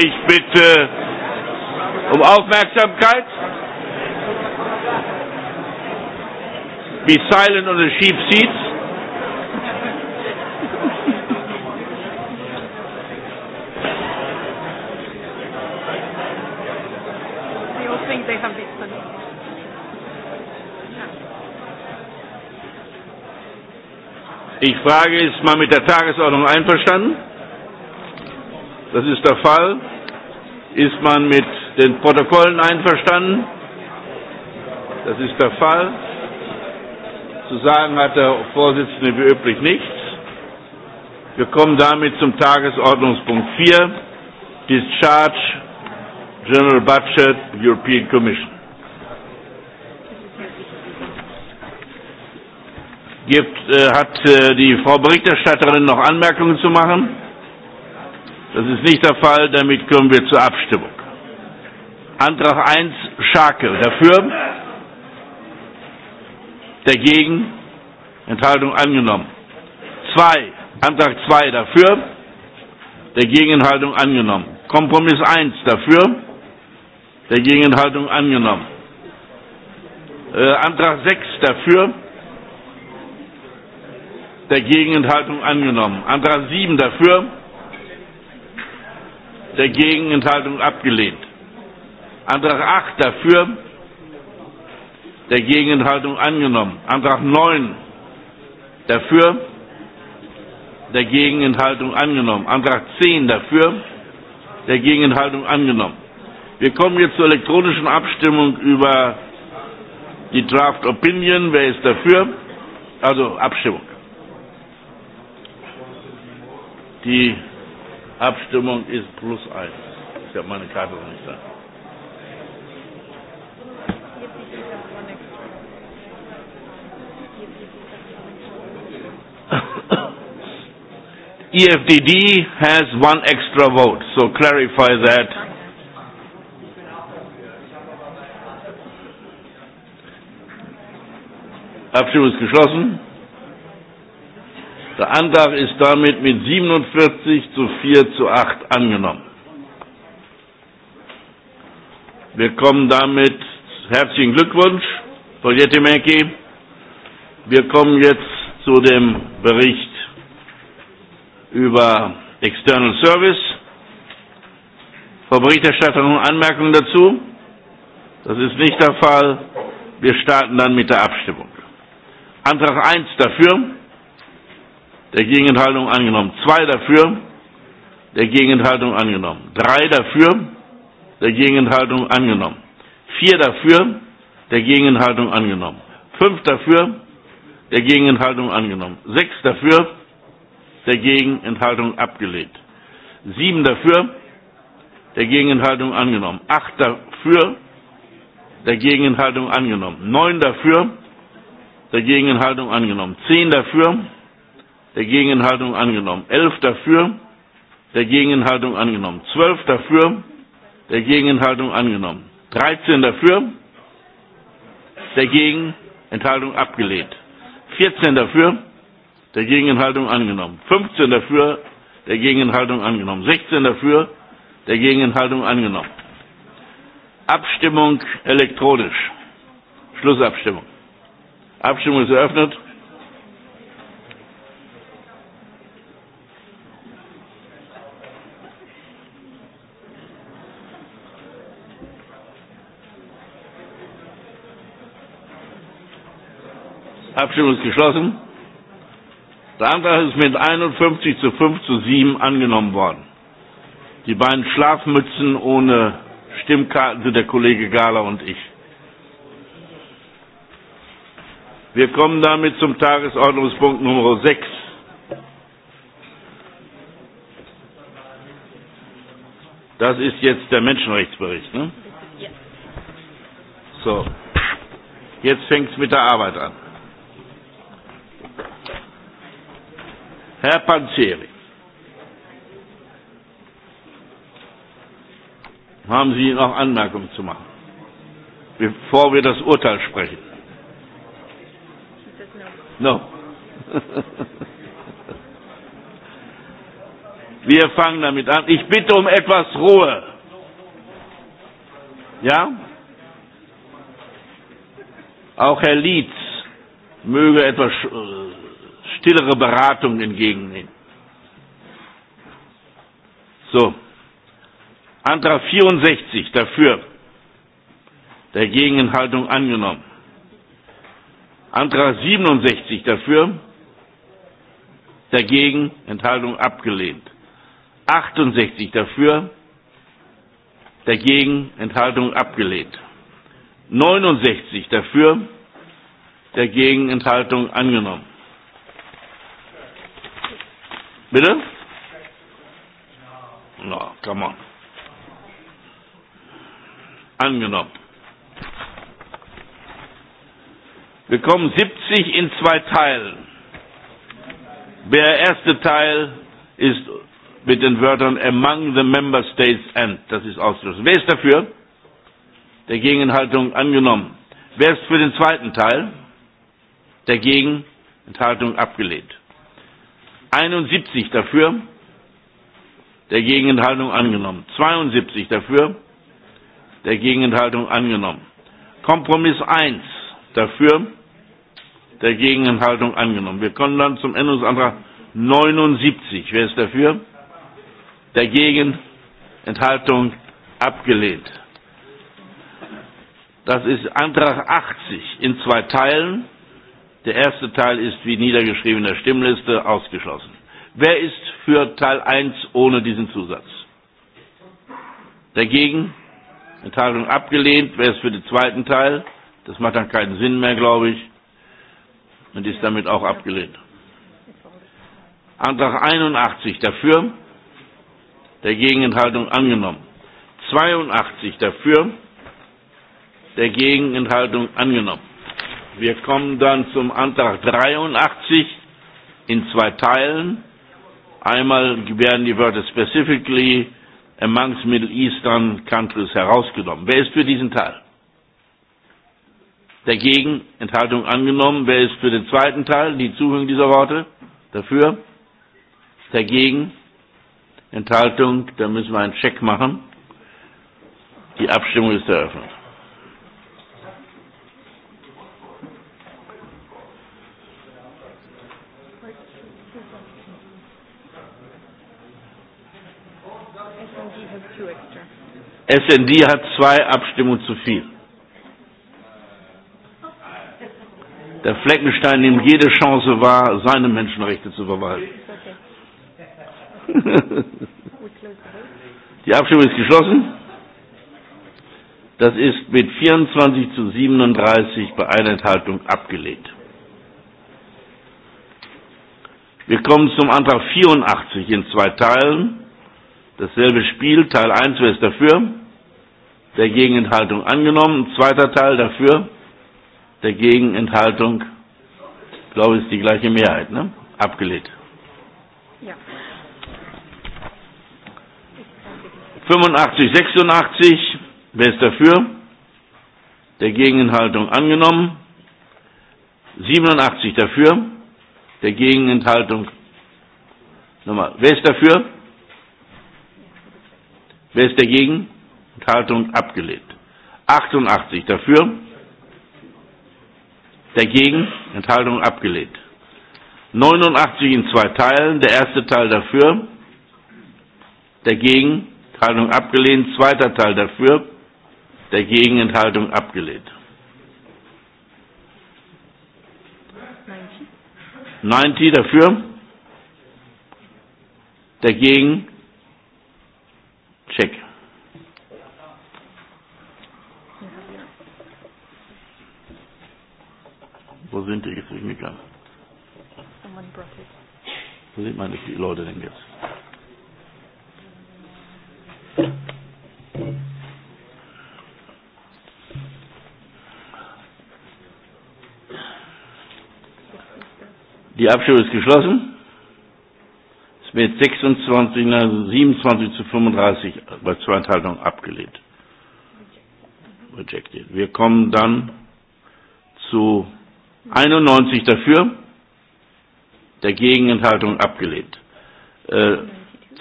Ich bitte um Aufmerksamkeit. Be silent on the sheep seats. Ich frage, ist man mit der Tagesordnung einverstanden? Das ist der Fall. Ist man mit den Protokollen einverstanden? Das ist der Fall. Zu sagen hat der Vorsitzende wie üblich nichts. Wir kommen damit zum Tagesordnungspunkt 4, Discharge General Budget European Commission. Gibt, äh, hat äh, die Frau Berichterstatterin noch Anmerkungen zu machen? Das ist nicht der Fall. Damit kommen wir zur Abstimmung. Antrag 1, Schakel. Dafür? Dagegen? Enthaltung angenommen. 2, Antrag 2 dafür? Dagegen Enthaltung angenommen. Kompromiss 1 dafür? Dagegen Enthaltung angenommen. Äh, Antrag 6 dafür? Dagegen Enthaltung angenommen. Antrag 7 dafür? Der Gegenenthaltung abgelehnt. Antrag 8 dafür, der Gegenenthaltung angenommen. Antrag 9 dafür, Der Gegenenthaltung angenommen. Antrag 10 dafür, Der Gegenenthaltung angenommen. Wir kommen jetzt zur elektronischen Abstimmung über die Draft Opinion. Wer ist dafür? Also Abstimmung. Die Abstimmung ist plus eins. Ich habe meine Karte noch nicht da. EFDD has one extra vote, so clarify that. Abstimmung ist geschlossen. Der Antrag ist damit mit 47 zu 4 zu 8 angenommen. Wir kommen damit, herzlichen Glückwunsch, Frau Jettimäki. Wir kommen jetzt zu dem Bericht über External Service. Frau Berichterstatterin, Anmerkungen dazu? Das ist nicht der Fall. Wir starten dann mit der Abstimmung. Antrag 1 dafür, der Gegenhaltung angenommen. Zwei dafür, der Gegenenthaltung angenommen. Drei dafür, der Gegenenthaltung angenommen. Vier dafür, der Gegenhaltung angenommen. Fünf dafür, der Gegenenthaltung angenommen. Sechs dafür, der Gegenenthaltung abgelehnt. Sieben dafür, der Gegenenthaltung angenommen. Acht dafür, der Gegenenthaltung angenommen. Neun dafür, der Gegenhaltung angenommen. Zehn dafür, der Gegenhaltung angenommen. 11 dafür, der Gegenhaltung angenommen. 12 dafür, der Gegenhaltung angenommen. 13 dafür, der Gegenenthaltung abgelehnt. 14 dafür, der Gegenenthaltung angenommen. 15 dafür, der Gegenenthaltung angenommen. 16 dafür, der Gegenenthaltung angenommen. Abstimmung elektronisch. Schlussabstimmung. Abstimmung ist eröffnet. Abstimmung ist geschlossen. Der Antrag ist mit 51 zu 5 zu 7 angenommen worden. Die beiden Schlafmützen ohne Stimmkarten sind der Kollege Gala und ich. Wir kommen damit zum Tagesordnungspunkt Nummer 6. Das ist jetzt der Menschenrechtsbericht, ne? So. Jetzt fängt es mit der Arbeit an. Herr Panzeri. Haben Sie noch Anmerkungen zu machen, bevor wir das Urteil sprechen? No. wir fangen damit an. Ich bitte um etwas Ruhe. Ja? Auch Herr Lietz möge etwas äh, stillere Beratung entgegennehmen. So. Antrag 64 dafür. Der Gegenhaltung angenommen. Antrag 67 dafür. Dagegen Enthaltung abgelehnt. 68 dafür. Dagegen Enthaltung abgelehnt. 69 dafür. Dagegen Enthaltung angenommen. Bitte? No, come on. Angenommen. Wir kommen 70 in zwei Teilen. Der erste Teil ist mit den Wörtern among the member states and. Das ist ausgeschlossen. Wer ist dafür? Der Gegenenthaltung angenommen. Wer ist für den zweiten Teil? Der Gegenhaltung abgelehnt. 71 dafür, der Gegenenthaltung angenommen. 72 dafür, der Gegenenthaltung angenommen. Kompromiss 1 dafür, der Gegenenthaltung angenommen. Wir kommen dann zum Änderungsantrag 79. Wer ist dafür? Dagegen Enthaltung abgelehnt. Das ist Antrag 80 in zwei Teilen. Der erste Teil ist wie niedergeschrieben in der Stimmliste ausgeschlossen. Wer ist für Teil 1 ohne diesen Zusatz? Dagegen? Enthaltung abgelehnt. Wer ist für den zweiten Teil? Das macht dann keinen Sinn mehr, glaube ich. Und ist damit auch abgelehnt. Antrag 81 dafür. Dagegen Enthaltung angenommen. 82 dafür. Dagegen Enthaltung angenommen. Wir kommen dann zum Antrag 83 in zwei Teilen. Einmal werden die Wörter specifically amongst Middle Eastern Countries herausgenommen. Wer ist für diesen Teil? Dagegen Enthaltung angenommen. Wer ist für den zweiten Teil, die Zuhörung dieser Worte? Dafür? Dagegen? Enthaltung? Da müssen wir einen Check machen. Die Abstimmung ist eröffnet. SND hat zwei Abstimmungen zu viel. Der Fleckenstein nimmt jede Chance wahr, seine Menschenrechte zu verwalten. Die Abstimmung ist geschlossen. Das ist mit 24 zu 37 bei einer Enthaltung abgelehnt. Wir kommen zum Antrag 84 in zwei Teilen. Dasselbe Spiel, Teil 1, wer ist dafür? der Gegenenthaltung angenommen. Zweiter Teil dafür, der Gegenenthaltung, glaube ich, ist die gleiche Mehrheit, ne? Abgelehnt. Ja. 85, 86, wer ist dafür? Der Gegenenthaltung angenommen. 87 dafür, der Gegenenthaltung. Nochmal, wer ist dafür? Wer ist dagegen? Enthaltung abgelehnt. 88 dafür, dagegen, Enthaltung abgelehnt. 89 in zwei Teilen, der erste Teil dafür, dagegen, Enthaltung abgelehnt, zweiter Teil dafür, dagegen, Enthaltung abgelehnt. 90 dafür, dagegen, Wasn't it Wo sind die jetzt hingegangen? Wo sind meine die Leute denn jetzt? Die Abstimmung ist geschlossen. Es wird 26, 27 zu 35 bei zwei Enthaltungen abgelehnt. Rejected. Wir kommen dann zu 91 dafür, der Gegenenthaltung abgelehnt. Äh,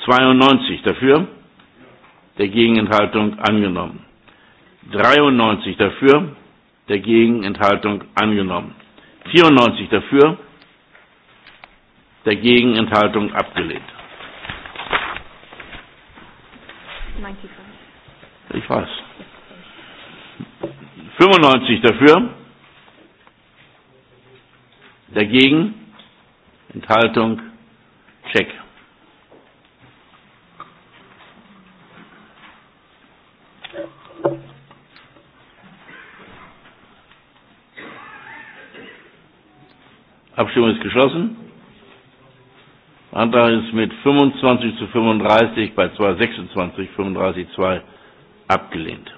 92 dafür, der Gegenenthaltung angenommen. 93 dafür, der Gegenenthaltung angenommen. 94 dafür, der Gegenenthaltung abgelehnt. Ich weiß. 95 dafür, Dagegen? Enthaltung? Check. Abstimmung ist geschlossen. Antrag ist mit 25 zu 35 bei 226, 35, 2 abgelehnt.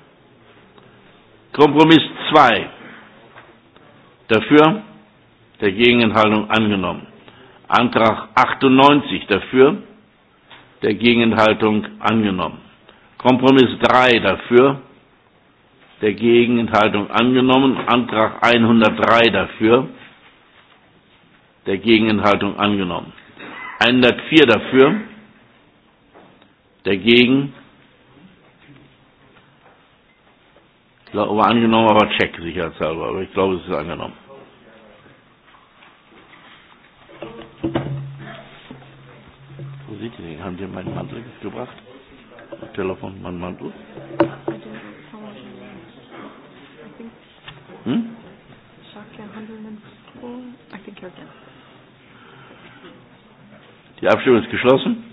Kompromiss 2. Dafür, der Gegenenthaltung angenommen. Antrag 98 dafür, der Gegenenthaltung angenommen. Kompromiss 3 dafür, der Gegenenthaltung angenommen. Antrag 103 dafür, der Gegenenthaltung angenommen. 104 dafür, dagegen, ich glaube, war angenommen, aber check sicherheitshalber, aber ich glaube, es ist angenommen. Bitte, den haben Sie meinen Mantel Telefon, mein Mantel? Hm? Die Abstimmung ist geschlossen.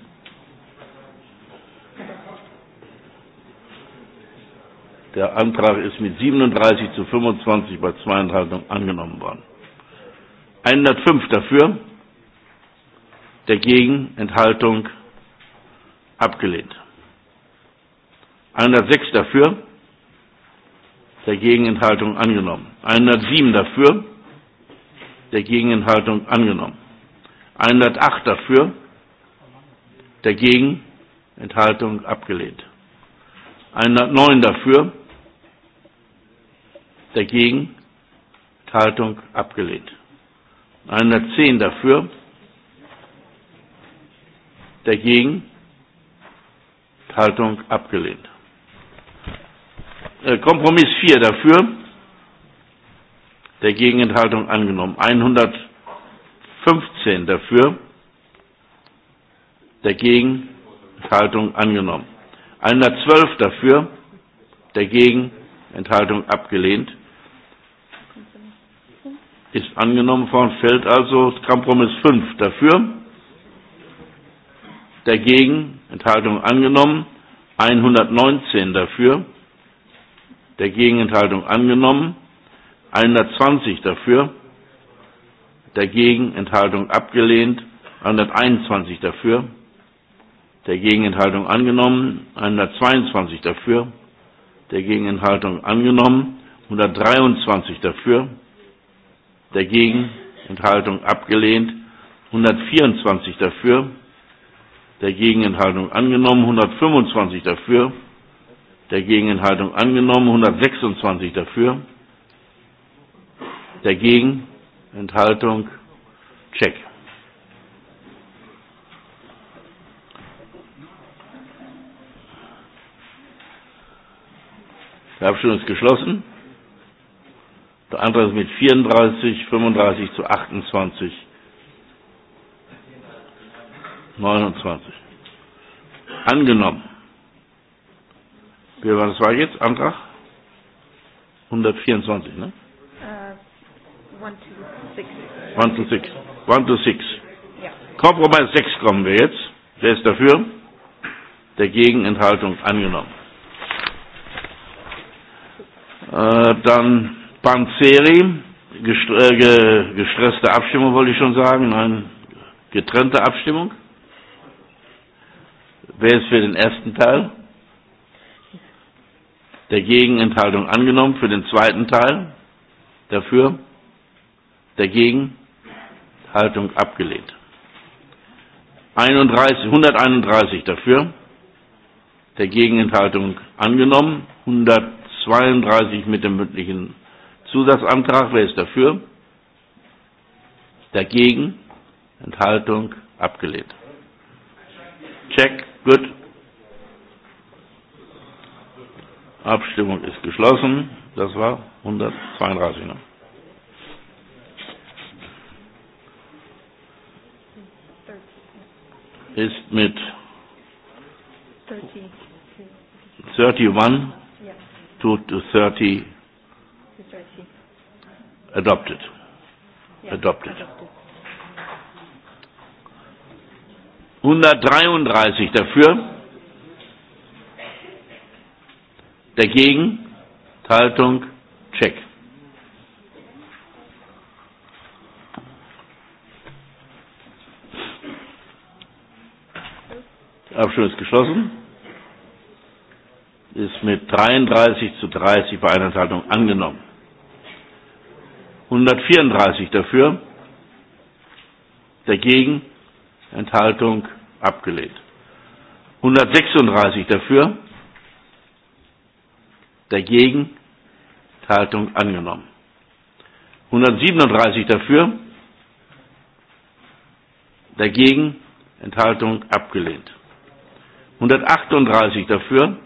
Der Antrag ist mit 37 zu 25 bei zwei Enthaltungen angenommen worden. 105 dafür dagegen Enthaltung abgelehnt. 106 dafür, dagegen Enthaltung angenommen. 107 dafür, dagegen Enthaltung angenommen. 108 dafür, dagegen Enthaltung abgelehnt. 109 dafür, dagegen Enthaltung abgelehnt. 110 dafür, Dagegen? Enthaltung abgelehnt. Äh, Kompromiss 4 dafür. Dagegen Enthaltung angenommen. 115 dafür. Dagegen Enthaltung angenommen. 112 dafür. Dagegen Enthaltung abgelehnt. Ist angenommen worden, fällt also Kompromiss 5 dafür dagegen, Enthaltung angenommen, 119 dafür, dagegen, Enthaltung angenommen, 120 dafür, dagegen, Enthaltung abgelehnt, 121 dafür, dagegen Enthaltung angenommen, 122 dafür, dagegen Enthaltung angenommen, 123 dafür, Dagegen Enthaltung abgelehnt, 124 dafür, der Gegenenthaltung angenommen, 125 dafür, der Gegenenthaltung angenommen, 126 dafür, der Gegenenthaltung check. Die Abstimmung ist geschlossen. Der Antrag ist mit 34, 35 zu 28 29. Angenommen. Wie war das war jetzt? Antrag? 124, ne? Uh, 126. 126. Kompromiss 6 kommen wir jetzt. Wer ist dafür? Der Gegenenthaltung angenommen. Äh, dann Panzeri, gestre äh, gestresste Abstimmung wollte ich schon sagen, nein, getrennte Abstimmung. Wer ist für den ersten Teil? Dagegen Enthaltung angenommen. Für den zweiten Teil? Dafür? Dagegen? Haltung abgelehnt. 31, 131 dafür. Der Gegenenthaltung angenommen. 132 mit dem mündlichen Zusatzantrag. Wer ist dafür? Dagegen. Enthaltung abgelehnt. Check. Abstimmung ist geschlossen. Das war 132. Ne? Ist mit 31 to, to 30 adopted. Adopted. 133 dafür Dagegen? Enthaltung? Check. Abstimmung ist geschlossen. Ist mit 33 zu 30 bei einer Enthaltung angenommen. 134 dafür. Dagegen? Enthaltung? Abgelehnt. 136 dafür dagegen, Enthaltung angenommen. 137 dafür, dagegen, Enthaltung abgelehnt. 138 dafür,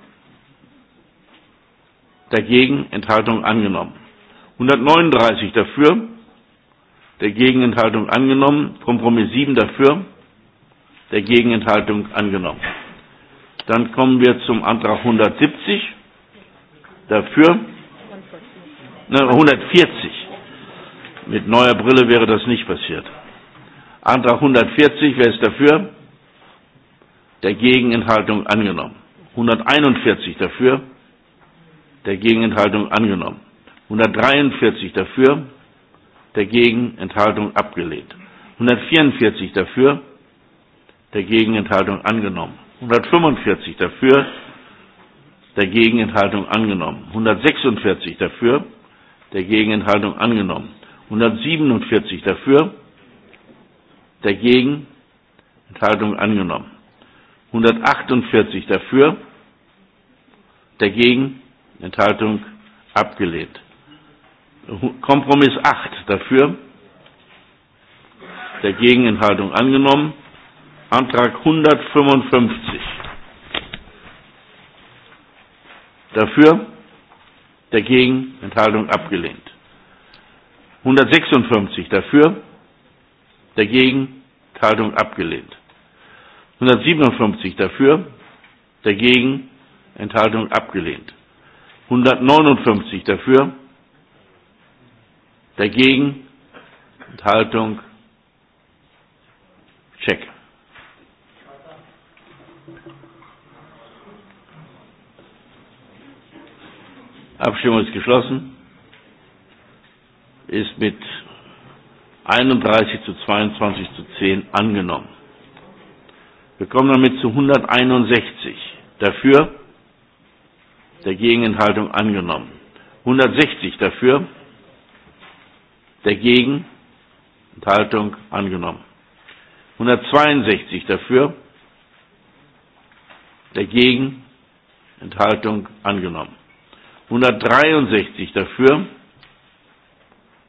dagegen, Enthaltung angenommen. 139 dafür, dagegen, Enthaltung angenommen. Kompromiss 7 dafür, dagegen, Enthaltung angenommen. Dann kommen wir zum Antrag 170 dafür. 140. Mit neuer Brille wäre das nicht passiert. Antrag 140, wer ist dafür? Der Gegenenthaltung angenommen. 141 dafür, der Gegenenthaltung angenommen. 143 dafür, der Gegenenthaltung abgelehnt. 144 dafür, der Gegenenthaltung angenommen. 145 dafür, dagegen Enthaltung angenommen. 146 dafür, dagegen Enthaltung angenommen. 147 dafür, dagegen Enthaltung angenommen. 148 dafür, dagegen Enthaltung abgelehnt. Kompromiss 8 dafür, dagegen Enthaltung angenommen. Antrag 155 Dafür, dagegen, Enthaltung abgelehnt. 156 dafür, dagegen, Enthaltung abgelehnt. 157 dafür, dagegen, Enthaltung abgelehnt. 159 dafür, dagegen, Enthaltung Abstimmung ist geschlossen. Ist mit 31 zu 22 zu 10 angenommen. Wir kommen damit zu 161. Dafür, der Gegenenthaltung angenommen. 160 dafür, der Gegenenthaltung angenommen. 162 dafür, der Gegenenthaltung angenommen. 163 dafür,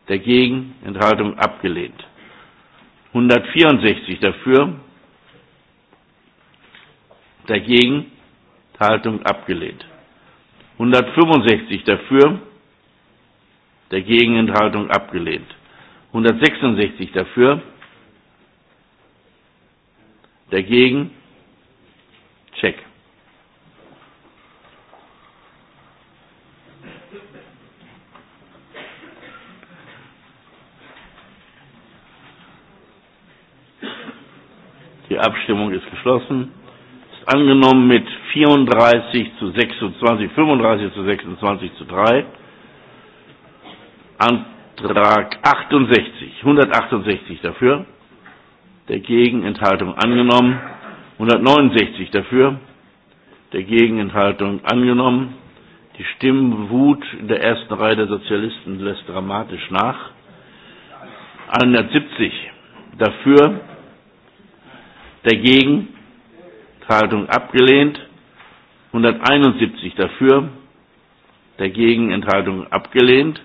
dagegen Enthaltung abgelehnt. 164 dafür, dagegen Enthaltung abgelehnt. 165 dafür, dagegen Enthaltung abgelehnt. 166 dafür, dagegen Check. Die Abstimmung ist geschlossen. Ist angenommen mit 34 zu 26, 35 zu 26 zu 3. Antrag 68, 168 dafür. Dagegen Enthaltung angenommen. 169 dafür. Dagegen Enthaltung angenommen. Die Stimmwut in der ersten Reihe der Sozialisten lässt dramatisch nach. 170 dafür, dagegen, Enthaltung abgelehnt, 171 dafür, dagegen, Enthaltung abgelehnt,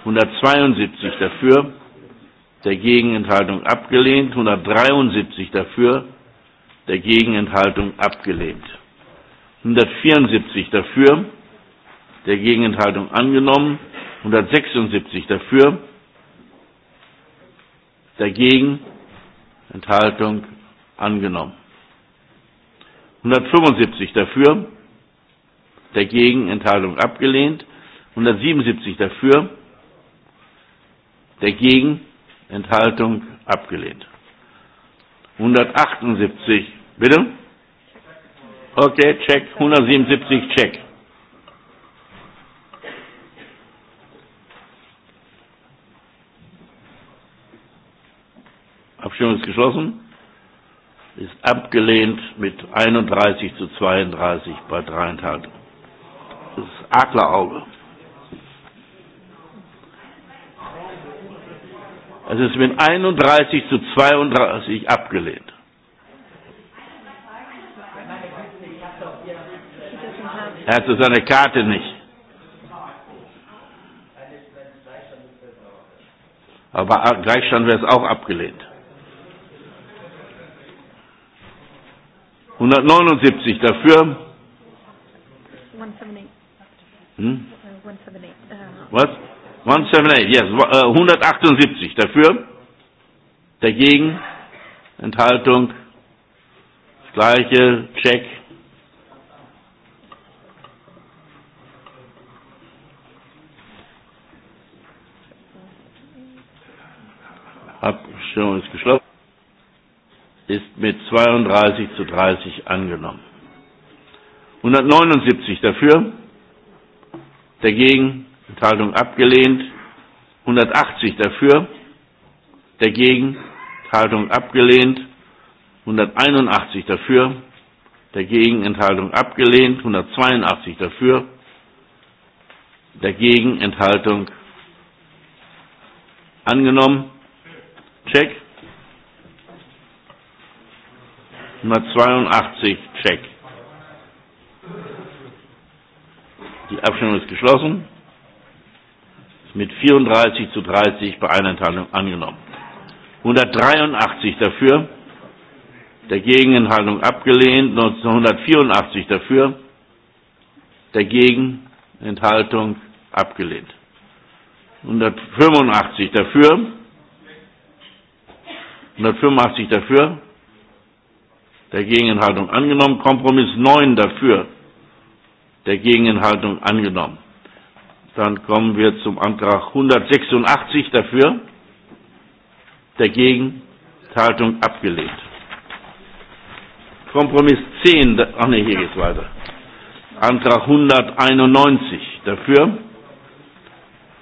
172 dafür, dagegen, Enthaltung abgelehnt, 173 dafür, dagegen, Enthaltung abgelehnt, 174 dafür, dagegen Enthaltung angenommen, 176 dafür, dagegen, Enthaltung angenommen. 175 dafür, dagegen Enthaltung abgelehnt. 177 dafür, dagegen Enthaltung abgelehnt. 178, bitte? Okay, check. 177, check. Abstimmung ist geschlossen ist abgelehnt mit 31 zu 32 bei dreieinhalb. Das ist Adlerauge. Es ist mit 31 zu 32 abgelehnt. Er hat seine Karte nicht. Aber Gleichstand wäre es auch abgelehnt. 179 dafür. Hm? Uh, was? 178, yes. 178 äh, dafür. Dagegen. Enthaltung. gleiche. Check. schon ist geschlossen ist mit 32 zu 30 angenommen. 179 dafür, dagegen, Enthaltung abgelehnt. 180 dafür, dagegen, Enthaltung abgelehnt. 181 dafür, dagegen, Enthaltung abgelehnt. 182 dafür, dagegen, Enthaltung angenommen. Check. 182 check. Die Abstimmung ist geschlossen. Ist mit 34 zu 30 bei einer Enthaltung angenommen. 183 dafür, dagegen Enthaltung abgelehnt. 1984 dafür, dagegen Enthaltung abgelehnt. 185 dafür, 185 dafür, der Gegenhaltung angenommen. Kompromiss 9 dafür, der Gegenhaltung angenommen. Dann kommen wir zum Antrag 186 dafür, der Gegenhaltung abgelehnt. Kompromiss 10, ach ne, hier geht's weiter. Antrag 191 dafür,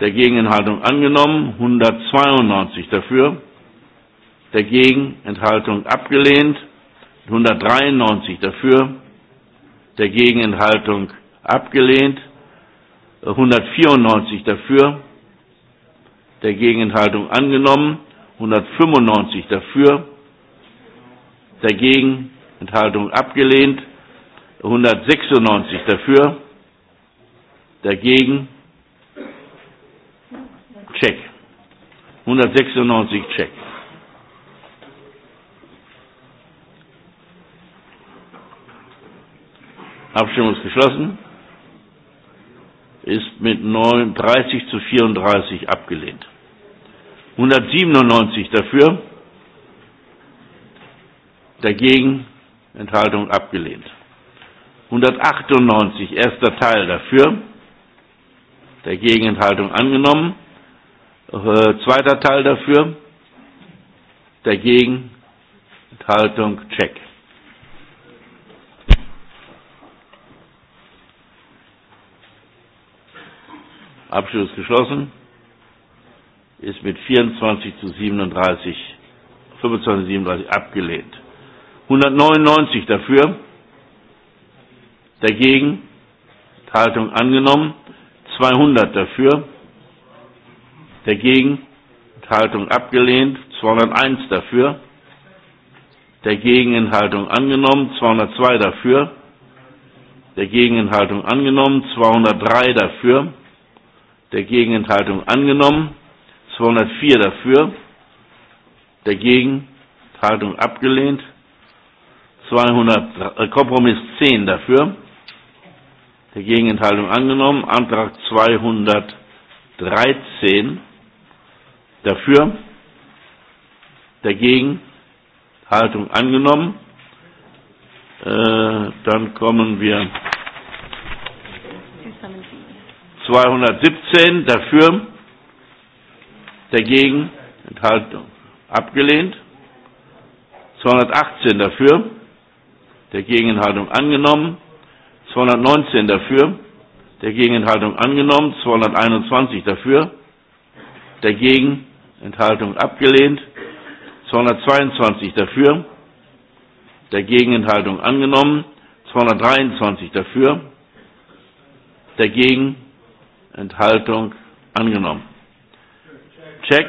der Gegenenthaltung angenommen, 192 dafür, der Gegenenthaltung abgelehnt, 193 dafür, der Gegenenthaltung abgelehnt, 194 dafür, der Gegenenthaltung angenommen, 195 dafür, dagegen Enthaltung abgelehnt, 196 dafür, dagegen Check. 196 Check. Abstimmung ist geschlossen. Ist mit 39 zu 34 abgelehnt. 197 dafür. Dagegen Enthaltung abgelehnt. 198 erster Teil dafür. Dagegen Enthaltung angenommen. Äh, zweiter Teil dafür. Dagegen Enthaltung check. Abschluss geschlossen. Ist mit 24 zu 37, 25 zu 37 abgelehnt. 199 dafür. Dagegen. Enthaltung angenommen. 200 dafür. Dagegen. Enthaltung abgelehnt. 201 dafür. Dagegen. Enthaltung angenommen, 202 dafür. Der Gegenenthaltung angenommen, 203 dafür dagegen Enthaltung angenommen, 204 dafür, dagegen Enthaltung abgelehnt, 200, äh, Kompromiss 10 dafür, dagegen Enthaltung angenommen, Antrag 213 dafür, dagegen Haltung angenommen. Äh, dann kommen wir 217 dafür, dagegen, Enthaltung abgelehnt. 218 dafür, der Gegenhaltung angenommen. 219 dafür, der Gegenhaltung angenommen. 221 dafür, der Gegenenthaltung abgelehnt. 222 dafür, der Gegenenthaltung angenommen. 223 dafür, dagegen Enthaltung angenommen. Check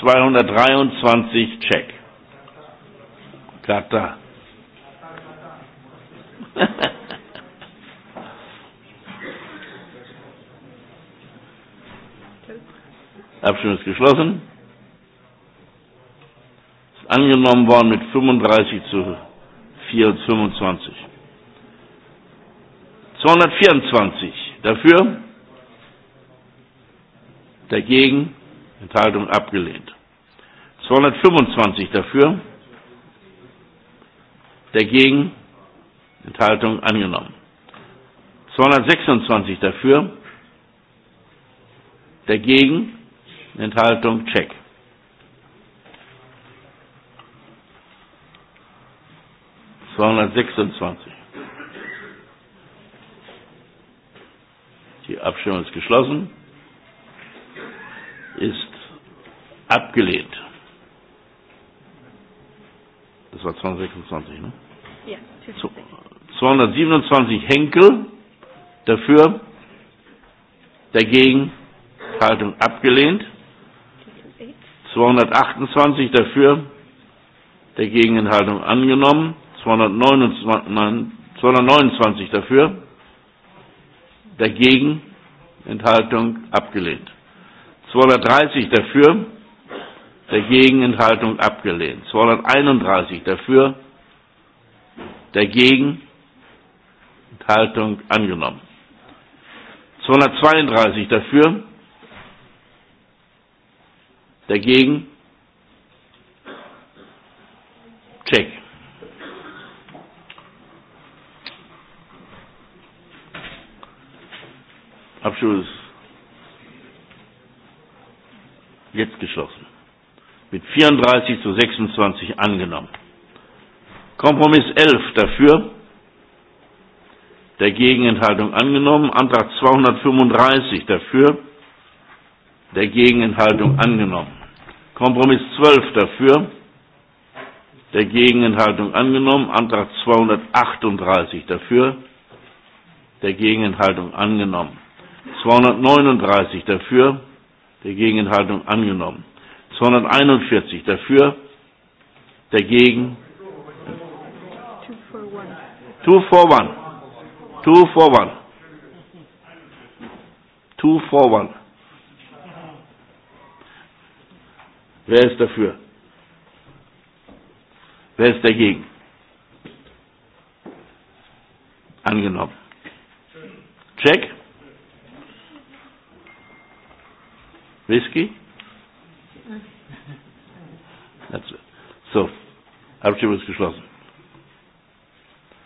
223 Check. Kata. Abstimmung ist geschlossen. Ist angenommen worden mit 35 zu 4 25. 224. Dafür? Dagegen? Enthaltung abgelehnt. 225 dafür? Dagegen? Enthaltung angenommen. 226 dafür? Dagegen? Enthaltung check. 26. Die Abstimmung ist geschlossen. Ist abgelehnt. Das war 226, ne? Ja, 227 Henkel dafür, dagegen, Haltung abgelehnt. 228 dafür, dagegen Enthaltung angenommen. 229 dafür, dagegen, Enthaltung abgelehnt. 230 dafür, dagegen, Enthaltung abgelehnt. 231 dafür, dagegen, Enthaltung angenommen. 232 dafür, dagegen, check. Abschluss jetzt geschlossen. Mit 34 zu 26 angenommen. Kompromiss 11 dafür. Der Gegenenthaltung angenommen. Antrag 235 dafür. Der Gegenenthaltung angenommen. Kompromiss 12 dafür. Der Gegenenthaltung angenommen. Antrag 238 dafür. Der Gegenenthaltung angenommen. 239 dafür, der Gegenenthaltung angenommen. 241 dafür, dagegen. 241. 241. 241. Wer ist dafür? Wer ist dagegen? Angenommen. Check. Whiskey? That's it. So, Abstimmung ist geschlossen.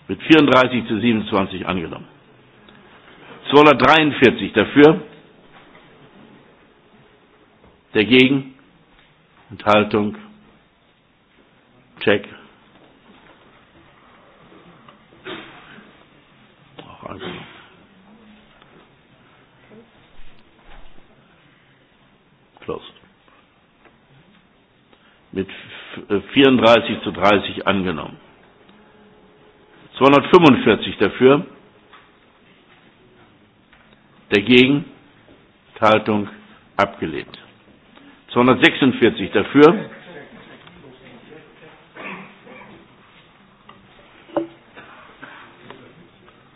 Mit 34 zu 27 angenommen. 243 dafür. Dagegen. Enthaltung. Check. mit 34 zu 30 angenommen. 245 dafür, dagegen, Haltung abgelehnt. 246 dafür,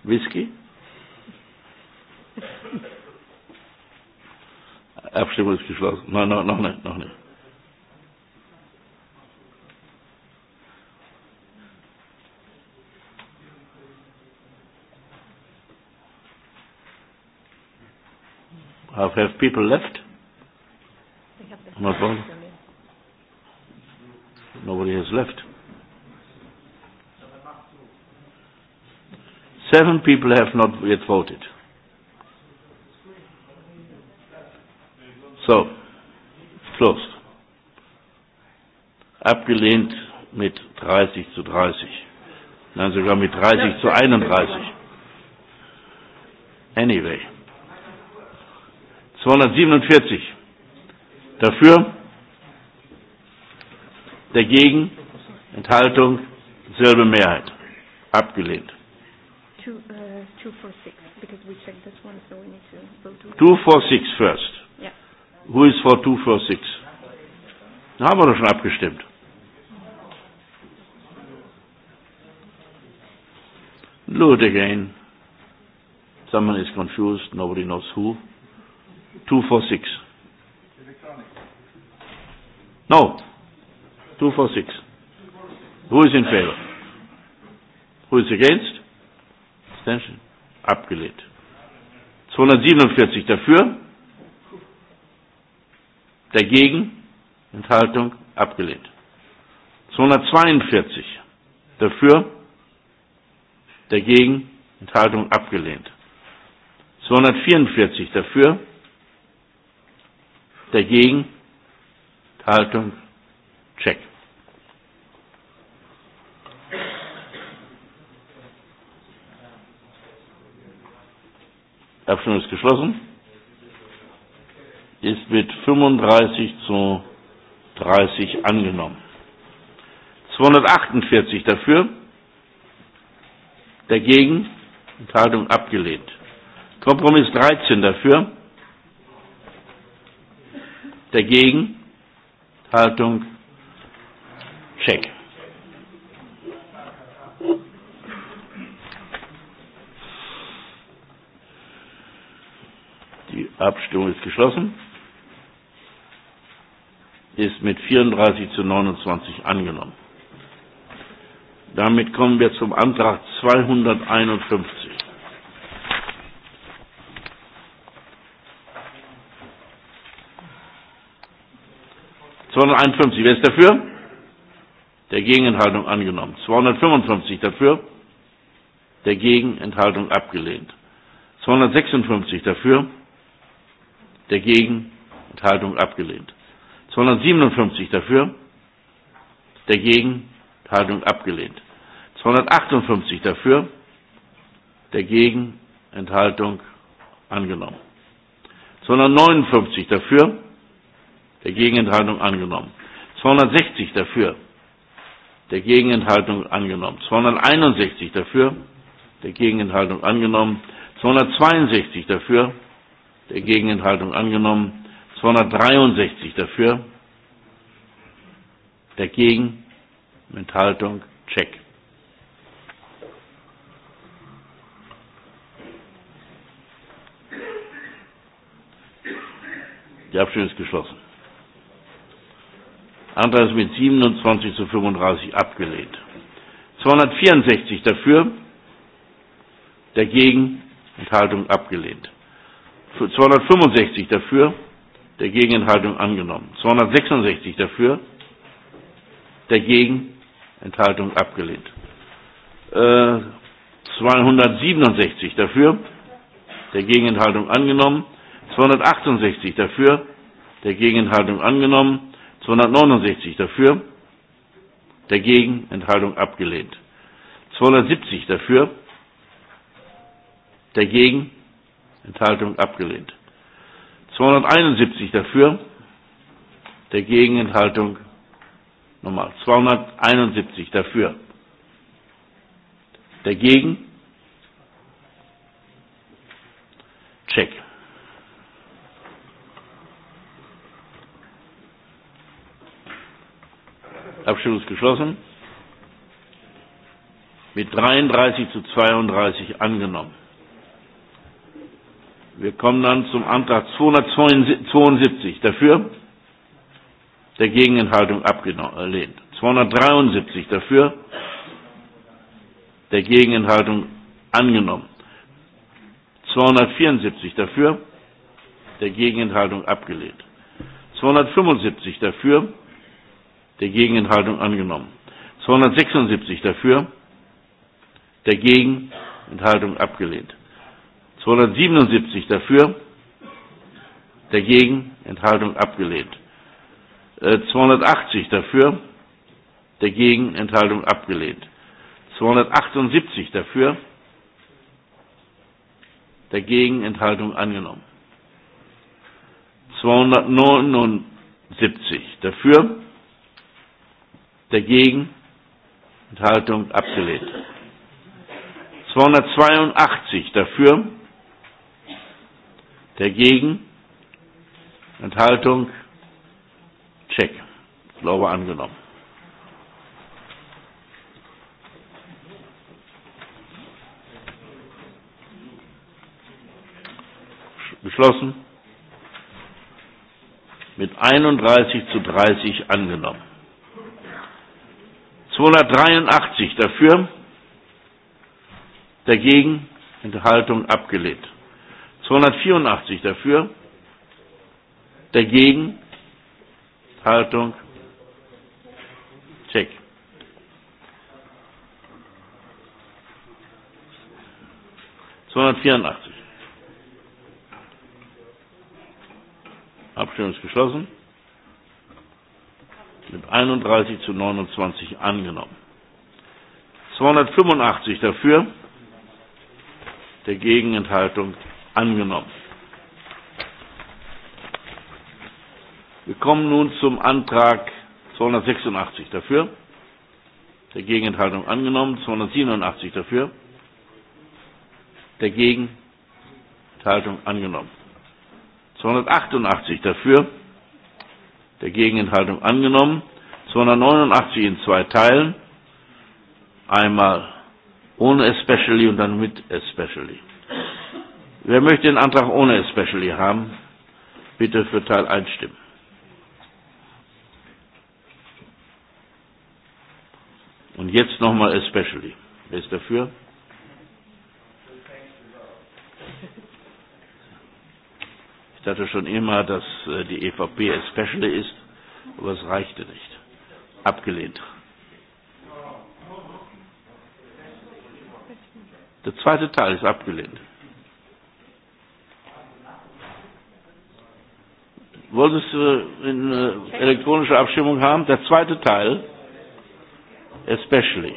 Whisky? Abstimmung ist geschlossen. Nein, nein, noch nicht, noch nicht. have people left? Not one? Nobody has left. Seven people have not yet voted. So, closed. Abgelehnt mit 30 zu 30. Nein, sogar mit 30 zu 31. 247. Dafür? Dagegen? Enthaltung? Selbe Mehrheit. Abgelehnt. 246 uh, so first. Yeah. Who is for 246? Da haben wir doch schon abgestimmt. Load again. Someone is confused, nobody knows who. 246. No. 246. Who is in favor? Who is against? Abstention. Abgelehnt. 247 dafür. Dagegen. Enthaltung. Abgelehnt. 242 dafür. Dagegen. Enthaltung. Abgelehnt. 244 dafür dagegen, Haltung, check. Abstimmung ist geschlossen. Ist mit 35 zu 30 angenommen. 248 dafür. Dagegen. Enthaltung abgelehnt. Kompromiss 13 dafür dagegen, Haltung, Check. Die Abstimmung ist geschlossen. Ist mit 34 zu 29 angenommen. Damit kommen wir zum Antrag 251. 251, wer ist dafür? Der Gegenenthaltung angenommen. 255 dafür. Der Gegenenthaltung abgelehnt. 256 dafür. Der Gegenenthaltung abgelehnt. 257 dafür. Der Gegenenthaltung abgelehnt. 258 dafür. Der Gegenenthaltung angenommen. 259 dafür der Gegenenthaltung angenommen. 260 dafür, der Gegenenthaltung angenommen. 261 dafür, der Gegenenthaltung angenommen. 262 dafür, der Gegenenthaltung angenommen. 263 dafür, der Gegenenthaltung, check. Die Abstimmung ist geschlossen. Antrag mit 27 zu 35 abgelehnt. 264 dafür, dagegen, Enthaltung abgelehnt. 265 dafür, dagegen, Enthaltung angenommen. 266 dafür, dagegen, Enthaltung abgelehnt. Äh, 267 dafür, der Gegenenthaltung angenommen, 268 dafür, der Gegenenthaltung angenommen, 269 dafür, dagegen Enthaltung abgelehnt. 270 dafür, dagegen Enthaltung abgelehnt. 271 dafür, dagegen Enthaltung nochmal 271 dafür, dagegen Check. Abschluss geschlossen. Mit 33 zu 32 angenommen. Wir kommen dann zum Antrag 272. Äh, dafür? Der Gegenenthaltung abgelehnt. 273 dafür. Der Gegenenthaltung angenommen. 274 dafür. Der Gegenenthaltung abgelehnt. 275 dafür der Enthaltung angenommen. 276 dafür, dagegen Enthaltung abgelehnt. 277 dafür, dagegen Enthaltung abgelehnt. 280 äh, dafür, dagegen Enthaltung abgelehnt. 278 dafür, dagegen Enthaltung angenommen. 279 dafür, dagegen, Enthaltung abgelehnt. 282 dafür, dagegen, Enthaltung, check, ich glaube angenommen. Beschlossen. Mit 31 zu 30 angenommen. 283 dafür, dagegen Enthaltung abgelehnt. 284 dafür, dagegen Enthaltung check. Abstimmung ist geschlossen mit 31 zu 29 angenommen. 285 dafür, der Gegenenthaltung angenommen. Wir kommen nun zum Antrag 286 dafür, der Gegenenthaltung angenommen, 287 dafür, der Gegenenthaltung angenommen. 288 dafür, der Gegenenthaltung angenommen. 289 in zwei Teilen. Einmal ohne especially und dann mit especially. Wer möchte den Antrag ohne especially haben, bitte für Teil 1 stimmen. Und jetzt nochmal especially. Wer ist dafür? hatte schon immer, dass äh, die EVP es special ist, aber es reichte nicht. Abgelehnt. Der zweite Teil ist abgelehnt. Wolltest du eine äh, elektronische Abstimmung haben? Der zweite Teil, especially.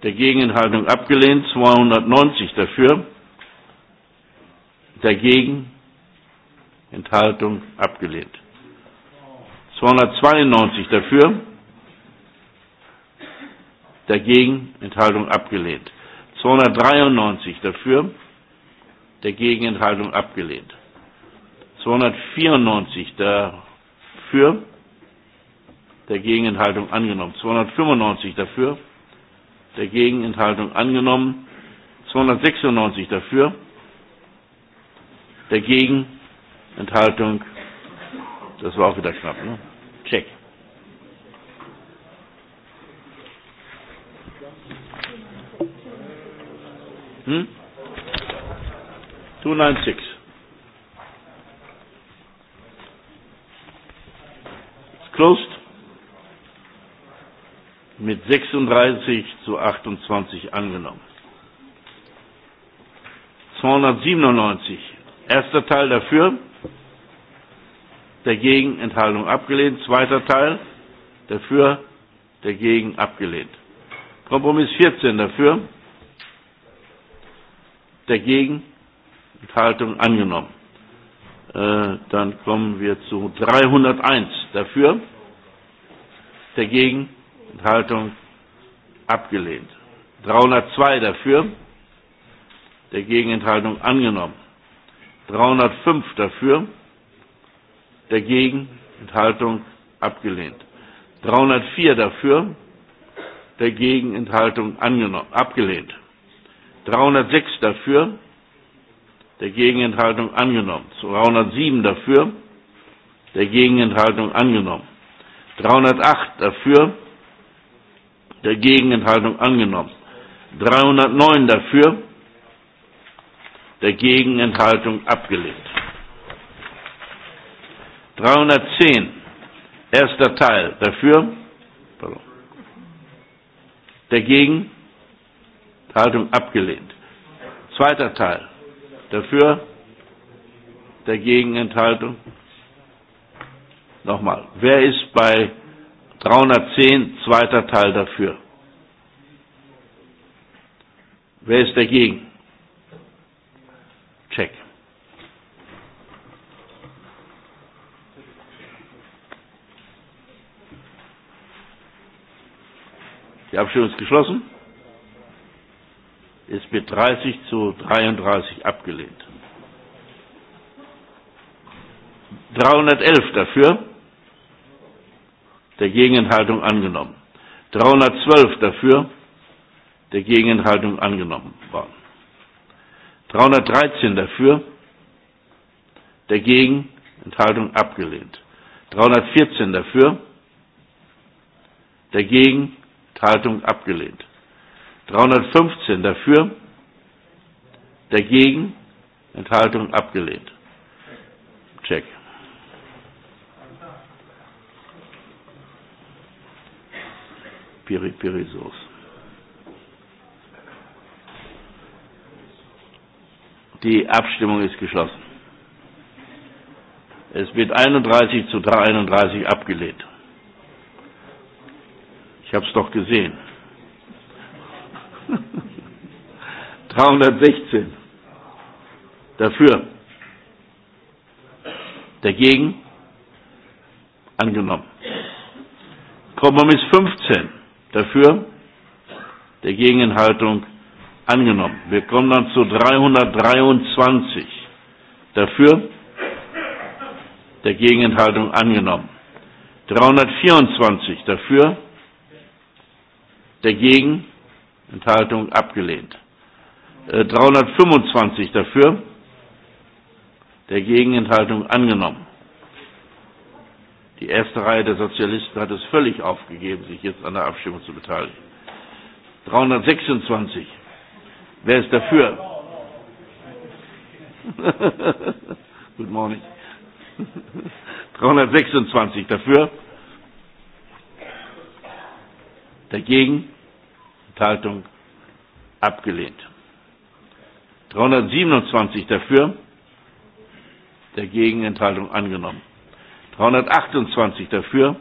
Dagegenhaltung abgelehnt, 290 dafür, dagegen Enthaltung abgelehnt. 292 dafür, dagegen Enthaltung abgelehnt. 293 dafür, dagegen Enthaltung abgelehnt. 294 dafür, dagegen Enthaltung angenommen. 295 dafür, dagegen Enthaltung angenommen. 296 dafür, dagegen Enthaltung. Das war auch wieder knapp, ne? Check. Hm? 296. It's closed mit 36 zu 28 angenommen. 297, erster Teil dafür, dagegen Enthaltung abgelehnt, zweiter Teil dafür, dagegen abgelehnt. Kompromiss 14 dafür, dagegen Enthaltung angenommen. Äh, dann kommen wir zu 301 dafür, dagegen Enthaltung abgelehnt. 302 dafür, der Gegenenthaltung angenommen. 305 dafür, der Gegenenthaltung abgelehnt. 304 dafür, der Gegenenthaltung angenommen, abgelehnt. 306 dafür, der Gegenenthaltung angenommen. 307 dafür, der Gegenenthaltung angenommen. 308 dafür, Der Gegenenthaltung angenommen. 309 dafür, der Gegenenthaltung abgelehnt. 310, erster Teil, dafür, pardon, dagegen Gegenenthaltung abgelehnt. Zweiter Teil, dafür, der Gegenenthaltung. Nochmal, wer ist bei 310, zweiter Teil dafür. Wer ist dagegen? Check. Die Abstimmung ist geschlossen. Ist mit 30 zu 33 abgelehnt. 311 dafür der Gegenhaltung angenommen. 312 dafür, der Gegenhaltung angenommen worden. 313 dafür, der Gegenenthaltung abgelehnt. 314 dafür, der Gegenenthaltung abgelehnt. 315 dafür, der Enthaltung abgelehnt. Check. Pirizos. Die Abstimmung ist geschlossen. Es wird 31 zu 31 abgelehnt. Ich habe es doch gesehen. 316. Dafür. Dagegen. Angenommen. Kompromiss 15. Dafür? Der Gegenhaltung angenommen. Wir kommen dann zu 323. Dafür? Der Gegenenthaltung angenommen. 324 dafür, der Enthaltung abgelehnt. 325 äh, dafür, der Enthaltung angenommen. Die erste Reihe der Sozialisten hat es völlig aufgegeben, sich jetzt an der Abstimmung zu beteiligen. 326. Wer ist dafür? Good morning. 326 dafür. Dagegen. Enthaltung. Abgelehnt. 327 dafür. Dagegen. Enthaltung angenommen. 328 dafür,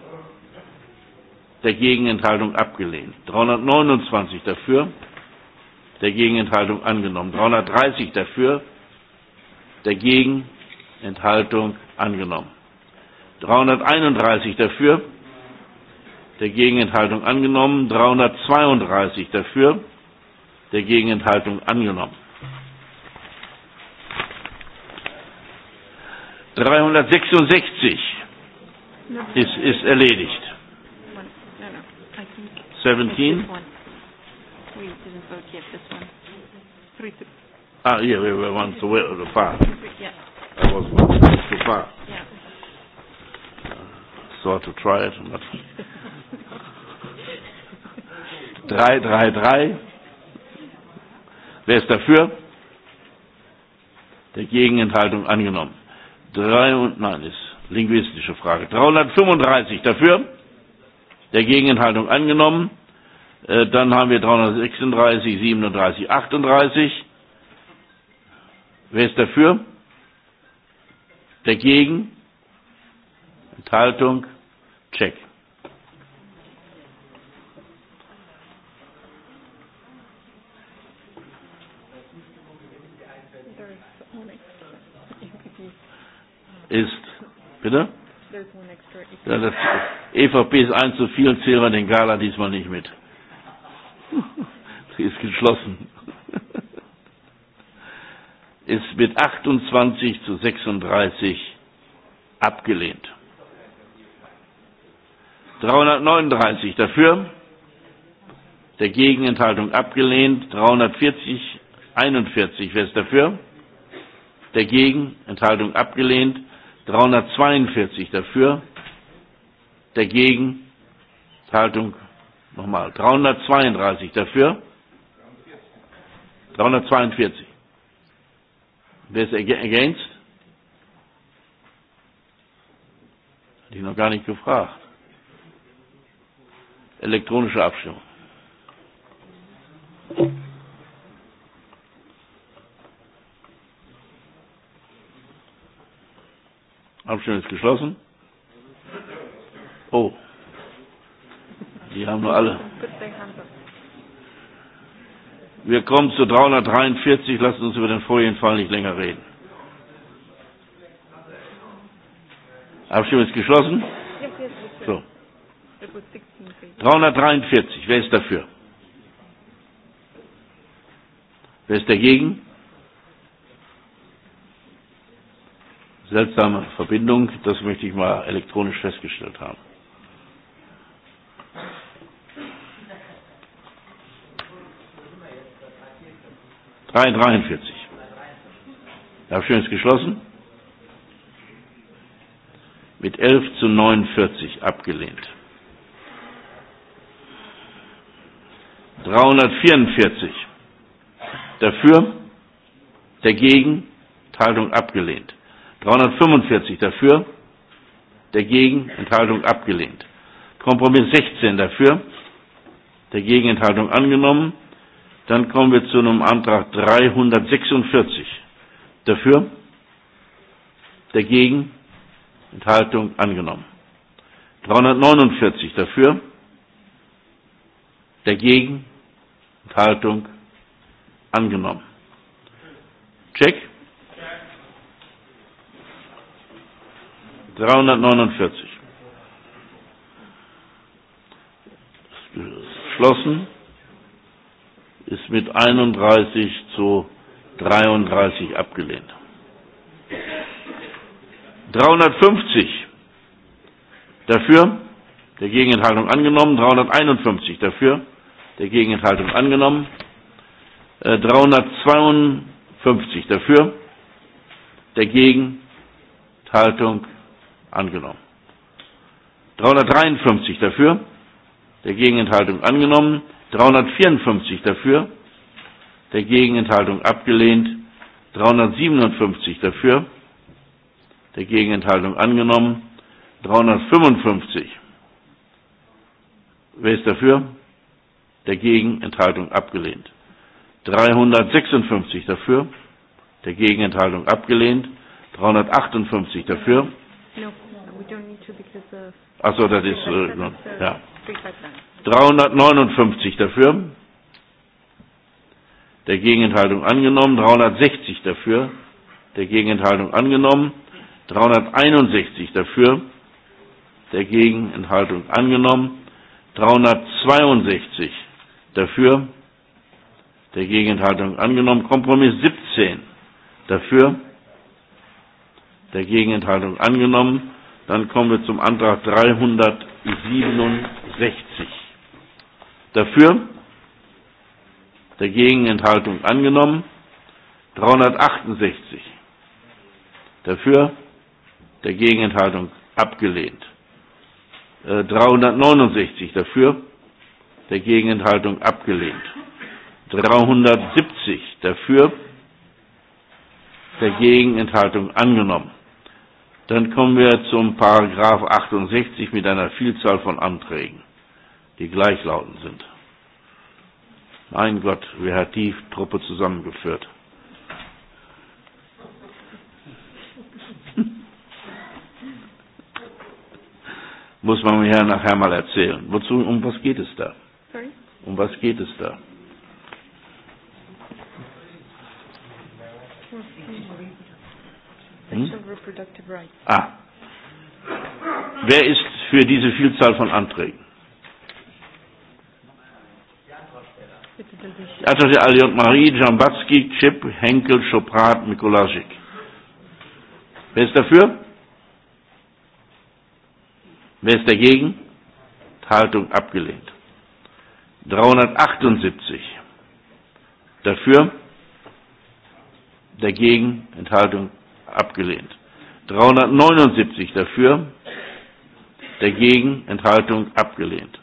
der Gegenenthaltung abgelehnt. 329 dafür, der Gegenenthaltung angenommen. 330 dafür, dagegen Enthaltung angenommen. 331 dafür, der Gegenenthaltung angenommen. 332 dafür, der Gegenenthaltung angenommen. 366 Is is erledigt. 17? Ah, yeah, we were one to wait the far. Yeah. I was one too far. Yeah. Uh, so to try it. But 3, 3, 3. Wer ist dafür? Der Gegenenthaltung angenommen. Drei und nein ist linguistische Frage. 335 dafür, der Gegenhaltung angenommen. Äh, dann haben wir 336, 37, 38. Wer ist dafür? Dagegen? Enthaltung? Check. Bitte? Ja, das EVP ist eins zu viel zählen wir den Gala diesmal nicht mit. Sie ist geschlossen. Ist mit 28 zu 36 abgelehnt. 339 dafür, der Gegenenthaltung abgelehnt, 340, 41, wer ist dafür? Dagegen, Enthaltung abgelehnt, 342 dafür, dagegen, Haltung, nochmal, 332 dafür, 342. Wer ist ergänzt? Hat ich noch gar nicht gefragt. Elektronische Abstimmung. Abstimmung ist geschlossen. Oh, die haben nur alle. Wir kommen zu 343. Lassen uns über den vorigen Fall nicht länger reden. Abstimmung ist geschlossen. So. 343. Wer ist dafür? Wer ist dagegen? seltsame Verbindung. Das möchte ich mal elektronisch festgestellt haben. Drei, 43. Die geschlossen. Mit 11 zu 49 abgelehnt. 344. Dafür, dagegen, Teilung abgelehnt. 345 dafür, dagegen Enthaltung abgelehnt. Kompromiss 16 dafür, dagegen Enthaltung angenommen. Dann kommen wir zu einem Antrag 346 dafür, dagegen Enthaltung angenommen. 349 dafür, dagegen Enthaltung angenommen. Check. 349. Geschlossen ist mit 31 zu 33 abgelehnt. 350 dafür, der Gegenenthaltung angenommen, 351 dafür, der Gegenenthaltung angenommen, 352 äh, dafür, der Gegenenthaltung angenommen. 353 dafür, der Gegenenthaltung angenommen, 354 dafür, der Gegenenthaltung abgelehnt, 357 dafür, der Gegenenthaltung angenommen, 355. Wer ist dafür? Der Gegenenthaltung abgelehnt. 356 dafür, der Gegenenthaltung abgelehnt, 358 dafür, No, we don't need to because the... Achso, das ist... no, äh, ja. 359 dafür. Der Gegenenthaltung angenommen. 360 dafür. Der Gegenenthaltung angenommen. 361 dafür. Der Gegenenthaltung angenommen. 362 dafür. Der Gegenenthaltung angenommen. Kompromiss 17 dafür dagegen Enthaltung angenommen. Dann kommen wir zum Antrag 367. Dafür, dagegen Enthaltung angenommen. 368. Dafür, dagegen Enthaltung abgelehnt. 369 dafür, der Gegenenthaltung abgelehnt. 370 äh, dafür, der Gegenenthaltung angenommen. Dann kommen wir zum Paragraph 68 mit einer Vielzahl von Anträgen, die gleichlautend sind. Mein Gott, wer hat die Truppe zusammengeführt? Muss man mir nachher mal erzählen. Wozu, um was geht es da? Sorry? Um was geht es da? Hm? Ah. Wer ist für diese Vielzahl von Anträgen? Also die Aliot Marie, Jambatsky, Chip, Henkel, Schoprat, Mikulasik. Wer ist dafür? Wer ist dagegen? Haltung abgelehnt. 378. Dafür? Dagegen? Enthaltung abgelehnt. 379 dafür, dagegen, Enthaltung abgelehnt.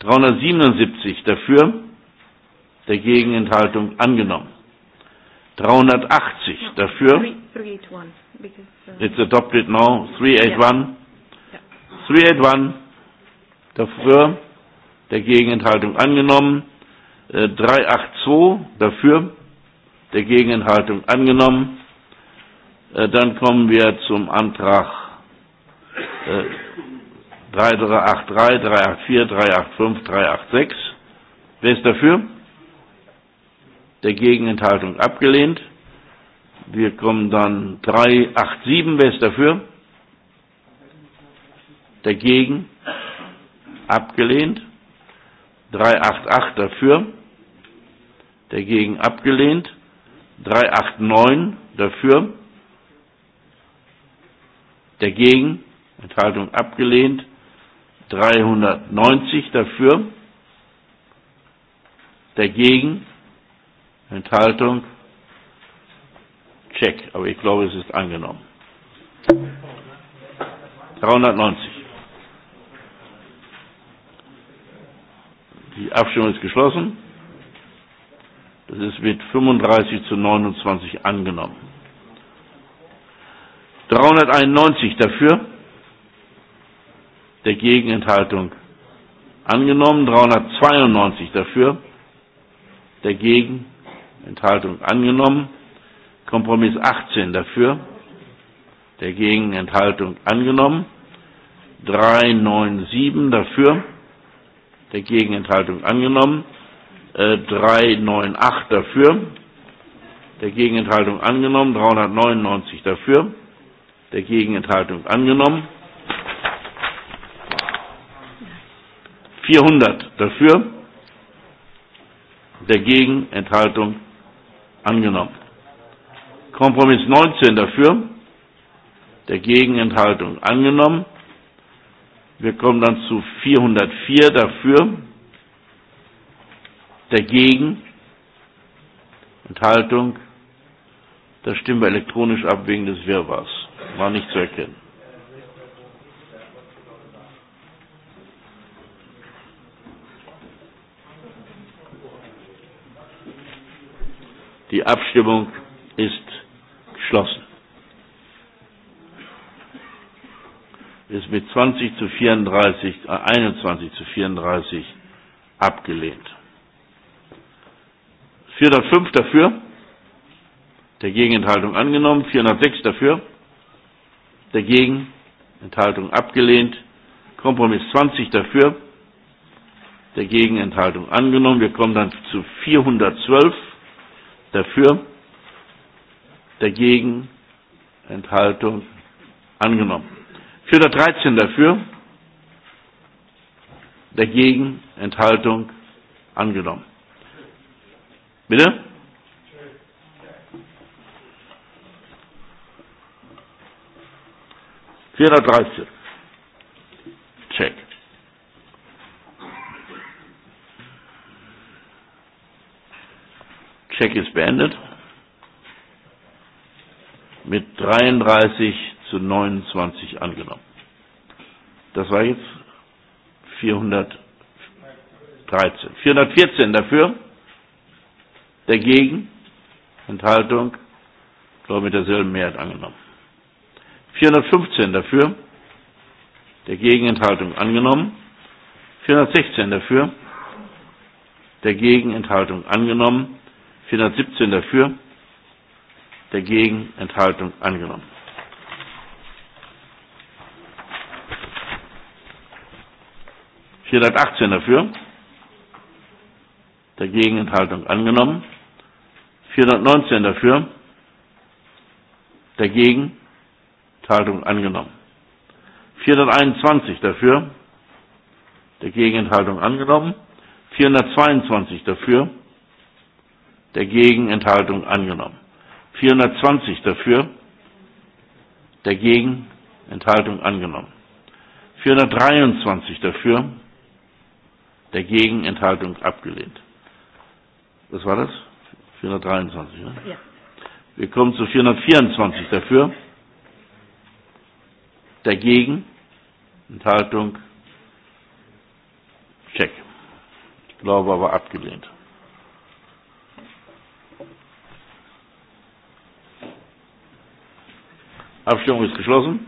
377 dafür, dagegen, Enthaltung angenommen. 380 dafür. Uh, It's adopted now. 381. 381 dafür, dagegen, Enthaltung angenommen. 382 äh, dafür, Dagegen Enthaltung angenommen, Äh, dann kommen wir zum Antrag äh, 3383, 384, 385, 386. Wer ist dafür? Der Gegenenthaltung abgelehnt. Wir kommen dann 387. Wer ist dafür? Dagegen? Abgelehnt. 388 dafür. Dagegen abgelehnt. 389 dafür dagegen, Enthaltung abgelehnt, 390 dafür, dagegen, Enthaltung, Check, aber ich glaube, es ist angenommen. 390. Die Abstimmung ist geschlossen. Das ist mit 35 zu 29 angenommen. 391 dafür, der Gegenenthaltung angenommen, 392 dafür, der Gegenenthaltung angenommen, Kompromiss 18 dafür, der Gegenenthaltung angenommen, 397 dafür, der Gegenenthaltung angenommen, äh, 398 dafür, der Gegenenthaltung angenommen, 399 dafür, dagegen Enthaltung angenommen. 400 dafür, dagegen Enthaltung angenommen. Kompromiss 19 dafür, dagegen Enthaltung angenommen. Wir kommen dann zu 404 dafür, dagegen Enthaltung. Da stimmen wir elektronisch ab wegen des Wirrwarrs. War nicht zu erkennen. Die Abstimmung ist geschlossen. Ist mit 20 zu 34, äh 21 zu 34 abgelehnt. 405 dafür, der Gegenenthaltung angenommen, 406 dafür, dagegen, Enthaltung abgelehnt. Kompromiss 20 dafür, dagegen, Enthaltung angenommen. Wir kommen dann zu 412 dafür, dagegen, Enthaltung angenommen. 413 dafür, dagegen, Enthaltung angenommen. Bitte? 413. Check. Check ist beendet. Mit 33 zu 29 angenommen. Das war jetzt 413. 414 dafür. Dagegen. Enthaltung. Ich glaube, mit derselben Mehrheit angenommen. 415 dafür, der Gegenenthaltung angenommen. 416 dafür, der Gegenenthaltung angenommen. 417 dafür, der Gegenenthaltung angenommen. ...418 dafür, der Gegenenthaltung angenommen, 419 dafür, dagegen Enthaltung angenommen. 421 dafür, der Gegenenthaltung angenommen. 422 dafür, Der Gegenenthaltung angenommen. 420 dafür, der Enthaltung angenommen. 423 dafür, der Enthaltung abgelehnt. Was war das? 423, ne? Ja. Wir kommen zu 424 dafür. Dagegen? Enthaltung? Check. Ich glaube aber abgelehnt. Abstimmung ist geschlossen.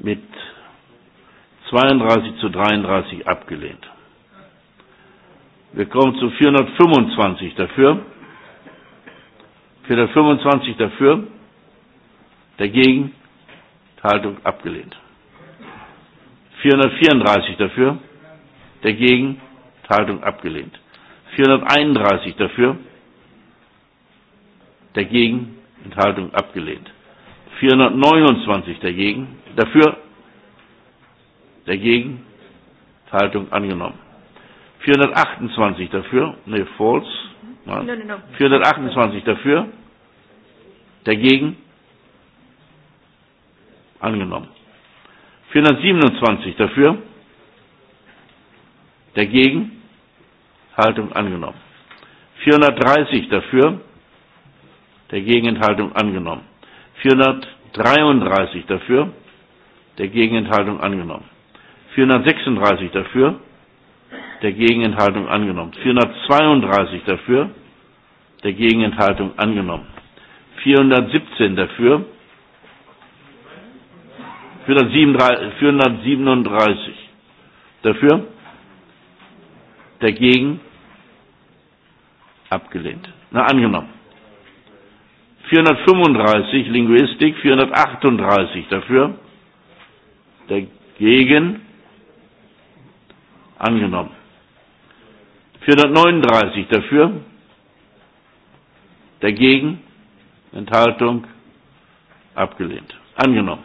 Mit 32 zu 33 abgelehnt. Wir kommen zu 425 dafür. 425 dafür. Dagegen? Haltung abgelehnt. 434 dafür. Dagegen? Haltung abgelehnt. 431 dafür. Dagegen? Enthaltung abgelehnt. 429 dagegen. Dafür? Dagegen? Enthaltung angenommen. 428 dafür. Nee, false. Nein. No, no, no. 428 dafür. Dagegen? angenommen. 427 dafür, dagegen, Haltung angenommen. 430 dafür, der Gegenenthaltung angenommen. 433 dafür, der Gegenenthaltung angenommen. 436 dafür, der Gegenenthaltung angenommen. 432 dafür, der Gegenenthaltung angenommen. 417 dafür, 437. Dafür? Dagegen? Abgelehnt. Na, angenommen. 435 Linguistik, 438 dafür, dagegen angenommen. 439 dafür, dagegen Enthaltung abgelehnt. Angenommen.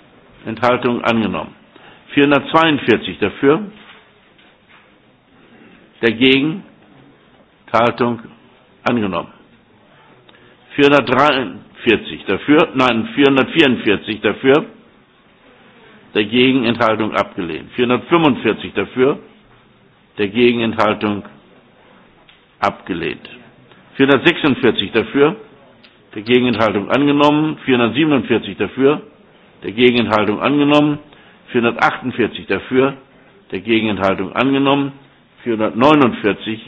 Enthaltung angenommen. 442 dafür, dagegen, Enthaltung angenommen. 443 dafür, nein, 444 dafür, dagegen, Enthaltung abgelehnt. 445 dafür, dagegen, Enthaltung abgelehnt. 446 dafür, dagegen, Enthaltung angenommen. 447 dafür, Der Gegenenthaltung angenommen. 448 dafür. Der Gegenenthaltung angenommen. 449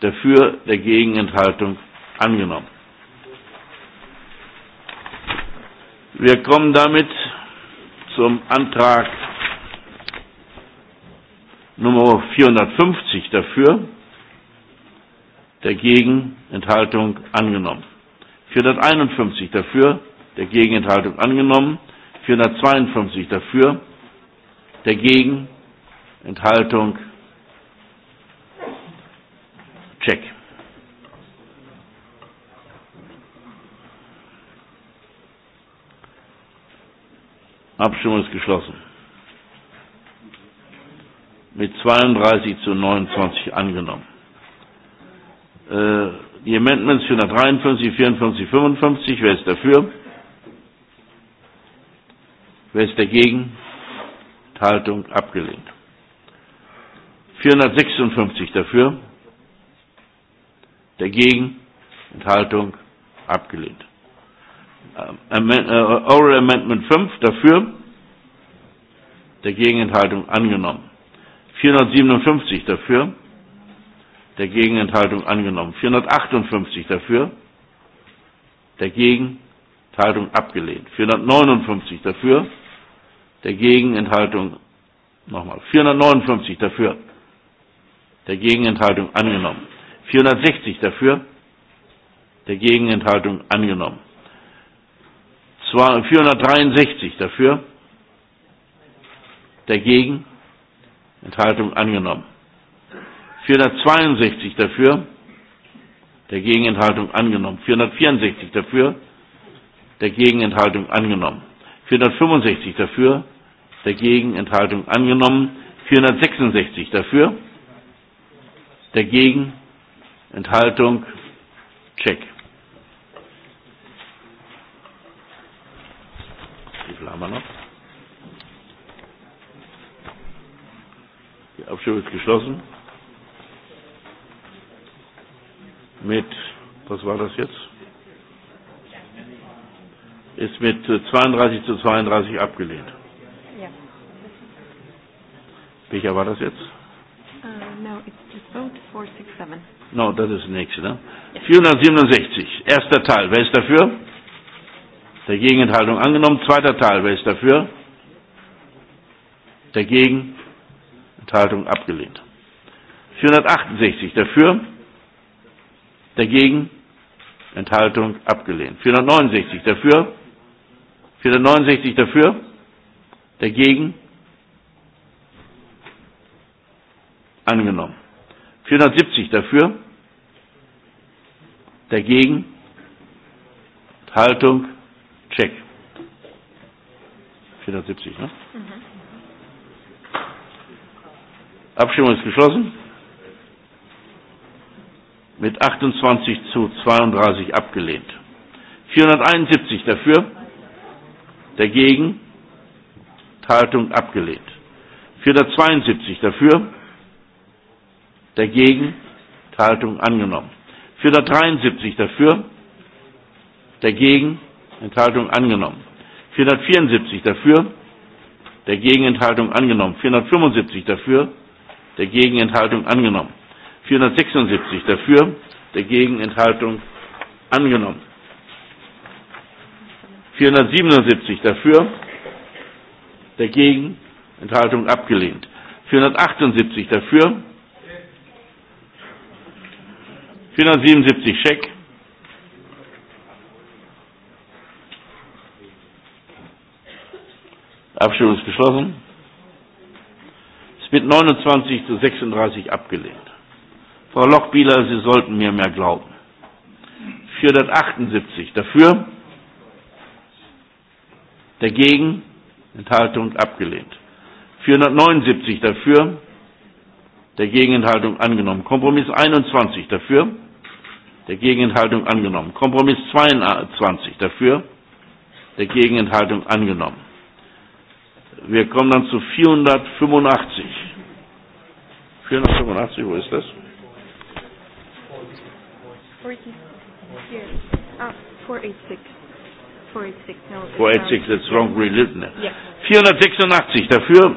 dafür. Der Gegenenthaltung angenommen. Wir kommen damit zum Antrag Nummer 450 dafür, Der Gegenenthaltung angenommen. 451 dafür, Der Gegenenthaltung angenommen. 452 dafür, dagegen, Enthaltung, Check. Abstimmung ist geschlossen. Mit 32 zu 29 angenommen. Äh, die Amendments 453, 54, 55, wer ist dafür? Wer ist dagegen? Enthaltung abgelehnt. 456 dafür. Dagegen? Enthaltung abgelehnt. Ähm, äh, Oral Amendment 5 dafür. Dagegen Enthaltung angenommen. 457 dafür. Dagegen Enthaltung angenommen. 458 dafür. Dagegen Enthaltung abgelehnt. 459 dafür dagegen Enthaltung nochmal 459 dafür, dagegen Enthaltung angenommen. 460 dafür, dagegen Enthaltung angenommen. 463 dafür, dagegen Enthaltung angenommen. 462 dafür, dagegen Enthaltung angenommen. 464 dafür, dagegen Enthaltung angenommen. 465 dafür, dagegen Enthaltung angenommen, 466 dafür, dagegen Enthaltung check. Wie viel haben wir noch? Die Abstimmung ist geschlossen. Mit, was war das jetzt? ist mit 32 zu 32 abgelehnt. Ja. Welcher war das jetzt? Uh, no, it's just vote 467. No, das ist der nächste, ne? Yes. 467, erster Teil. Wer ist dafür? Dagegen Enthaltung angenommen. Zweiter Teil. Wer ist dafür? Dagegen Enthaltung abgelehnt. 468 dafür. Dagegen Enthaltung abgelehnt. 469 dafür. 469 dafür, dagegen, angenommen. 470 dafür, dagegen, Haltung, check. 470, ne? Mhm. Abstimmung ist geschlossen. Mit 28 zu 32 abgelehnt. 471 dafür Dagegen? Haltung abgelehnt. 472 dafür? Dagegen? Haltung angenommen. 473 dafür? Dagegen? Enthaltung angenommen. 474 dafür? Dagegen? Enthaltung angenommen. 475 dafür? Dagegen? Enthaltung angenommen. 476 dafür? Dagegen? Enthaltung angenommen. 477 dafür, dagegen, Enthaltung abgelehnt. 478 dafür, 477 Scheck, Abstimmung ist geschlossen. Es wird 29 zu 36 abgelehnt. Frau Lochbieler, Sie sollten mir mehr glauben. 478 dafür dagegen, Enthaltung abgelehnt. 479 dafür, der Gegenenthaltung angenommen. Kompromiss 21 dafür, der Gegenenthaltung angenommen. Kompromiss 22 dafür, der Gegenenthaltung angenommen. Wir kommen dann zu 485. 485, wo ist das? 486. 486, that's um, wrong written. Yeah. 486 dafür.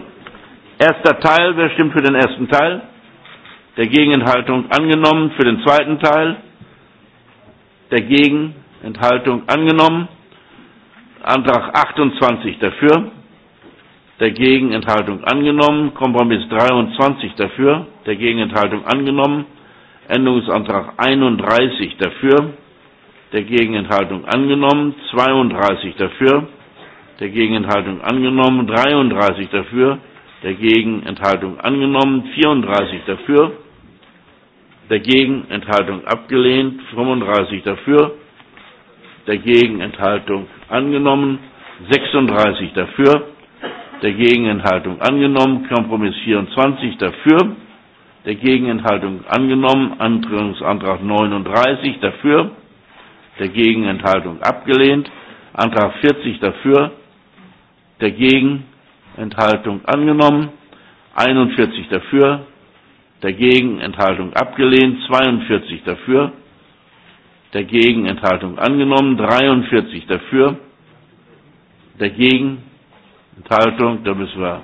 Erster Teil, wer stimmt für den ersten Teil? Der Gegenenthaltung angenommen. Für den zweiten Teil? Der Gegenenthaltung angenommen. Antrag 28 dafür. Der Gegenenthaltung angenommen. Kompromiss 23 dafür. Der Gegenenthaltung angenommen. Änderungsantrag 31 dafür der Gegenenthaltung angenommen, 32 dafür, der Gegenenthaltung angenommen, 33 dafür, der Gegenenthaltung angenommen, 34 dafür, der Gegenenthaltung abgelehnt, 35 dafür, der Gegenenthaltung angenommen, 36 dafür, der Gegenenthaltung angenommen, Kompromiss 24 dafür, der Gegenenthaltung angenommen, Antragsantrag 39 dafür, dagegen Enthaltung abgelehnt. Antrag 40 dafür, dagegen Enthaltung angenommen. 41 dafür, dagegen Enthaltung abgelehnt. 42 dafür, dagegen Enthaltung angenommen. 43 dafür, dagegen Enthaltung, da müssen wir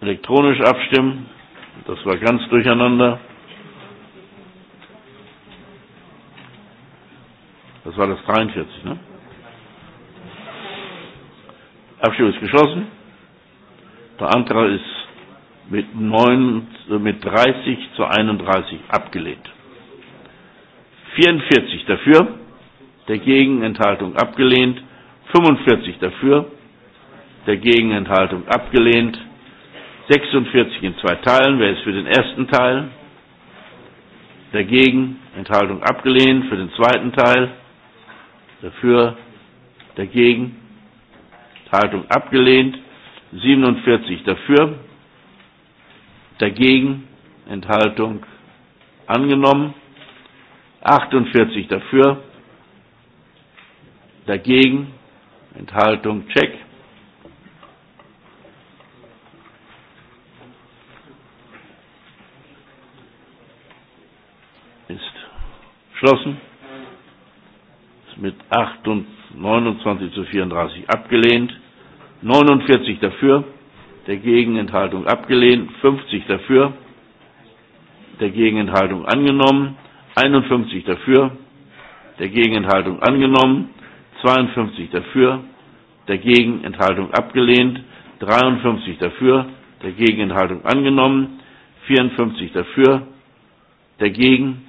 elektronisch abstimmen. Das war ganz durcheinander. Das war das 43, ne? Abschluss ist geschlossen. Der Antrag ist mit, 9, äh, mit 30 zu 31 abgelehnt. 44 dafür, dagegen Enthaltung abgelehnt. 45 dafür, dagegen Enthaltung abgelehnt. 46 in zwei Teilen. Wer ist für den ersten Teil? Dagegen Enthaltung abgelehnt. Für den zweiten Teil? Dafür, dagegen, Enthaltung abgelehnt. 47 dafür, dagegen, Enthaltung angenommen. 48 dafür, dagegen, Enthaltung check. Ist geschlossen mit 29 zu 34 abgelehnt, 49 dafür, der Gegenenthaltung abgelehnt, 50 dafür, der Gegenenthaltung angenommen, 51 dafür, der Gegenenthaltung angenommen, 52 dafür, der Gegenenthaltung abgelehnt, 53 dafür, der Gegenenthaltung angenommen, 54 dafür, dagegen,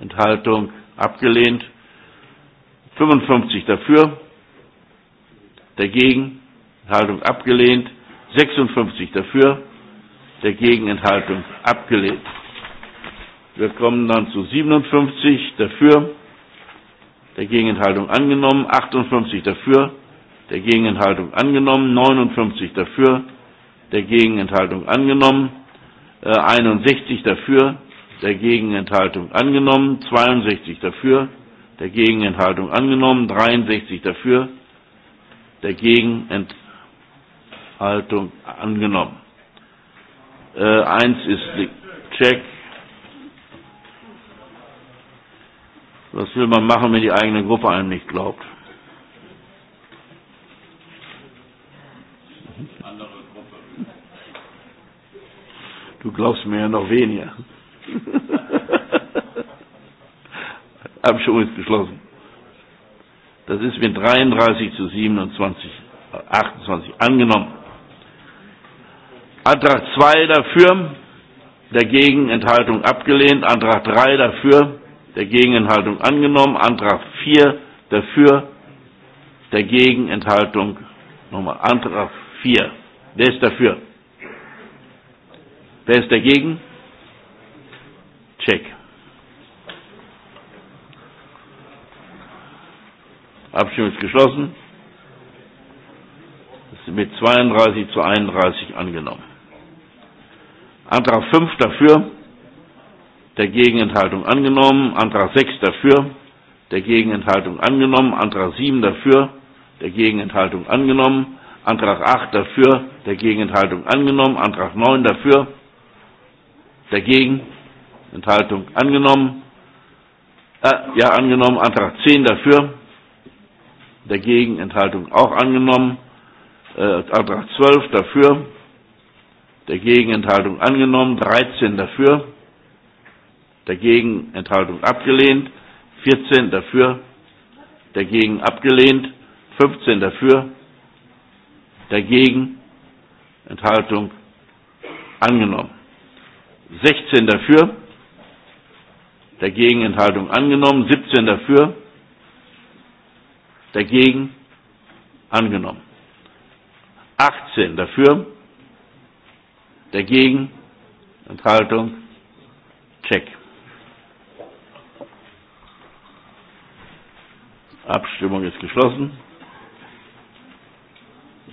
Enthaltung abgelehnt, 55 dafür, dagegen, Enthaltung abgelehnt, 56 dafür, dagegen, Enthaltung abgelehnt. Wir kommen dann zu 57 dafür, der Gegenenthaltung angenommen, 58 dafür, der Gegenenthaltung angenommen, 59 dafür, der Gegenenthaltung angenommen, 61 äh, dafür, der Gegenenthaltung angenommen, 62 dafür, der Gegenenthaltung angenommen, 63 dafür, der Gegenenthaltung angenommen. Äh, eins ist Check. Was will man machen, wenn die eigene Gruppe einem nicht glaubt? Du glaubst mir ja noch weniger. Abstimmung ist geschlossen. Das ist mit 33 zu 27, 28 angenommen. Antrag 2 dafür, dagegen Enthaltung abgelehnt. Antrag 3 dafür, dagegen Enthaltung angenommen. Antrag 4 dafür, dagegen Enthaltung. Nochmal, Antrag 4. Wer ist dafür? Wer ist dagegen? Check. Abstimmung ist geschlossen. Es Ist mit 32 zu 31 angenommen. Antrag 5 dafür, der Gegenenthaltung angenommen. Antrag 6 dafür, der Gegenenthaltung angenommen. Antrag 7 dafür, der Gegenenthaltung angenommen. Antrag 8 dafür, der Gegenenthaltung angenommen. Antrag 9 dafür, der Gegenenthaltung angenommen. Äh, ja, angenommen. Antrag 10 dafür, dagegen, Enthaltung auch angenommen. Äh, Antrag 12 dafür, dagegen, Enthaltung angenommen. 13 dafür, dagegen, Enthaltung abgelehnt. 14 dafür, dagegen abgelehnt. 15 dafür, dagegen, Enthaltung angenommen. 16 dafür, dagegen Enthaltung angenommen, 17 dafür, dagegen angenommen. 18 dafür, dagegen, Enthaltung, Check. Abstimmung ist geschlossen.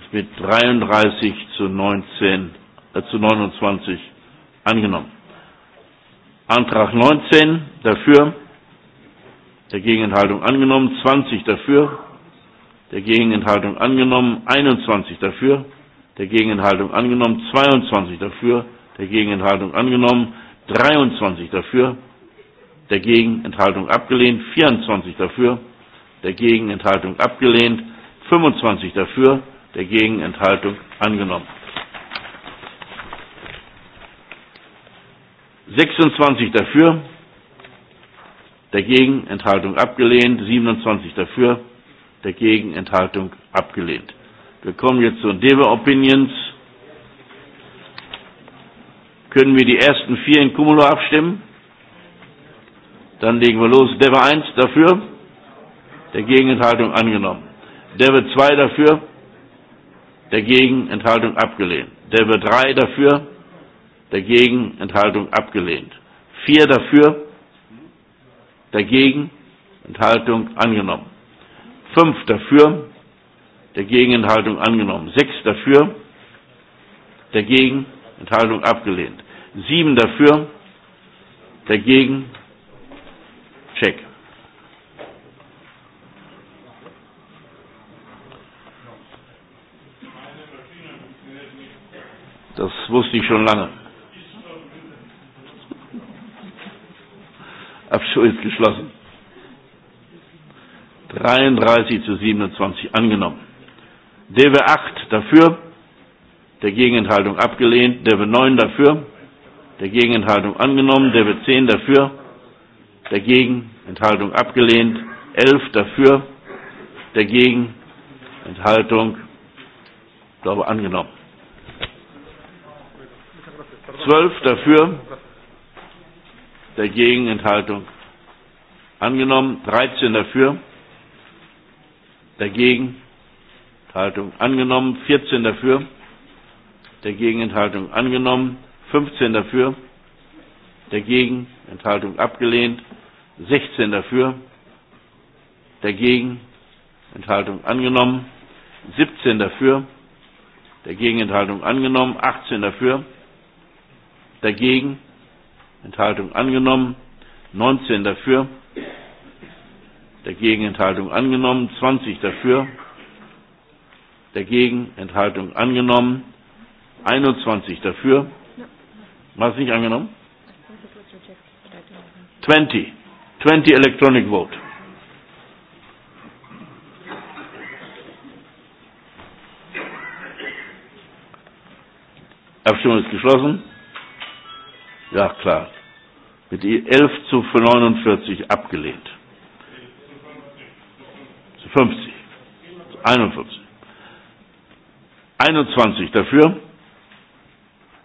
Es wird 33 zu, 19, äh, zu 29 angenommen. Antrag 19 dafür, der Gegenenthaltung angenommen, 20 dafür, der Gegenenthaltung angenommen, 21 dafür, der Gegenenthaltung angenommen, 22 dafür, der Gegenenthaltung angenommen, 23 dafür, der Gegenenthaltung abgelehnt, 24 dafür, der Gegenenthaltung abgelehnt, 25 dafür, der Gegenenthaltung angenommen. 26 dafür, dagegen, Enthaltung abgelehnt, 27 dafür, dagegen Enthaltung abgelehnt. Wir kommen jetzt zu Deva Opinions. Können wir die ersten vier in Cumulo abstimmen? Dann legen wir los. Deva 1 dafür. Dagegen Enthaltung angenommen. Deva 2 dafür. Dagegen Enthaltung abgelehnt. Deva 3 dafür. Dagegen Enthaltung abgelehnt. 4 dafür. Dagegen Enthaltung angenommen. Fünf dafür, dagegen Enthaltung angenommen. Sechs dafür, dagegen Enthaltung abgelehnt. Sieben dafür, dagegen Check. Das wusste ich schon lange. Abschuld geschlossen. 33 zu 27 angenommen. Dewe 8 dafür, der Gegenenthaltung abgelehnt. Dewe 9 dafür, der Gegenenthaltung angenommen. Dewe 10 dafür, dagegen Enthaltung abgelehnt. 11 dafür, dagegen Enthaltung, glaube angenommen. 12 dafür, dagegen Enthaltung angenommen. 13 dafür, dagegen, Enthaltung angenommen, 14 dafür, dagegen, Enthaltung angenommen, 15 dafür, dagegen, Enthaltung abgelehnt, 16 dafür, dagegen, Enthaltung angenommen, 17 dafür, dagegen, Enthaltung angenommen, 18 dafür, dagegen, Enthaltung angenommen, 19 dafür, dagegen Enthaltung angenommen, 20 dafür, dagegen Enthaltung angenommen, 21 dafür. War es nicht angenommen? 20. 20 electronic vote. Abstimmung ist geschlossen. Ja, klar. Mit 11 zu 49 abgelehnt. 50. 21 dafür,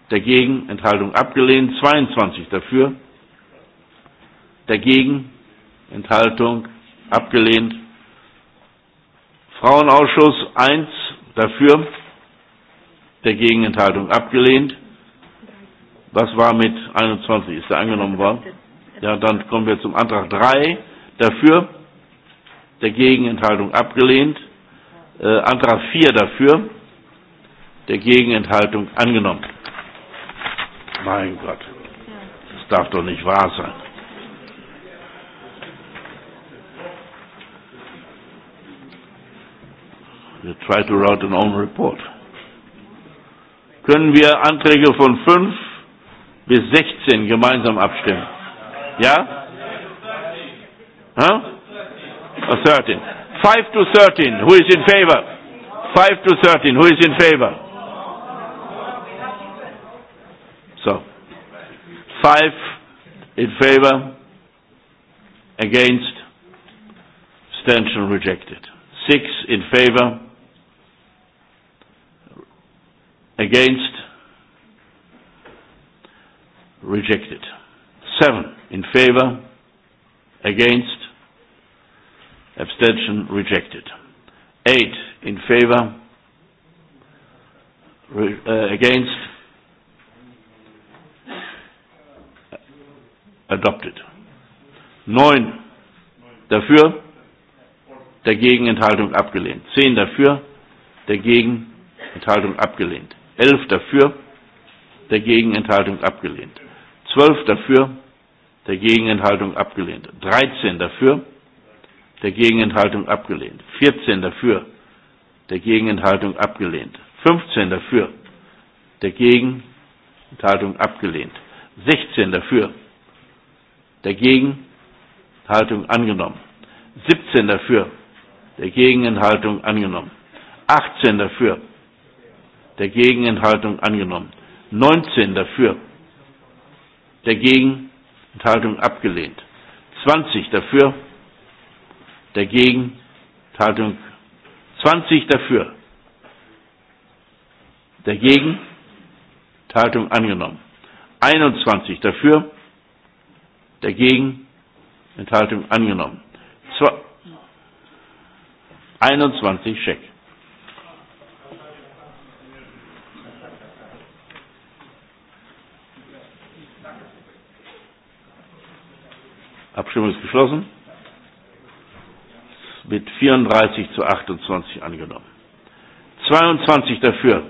dagegen, Enthaltung abgelehnt, 22 dafür, dagegen, Enthaltung abgelehnt, Frauenausschuss 1 dafür, dagegen, Enthaltung abgelehnt, was war mit 21, ist er angenommen worden? Ja, dann kommen wir zum Antrag 3 dafür, Der Gegenenthaltung abgelehnt. Äh, Antrag 4 dafür, Der Gegenenthaltung angenommen. Mein Gott, das darf doch nicht wahr sein. We try to write an own report. Können wir Anträge von 5 bis 16 gemeinsam abstimmen? Ja? Huh? Or 13. 5 to 13. Who is in favor? 5 to 13. Who is in favor? So, 5 in favor, against, abstention rejected. 6 in favor, against, rejected. 7 in favor, against, abstention rejected. Eight in favor, Re uh, against, adopted. 9 dafür, dagegen Enthaltung abgelehnt. Zehn dafür, dagegen Enthaltung abgelehnt. Elf dafür, dagegen Enthaltung abgelehnt. 12 dafür, dagegen Enthaltung abgelehnt. 13 dafür, der Gegenenthaltung abgelehnt. 14 dafür, der Gegenenthaltung abgelehnt. 15 dafür, der Gegenenthaltung abgelehnt. 16 dafür, der Gegenenthaltung angenommen. 17 dafür, der Gegenenthaltung angenommen. 18 dafür, der Gegenenthaltung angenommen. 19 dafür, der Gegenenthaltung abgelehnt. 20 dafür, dagegen, Haltung 20 dafür, dagegen, Haltung angenommen. 21 dafür, dagegen, Enthaltung angenommen. 21 Scheck. Abstimmung ist geschlossen mit 34 zu 28 angenommen. 22 dafür,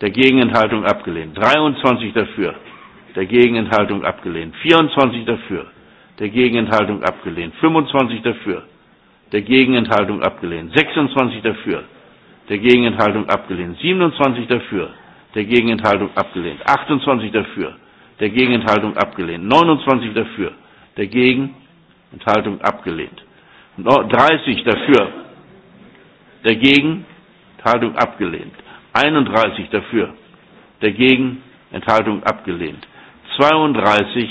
der Gegenenthaltung abgelehnt. 23 dafür, der Gegenenthaltung abgelehnt. 24 dafür, der Gegenenthaltung abgelehnt. 25 dafür, der Gegenenthaltung abgelehnt. 26 dafür, der Gegenenthaltung abgelehnt. 27 dafür, der Gegenenthaltung abgelehnt. 28 dafür, der Gegenenthaltung abgelehnt. 29 dafür, der Gegenenthaltung abgelehnt. 30 dafür, dagegen, Enthaltung abgelehnt. 31 dafür, dagegen, Enthaltung abgelehnt. 32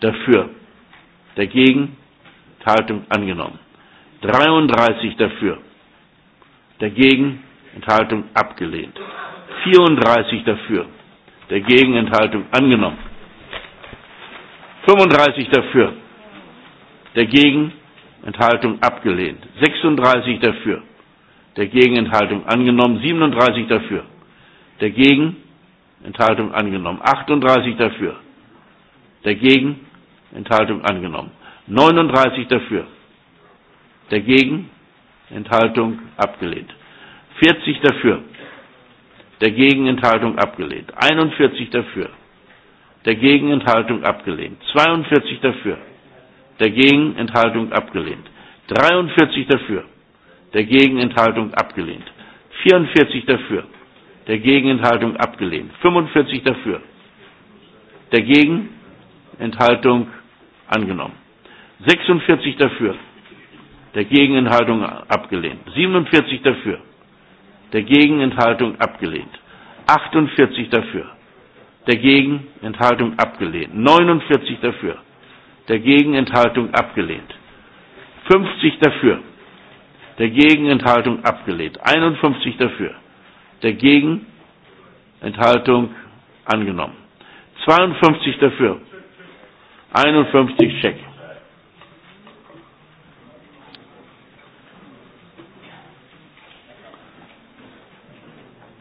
dafür, dagegen, Enthaltung angenommen. 33 dafür, dagegen, Enthaltung abgelehnt. 34 dafür, dagegen, Enthaltung angenommen. 35 dafür, dagegen, Enthaltung abgelehnt. 36 dafür, Der Gegenenthaltung angenommen. 37 dafür, dagegen Enthaltung angenommen. 38 dafür, dagegen Enthaltung angenommen. 39 dafür, dagegen Enthaltung abgelehnt. 40 dafür, dagegen Enthaltung abgelehnt. 41 dafür, dagegen Enthaltung abgelehnt. 42 dafür, dagegen Enthaltung abgelehnt. 43 dafür, dagegen Enthaltung abgelehnt. 44 dafür, dagegen Enthaltung abgelehnt. 45 dafür, dagegen Enthaltung angenommen. 46 dafür, dagegen Enthaltung abgelehnt. 47 dafür, dagegen Enthaltung abgelehnt. 48 dafür, dagegen Enthaltung abgelehnt. 49 dafür, dagegen Enthaltung abgelehnt. 50 dafür, dagegen Enthaltung abgelehnt. 51 dafür, dagegen Enthaltung angenommen. 52 dafür, 51 Scheck.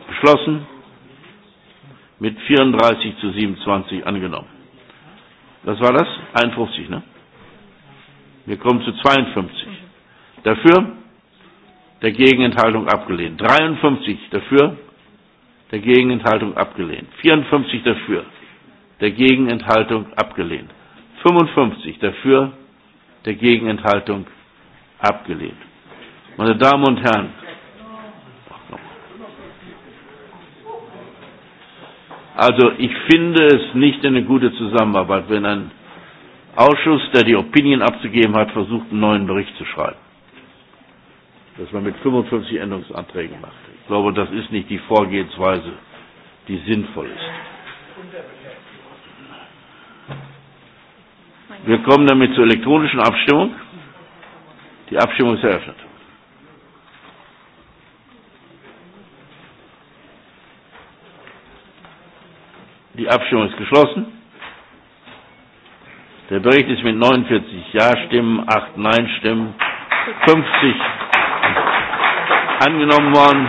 Beschlossen mit 34 zu 27 angenommen. Was war das? 51, ne? Wir kommen zu 52. Dafür, der Gegenenthaltung abgelehnt. 53 dafür, der Gegenenthaltung abgelehnt. 54 dafür, der Gegenenthaltung abgelehnt. 55 dafür, der Gegenenthaltung abgelehnt. Meine Damen und Herren, Also ich finde es nicht eine gute Zusammenarbeit, wenn ein Ausschuss, der die Opinion abzugeben hat, versucht, einen neuen Bericht zu schreiben. Dass man mit 55 Änderungsanträgen macht. Ich glaube, das ist nicht die Vorgehensweise, die sinnvoll ist. Wir kommen damit zur elektronischen Abstimmung. Die Abstimmung ist eröffnet. Die Abstimmung ist geschlossen. Der Bericht ist mit 49 Ja-Stimmen, 8 Nein-Stimmen, 50 angenommen worden.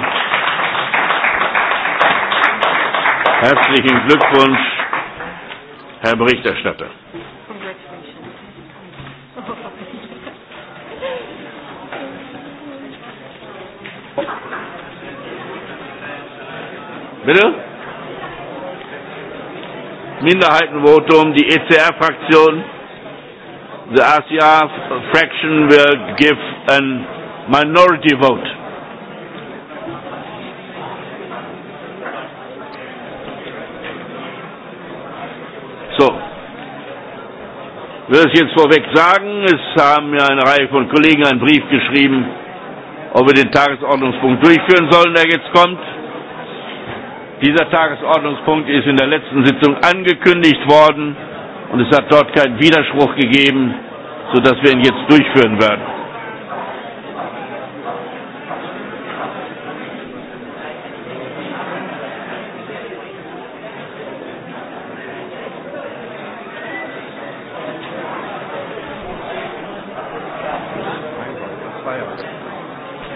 Herzlichen Glückwunsch, Herr Berichterstatter. Bitte? Minderheitenvotum, die ECR-Fraktion, the ACR fraction will give a minority vote. So, ich will es jetzt vorweg sagen, es haben ja eine Reihe von Kollegen einen Brief geschrieben, ob wir den Tagesordnungspunkt durchführen sollen, der jetzt kommt. Dieser Tagesordnungspunkt ist in der letzten Sitzung angekündigt worden und es hat dort keinen Widerspruch gegeben, sodass wir ihn jetzt durchführen werden.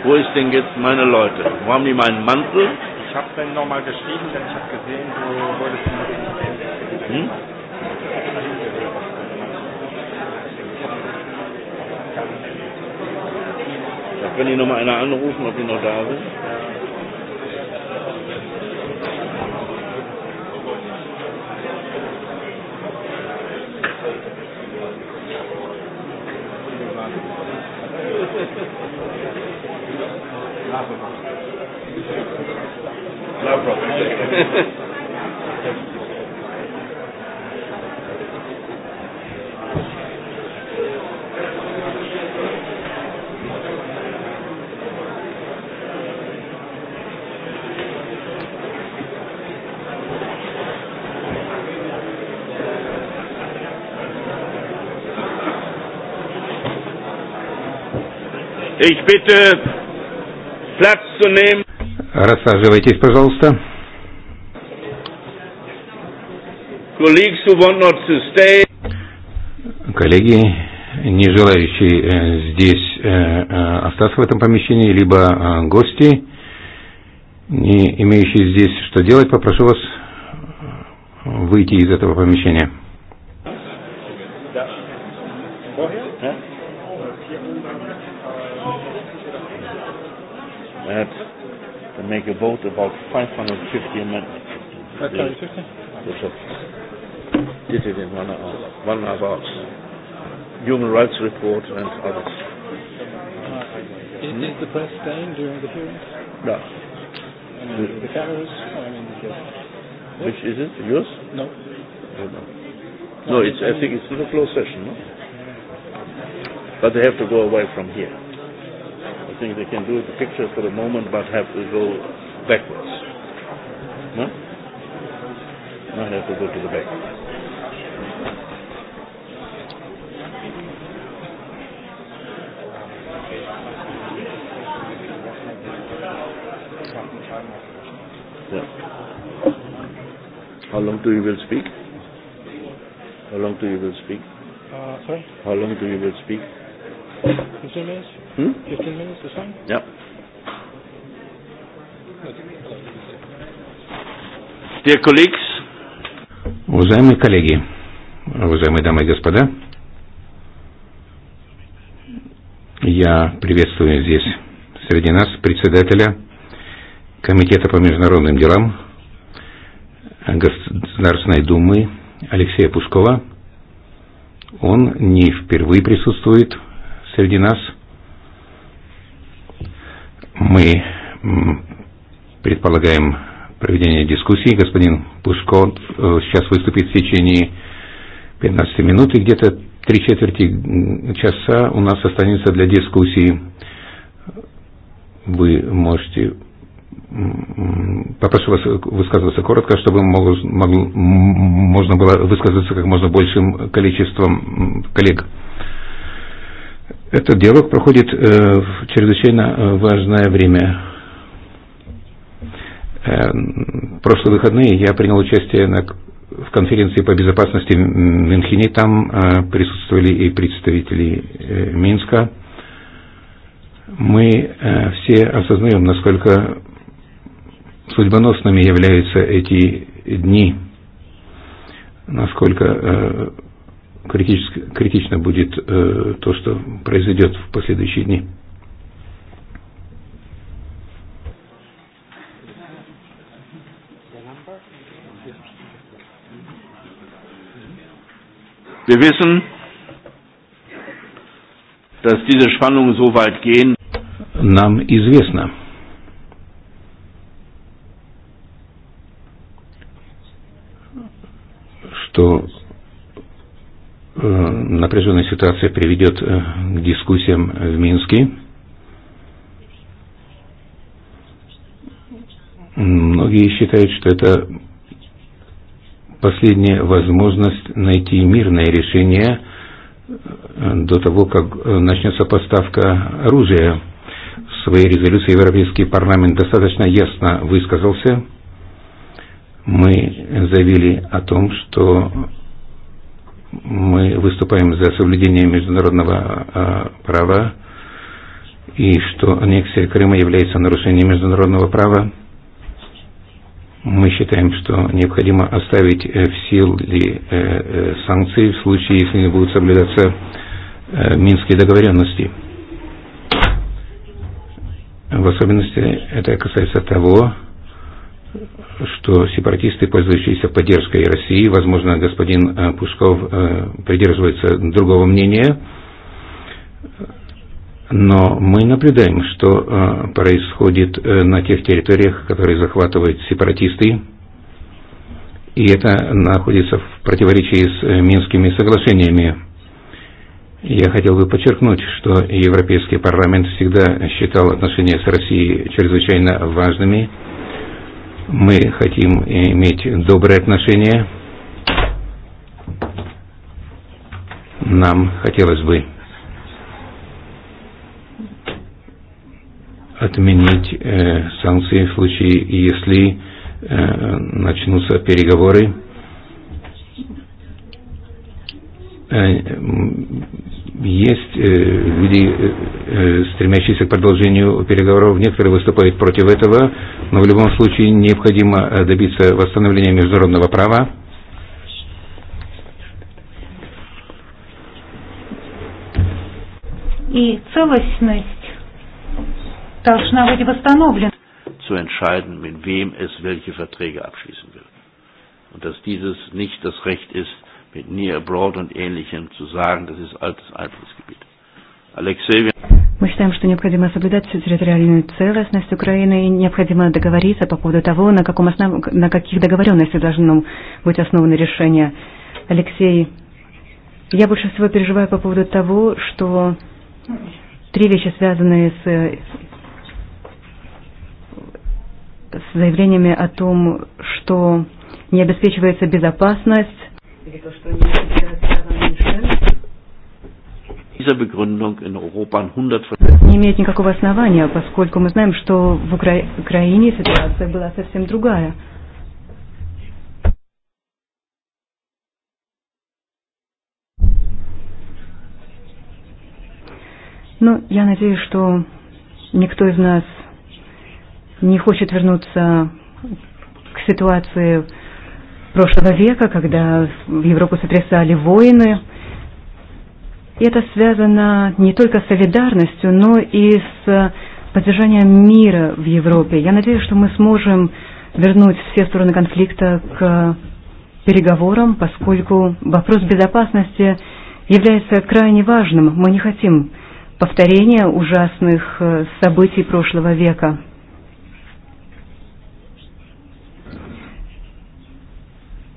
Wo ist denn jetzt meine Leute? Wo haben die meinen Mantel? habe dann nochmal geschrieben, denn ich habe gesehen, du wolltest nicht. Hm? Da kann ich nochmal einer anrufen, ob ich noch da bin. Thank you. Ich bitte Platz zu nehmen. Рассаживайтесь, пожалуйста. Colleagues who want not to stay. Коллеги, не желающие э, здесь э, э, остаться в этом помещении, либо гости, не имеющие здесь что делать, попрошу вас выйти из этого помещения. take a vote about 550 amendments. That's 550? Did it in one hour. One hour box. Human rights report and others. Uh, is, hmm? is the press staying during the hearings? No. I mean, the, the cameras? I mean, the, yes. Which is it? Yours? No. I don't know. No, no it's, I think it's in a closed session, no? But they have to go away from here think they can do the picture for the moment, but have to go backwards. No? Not have to go to the back. Yeah. How long do you will speak? How long do you will speak? Uh, sorry? How long do you will speak? minutes? Hmm? minutes Yeah. Dear colleagues. Уважаемые коллеги, уважаемые дамы и господа, я приветствую здесь среди нас председателя Комитета по международным делам Государственной Думы Алексея Пушкова. Он не впервые присутствует среди нас. Мы предполагаем проведение дискуссии. Господин Пушко сейчас выступит в течение 15 минут и где-то три четверти часа у нас останется для дискуссии. Вы можете попрошу вас высказываться коротко, чтобы можно было высказываться как можно большим количеством коллег. Этот диалог проходит э, в чрезвычайно э, важное время. В э, прошлые выходные я принял участие на, в конференции по безопасности в Мюнхене. Там присутствовали и представители Минска. Мы все осознаем, насколько судьбоносными являются эти дни, насколько критично будет э, то, что произойдет в последующие дни. Wir wissen, dass diese Spannungen so weit gehen. Нам известно. что Э, напряженная ситуация приведет э, к дискуссиям в Минске. Многие считают, что это последняя возможность найти мирное решение э, до того, как начнется поставка оружия. В своей резолюции Европейский парламент достаточно ясно высказался. Мы заявили о том, что мы выступаем за соблюдение международного права и что аннексия Крыма является нарушением международного права. Мы считаем, что необходимо оставить э, в силе э, э, санкции в случае, если не будут соблюдаться Минские договоренности. В особенности это касается того, что сепаратисты, пользующиеся поддержкой России, возможно, господин э, Пушков э, придерживается другого мнения, но мы наблюдаем, что э, происходит на тех территориях, которые захватывают сепаратисты, и это находится в противоречии с Минскими соглашениями. Я хотел бы подчеркнуть, что Европейский парламент всегда считал отношения с Россией чрезвычайно важными, Мы хотим иметь добрые отношения. Нам хотелось бы отменить э, санкции в случае, если э, начнутся переговоры. Э, есть э, люди, э, стремящиеся к продолжению переговоров, некоторые выступают против этого, но в любом случае необходимо э, добиться восстановления международного права. И целостность должна быть восстановлена. Zu entscheiden, mit wem es welche Verträge abschließen will. Und dass dieses nicht das Recht ist, mit Near Abroad und Ähnlichem zu sagen, das ist altes Einflussgebiet. Alexei, Мы считаем, что необходимо соблюдать всю территориальную целостность Украины и необходимо договориться по поводу того, на, каком основ... на каких договоренностях должно быть основано решение. Алексей, я больше всего переживаю по поводу того, что три вещи, связанные с, с заявлениями о том, что не обеспечивается безопасность, Не имеет никакого основания, поскольку мы знаем, что в Укра... Украине ситуация была совсем другая. Ну, я надеюсь, что никто из нас не хочет вернуться к ситуации прошлого века, когда в Европу сотрясали войны. И это связано не только с солидарностью, но и с э, поддержанием мира в Европе. Я надеюсь, что мы сможем вернуть все стороны конфликта к переговорам, поскольку вопрос безопасности является крайне важным. Мы не хотим повторения ужасных э, событий прошлого века.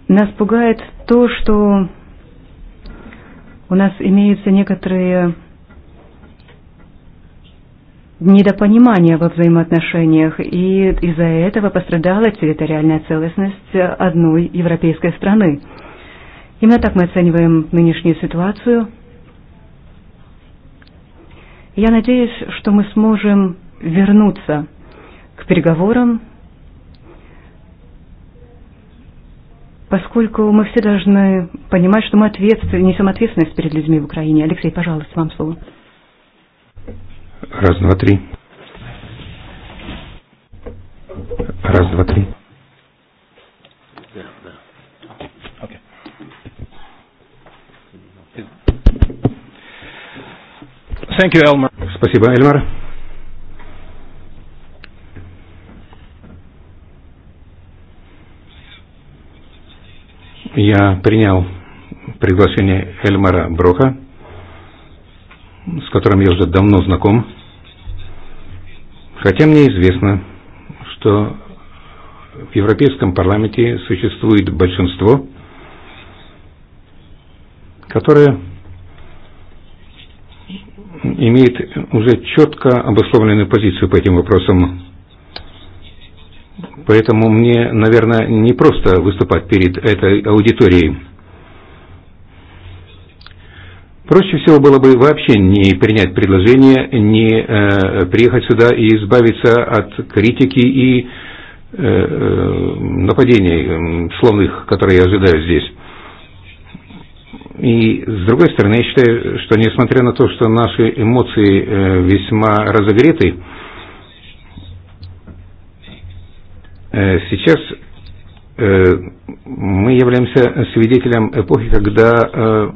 Нас пугает то, что у нас имеются некоторые недопонимания во взаимоотношениях, и из-за этого пострадала территориальная целостность одной европейской страны. Именно так мы оцениваем нынешнюю ситуацию. Я надеюсь, что мы сможем вернуться к переговорам поскольку мы все должны понимать, что мы ответственны несем ответственность перед людьми в Украине. Алексей, пожалуйста, вам слово. Раз, два, три. Раз, два, три. Thank you, Elmer. Спасибо, Эльмар. Я принял приглашение Эльмара Брока, с которым я уже давно знаком, хотя мне известно, что в Европейском парламенте существует большинство, которое имеет уже четко обусловленную позицию по этим вопросам Поэтому мне, наверное, не просто выступать перед этой аудиторией. Проще всего было бы вообще не принять предложение, не э, приехать сюда и избавиться от критики и э, э нападений э, словных, которые я ожидаю здесь. И с другой стороны, я считаю, что несмотря на то, что наши эмоции э, весьма разогреты, э, Э, сейчас э, мы являемся свидетелем эпохи, когда э,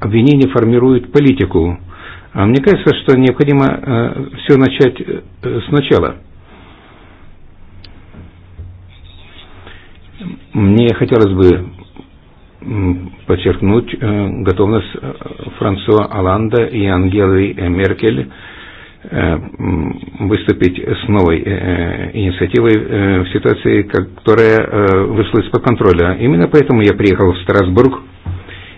обвинения формируют политику. А мне кажется, что необходимо все начать сначала. Мне хотелось бы подчеркнуть готовность Франсуа Аланда и Ангелы Меркель Э, выступить с новой э, инициативой э, в ситуации, которая вышла из-под контроля. Именно поэтому я приехал в Страсбург,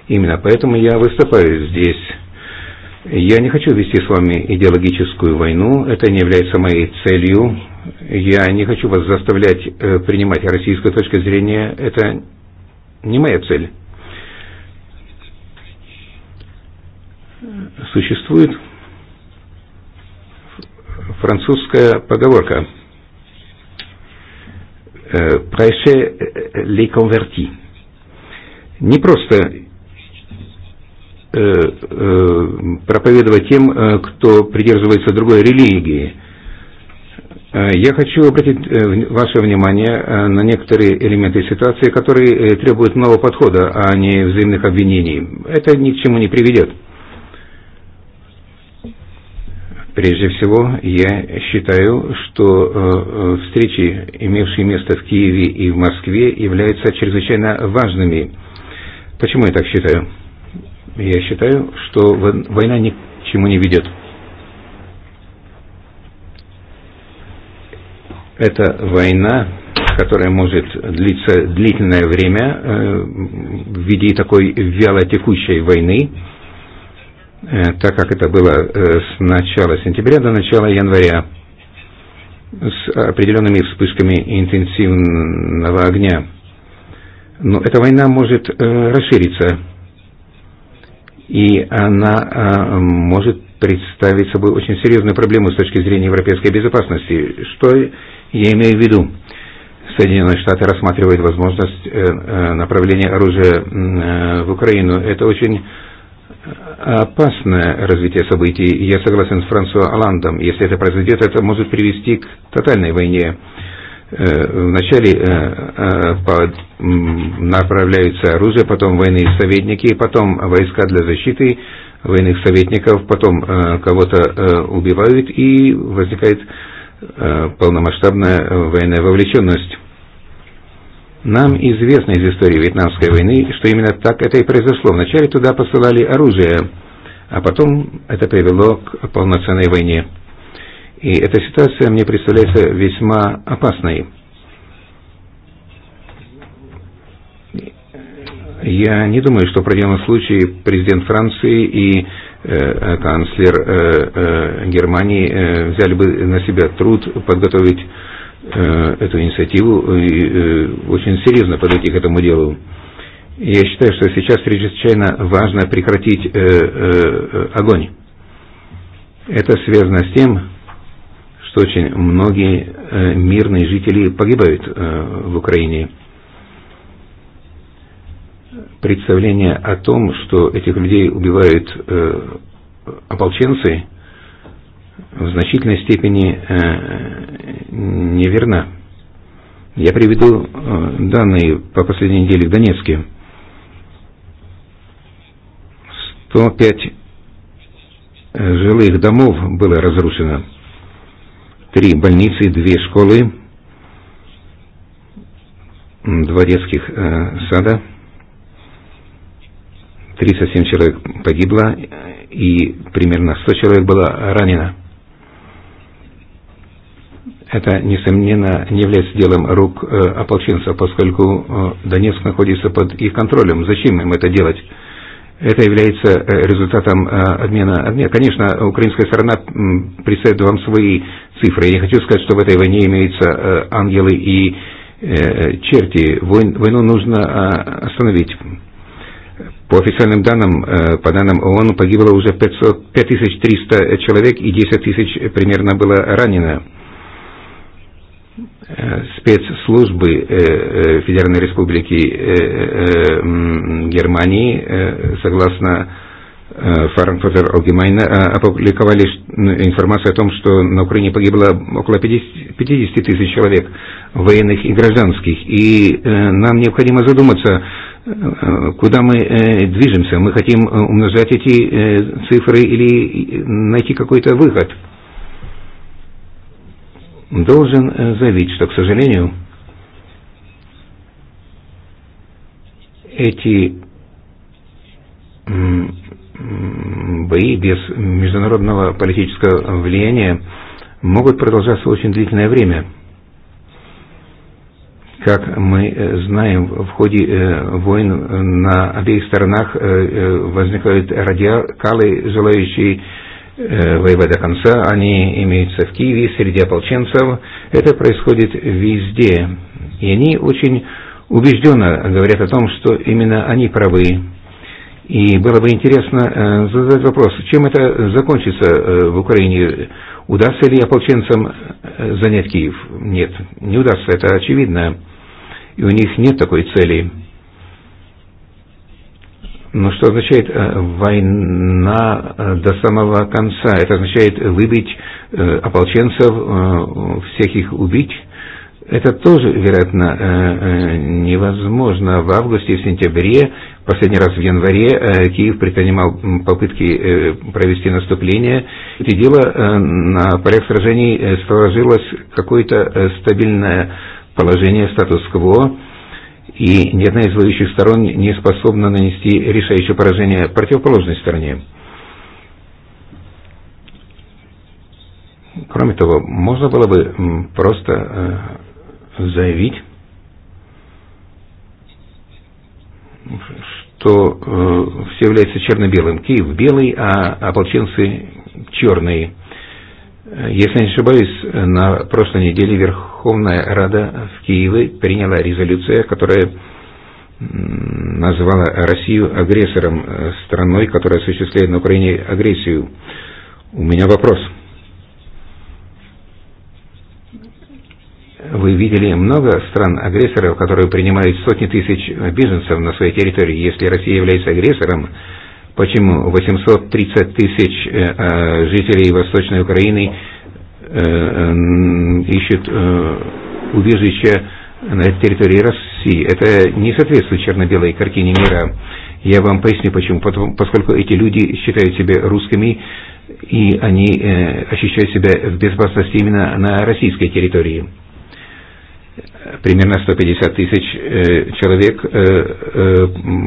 именно поэтому я выступаю здесь. Я не хочу вести с вами идеологическую войну, это не является моей целью. Я не хочу вас заставлять принимать российскую точку зрения, это не моя цель. Существует Французская поговорка Прайше ли конверти» не просто проповедовать тем, кто придерживается другой религии. Я хочу обратить э, ваше внимание э, на некоторые элементы ситуации, которые э, требуют нового подхода, а не взаимных обвинений. Это ни к чему не приведет. Прежде всего, я считаю, что э, э, встречи, имевшие место в Киеве и в Москве, являются чрезвычайно важными. Почему я так считаю? Я считаю, что война ни к чему не ведет. Это война, которая может длиться длительное время э, в виде такой вялотекущей войны, Э, так как это было э, с начала сентября до начала января, с определенными вспышками интенсивного огня. Но эта война может э, расшириться, и она может представить собой очень серьезную проблему с точки зрения европейской безопасности. Что я имею в виду? Соединенные Штаты рассматривают возможность направления оружия в Украину. Это очень опасное развитие событий. Я согласен с Франсуа Оландом. Если это произойдет, это может привести к тотальной войне. Э, вначале э, э, направляются оружие, потом военные советники, потом войска для защиты военных советников, потом кого-то убивают и возникает полномасштабная военная вовлеченность. Нам известно из истории Вьетнамской войны, что именно так это и произошло. Вначале туда посылали оружие, а потом это привело к полноценной войне. И эта ситуация мне представляется весьма опасной. Я не думаю, что в противном случае президент Франции и э, э канцлер э, э, Германии э, взяли бы на себя труд подготовить Э, эту инициативу э, и э, очень серьезно подойти к этому делу. Я считаю, что сейчас чрезвычайно важно прекратить огонь. Это связано с тем, что очень многие мирные жители погибают в Украине. Представление о том, что этих людей убивают ополченцы, в значительной степени э, неверна. Я приведу э, данные по последней неделе в Донецке. 105 э, жилых домов было разрушено. Три больницы, две школы, два детских сада. 37 человек погибло и примерно 100 человек было ранено. Это, несомненно, не является делом рук э, ополченцев, поскольку э, Донецк находится под их контролем. Зачем им это делать? это является э, результатом обмена. обмена. Конечно, украинская сторона представит вам свои цифры. Я не хочу сказать, что в этой войне имеются ангелы и черти. Войн, войну нужно остановить. По официальным данным, по данным ООН, погибло уже 500, 5300 человек и 10 тысяч примерно было ранено спецслужбы э, э, Федеральной Республики э, Германии, согласно Фарнфотер Алгемайна, опубликовали информацию о том, что на Украине погибло около 50, 50 тысяч человек, военных и гражданских. И нам необходимо задуматься, куда мы движемся. Мы хотим умножать эти цифры или найти какой-то выход должен э, заявить, что, к сожалению, эти бои без международного политического влияния могут продолжаться очень длительное время. Как мы э, знаем, в ходе э, войн на обеих сторонах возникают радикалы, желающие воевать до конца, они имеются в Киеве, среди ополченцев, это происходит везде. И они очень убежденно говорят о том, что именно они правы. И было бы интересно задать вопрос, чем это закончится в Украине? Удастся ли ополченцам занять Киев? Нет, не удастся, это очевидно. И у них нет такой цели. Но что означает э, война э, до самого конца? Это означает э, выбить ополченцев, всех их убить? Это тоже, вероятно, невозможно. В августе в сентябре, последний раз в январе, Киев предпринимал попытки провести наступление. И дело на полях сражений сложилось какое-то стабильное положение, статус-кво и ни одна из воюющих сторон не способна нанести решающее поражение противоположной стороне. Кроме того, можно было бы просто э, заявить, что э, все является черно-белым. Киев белый, а ополченцы черные. Если не ошибаюсь, на прошлой неделе Верховная Рада в Киеве приняла резолюцию, которая назвала Россию агрессором, э, страной, которая осуществляет на Украине агрессию. У меня вопрос. Вы видели много стран-агрессоров, которые принимают сотни тысяч бизнесов на своей территории. Если Россия является агрессором, Почему 830 тысяч э, э, жителей Восточной Украины э, ищут убежище на территории России? Это не соответствует черно-белой картине мира. Я вам поясню почему. Потом, поскольку эти люди считают себя русскими, и они э, ощущают себя в безопасности именно на российской территории примерно 150 тысяч человек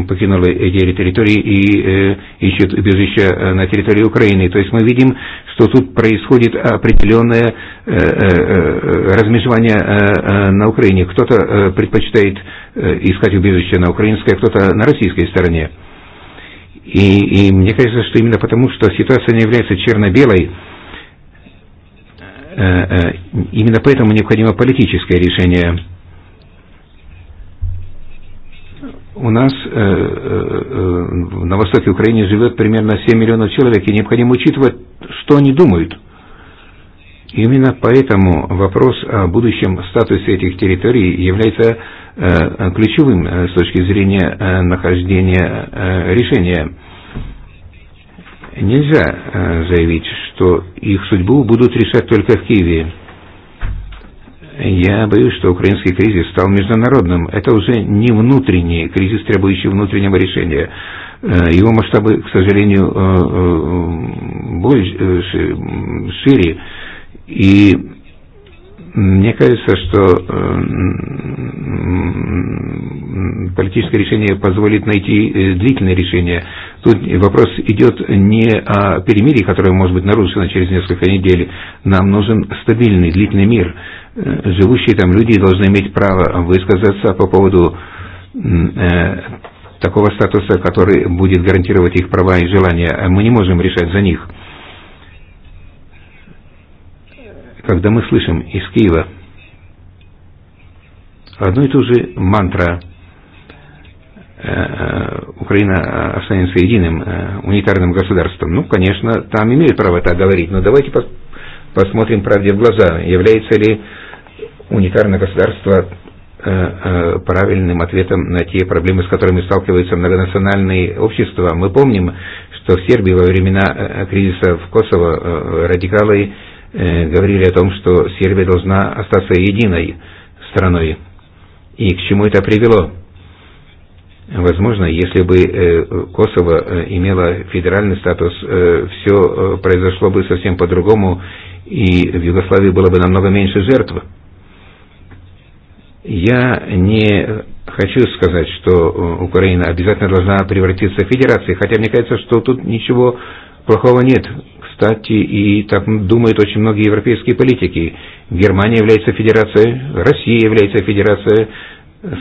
покинули эти территории и ищут убежище на территории Украины. То есть мы видим, что тут происходит определенное размежевание на Украине. Кто-то предпочитает искать убежище на украинской, а кто-то на российской стороне. И, и мне кажется, что именно потому, что ситуация не является черно-белой, Э, э, именно поэтому необходимо политическое решение. У нас э, на востоке Украины живет примерно 7 миллионов человек, и необходимо учитывать, что они думают. Именно поэтому вопрос о будущем статусе этих территорий является ключевым с точки зрения нахождения решения Нельзя э, заявить, что их судьбу будут решать только в Киеве. Я боюсь, что украинский кризис стал международным. Это уже не внутренний кризис, требующий внутреннего решения. Э, его масштабы, к сожалению, э, больше, шире. И Мне кажется, что политическое решение позволит найти э, длительное решение. Тут вопрос идет не о перемирии, которое может быть нарушено через несколько недель. Нам нужен стабильный, длительный мир. Э, живущие там люди должны иметь право высказаться по поводу э, такого статуса, который будет гарантировать их права и желания. Мы не можем решать за них. когда мы слышим из Киева одну и ту же мантра э, э, Украина э, останется единым унитарным государством. Ну, конечно, там имеют право так говорить, но давайте пос посмотрим правде в глаза. Является ли унитарное государство правильным ответом на те проблемы, с которыми сталкиваются многонациональные общества. Мы помним, что в Сербии во времена кризиса в Косово радикалы говорили о том, что Сербия должна остаться единой страной. И к чему это привело? Возможно, если бы э, Косово э, имело федеральный статус, э, все произошло бы совсем по-другому, и в Югославии было бы намного меньше жертв. Я не хочу сказать, что Украина обязательно должна превратиться в федерацию, хотя мне кажется, что тут ничего плохого нет. Кстати, и так думают очень многие европейские политики. Германия является федерацией, Россия является федерацией,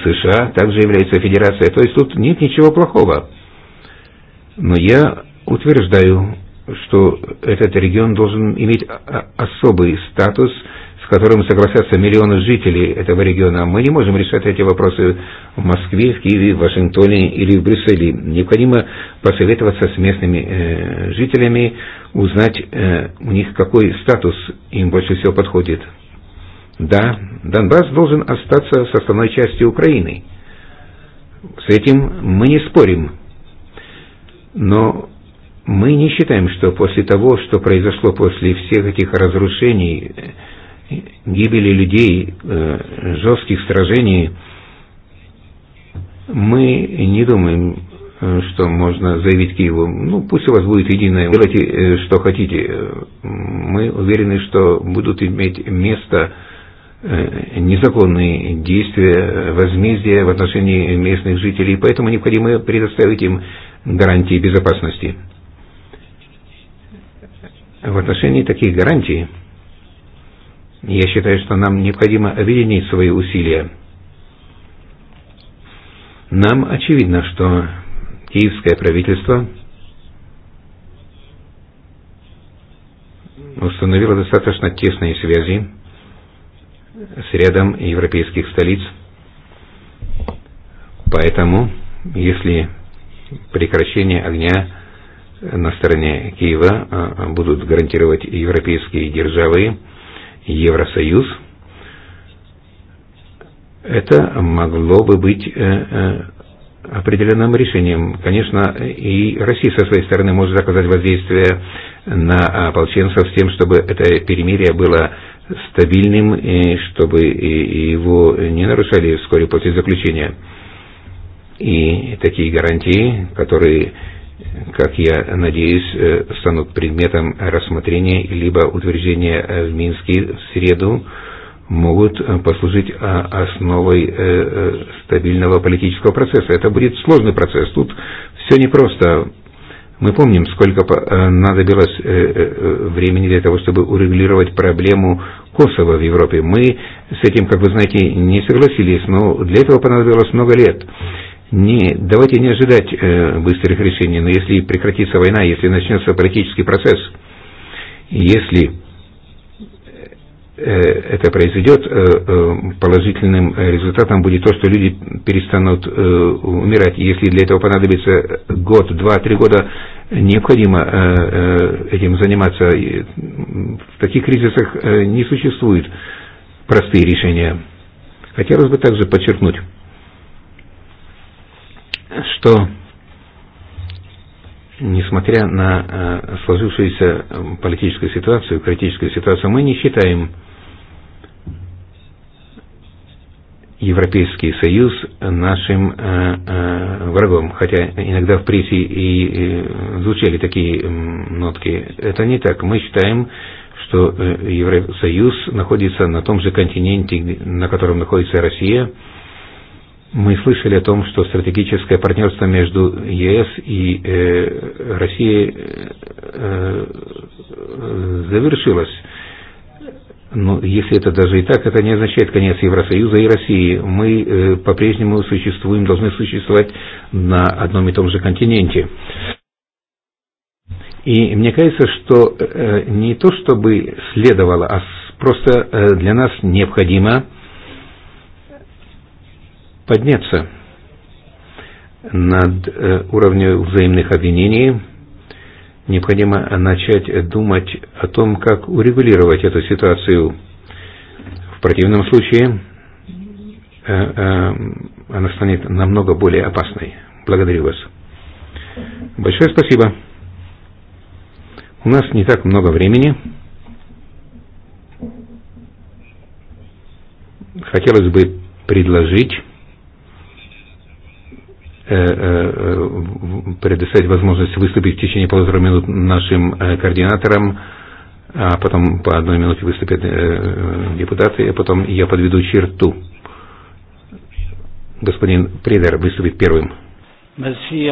США также является федерацией. То есть тут нет ничего плохого. Но я утверждаю, что этот регион должен иметь особый статус – с которым согласятся миллионы жителей этого региона. Мы не можем решать эти вопросы в Москве, в Киеве, в Вашингтоне или в Брюсселе. Необходимо посоветоваться с местными э, жителями, узнать э, у них, какой статус им больше всего подходит. Да, Донбасс должен остаться с основной частью Украины. С этим мы не спорим. Но мы не считаем, что после того, что произошло после всех этих разрушений, э, гибели людей, э, жестких сражений, мы не думаем, э, что можно заявить Киеву, ну пусть у вас будет единое, делайте э, что хотите. Мы уверены, что будут иметь место незаконные действия, возмездия в отношении местных жителей, поэтому необходимо предоставить им гарантии безопасности. В отношении таких гарантий Я считаю, что нам необходимо объединить свои усилия. Нам очевидно, что киевское правительство установило достаточно тесные связи с рядом европейских столиц. Поэтому, если прекращение огня на стороне Киева э, будут гарантировать европейские державы, Евросоюз, это могло бы быть э, э, определенным решением. Конечно, и Россия со своей стороны может оказать воздействие на ополченцев с тем, чтобы это перемирие было стабильным, и чтобы его не нарушали вскоре после заключения. И такие гарантии, которые как я надеюсь, э, станут предметом рассмотрения либо утверждения э, в Минске в среду, могут э, послужить основой стабильного политического процесса. Это будет сложный процесс. Тут все непросто. Мы помним, сколько надобилось времени для того, чтобы урегулировать проблему Косово в Европе. Мы с этим, как вы знаете, не согласились, но для этого понадобилось много лет. Не, давайте не ожидать э, быстрых решений, но если прекратится война, если начнется политический процесс, если э, это произойдет, э, э, положительным результатом будет то, что люди перестанут умирать. Если для этого понадобится год, два, три года, необходимо этим заниматься. В таких кризисах не существует простые решения. Хотелось бы также подчеркнуть, что несмотря на сложившуюся политическую ситуацию, критическую ситуацию, мы не считаем Европейский Союз нашим врагом. Хотя иногда в прессе и звучали такие нотки. Это не так. Мы считаем, что Евросоюз находится на том же континенте, на котором находится Россия, Мы слышали о том, что стратегическое партнерство между ЕС и э, Россией э, э, завершилось. Но если это даже и так, это не означает конец Евросоюза и России. Мы э, по-прежнему существуем, должны существовать на одном и том же континенте. И мне кажется, что э, не то, чтобы следовало, а просто э, для нас необходимо подняться над э, уровнем взаимных обвинений. Необходимо начать думать о том, как урегулировать эту ситуацию. В противном случае э, э, она станет намного более опасной. Благодарю вас. Большое спасибо. У нас не так много времени. Хотелось бы предложить Э, э, э, предоставить возможность выступить в течение полутора минут нашим координаторам, а потом по одной минуте выступят депутаты, а потом я подведу черту. Господин Придер выступит первым. Merci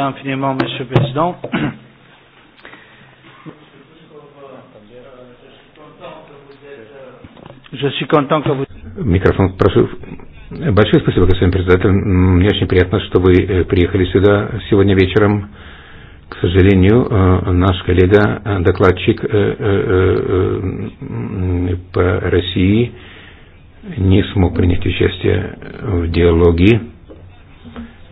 Je suis content que vous... Microphone, прошу, Большое спасибо, господин председатель. Мне очень приятно, что вы э, приехали сюда сегодня вечером. К сожалению, э, наш коллега, э, докладчик по России, не смог принять участие в диалоге.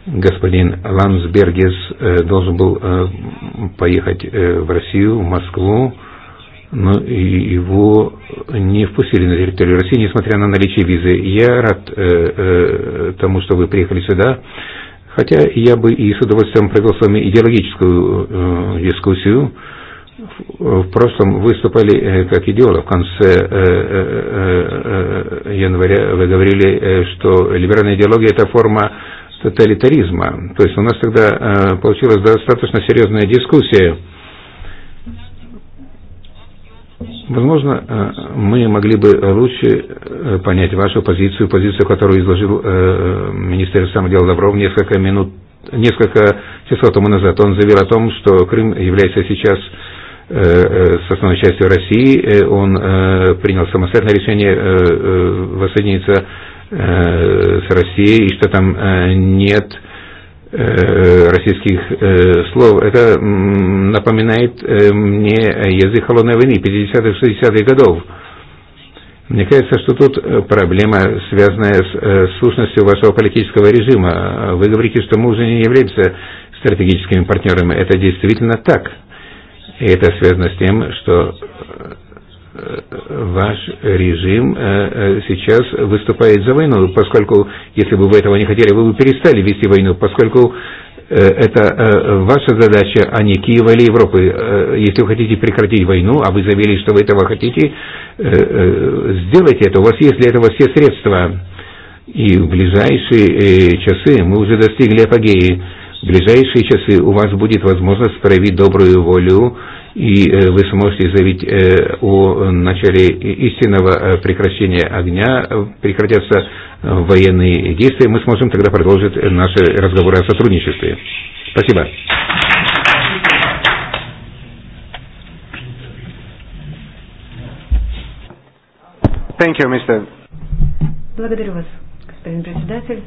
Господин Лансбергес должен был поехать в Россию, в Москву но его не впустили на территорию России, несмотря на наличие визы. Я рад э, э, тому, что вы приехали сюда, хотя я бы и с удовольствием провел с вами идеологическую э, дискуссию. В, в прошлом выступали э, как идеолог. В конце э, э, э, э января вы говорили, э, что либеральная идеология – это форма тоталитаризма. То есть у нас тогда э, получилась достаточно серьезная дискуссия Возможно, э, мы могли бы лучше э, понять вашу позицию, позицию, которую изложил э, Министерство самодела дел Лавров несколько минут, несколько часов тому назад. Он заявил о том, что Крым является сейчас с основной частью России. Он принял самостоятельное решение воссоединиться с Россией, и что там нет Э, российских э, слов. Это напоминает э, мне язык холодной войны 50-60-х х годов. Мне кажется, что тут проблема, связанная с сущностью вашего политического режима. Вы говорите, что мы уже не являемся стратегическими партнерами. Это действительно так. И это связано с тем, что ваш режим э, э, сейчас выступает за войну, поскольку, если бы вы этого не хотели, вы бы перестали вести войну, поскольку э, это ваша задача, а не Киева или Европы. Если вы хотите прекратить войну, а вы заявили, что вы этого хотите, сделайте это. У вас есть для этого все средства. И в ближайшие часы мы уже достигли апогеи. В ближайшие часы у вас будет возможность проявить добрую волю и э, вы сможете заявить э, о начале истинного э, прекращения огня, прекратятся военные действия, мы сможем тогда продолжить наши разговоры о сотрудничестве. Спасибо. Thank you, Mr. Благодарю вас, господин председатель.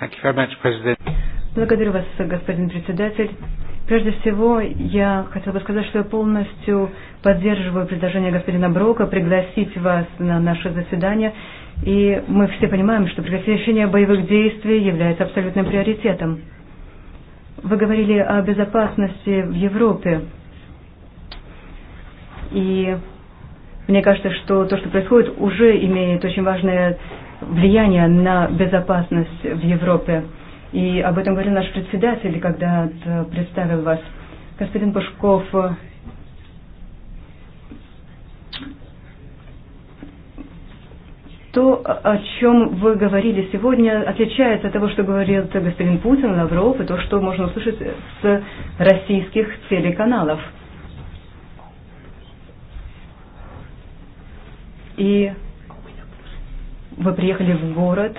Thank you very much, President. Благодарю вас, господин председатель. Прежде всего, я хотел бы сказать, что я полностью поддерживаю предложение господина Брока пригласить вас на наше заседание. И мы все понимаем, что прекращение боевых действий является абсолютным приоритетом. Вы говорили о безопасности в Европе. И мне кажется, что то, что происходит, уже имеет очень важное влияние на безопасность в Европе. И об этом говорил наш председатель, когда представил вас. Господин Пашков, э, то, о чем вы говорили сегодня, отличается от того, что говорил господин Путин, Лавров, и то, что можно услышать с российских телеканалов. И Вы приехали в город,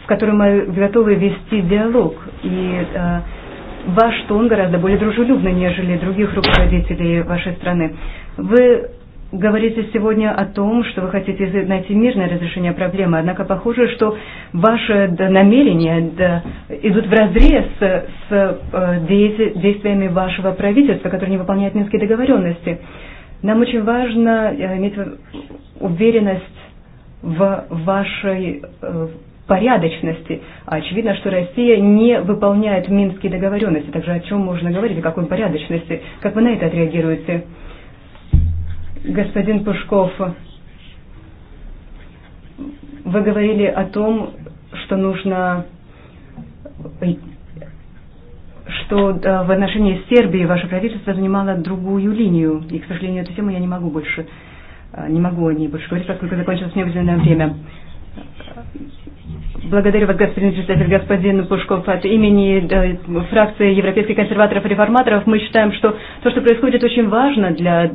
в котором мы готовы вести диалог. И э, ваш тон гораздо более дружелюбный, нежели других руководителей вашей страны. Вы говорите сегодня о том, что вы хотите найти мирное разрешение проблемы, однако похоже, что ваши намерения идут в разрез с э, действиями вашего правительства, которое не выполняет Минские договоренности. Нам очень важно э, иметь уверенность в вашей э, порядочности. Очевидно, что Россия не выполняет минские договоренности. Также о чем можно говорить, о какой порядочности? Как вы на это отреагируете? Господин Пушков, вы говорили о том, что нужно что э, в отношении Сербии ваше правительство занимало другую линию. И, к сожалению, эту тему я не могу больше, э, не могу о ней больше говорить, поскольку закончилось мне время. Благодарю вас, господин председатель, господин Пушков. От имени э, фракции Европейских консерваторов и реформаторов мы считаем, что то, что происходит, очень важно для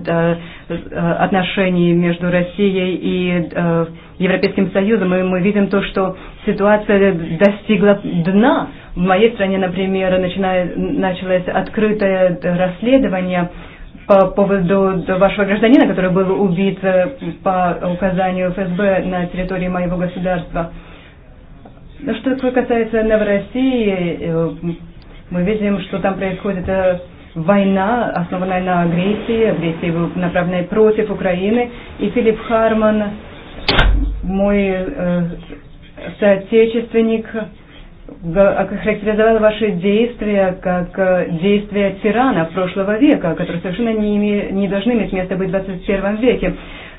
э, отношений между Россией и э, Европейским Союзом. И мы видим то, что ситуация достигла дна. В моей стране, например, начиная, началось открытое расследование по поводу вашего гражданина, который был убит э, по указанию ФСБ на территории моего государства. Что касается Новороссии, э, мы видим, что там происходит э, война, основанная на агрессии, агрессии, направленной против Украины. И Филипп Харман, мой э, соотечественник, охарактеризовал ваши действия как действия тирана прошлого века, которые совершенно не, име, не должны иметь места быть в 21 веке.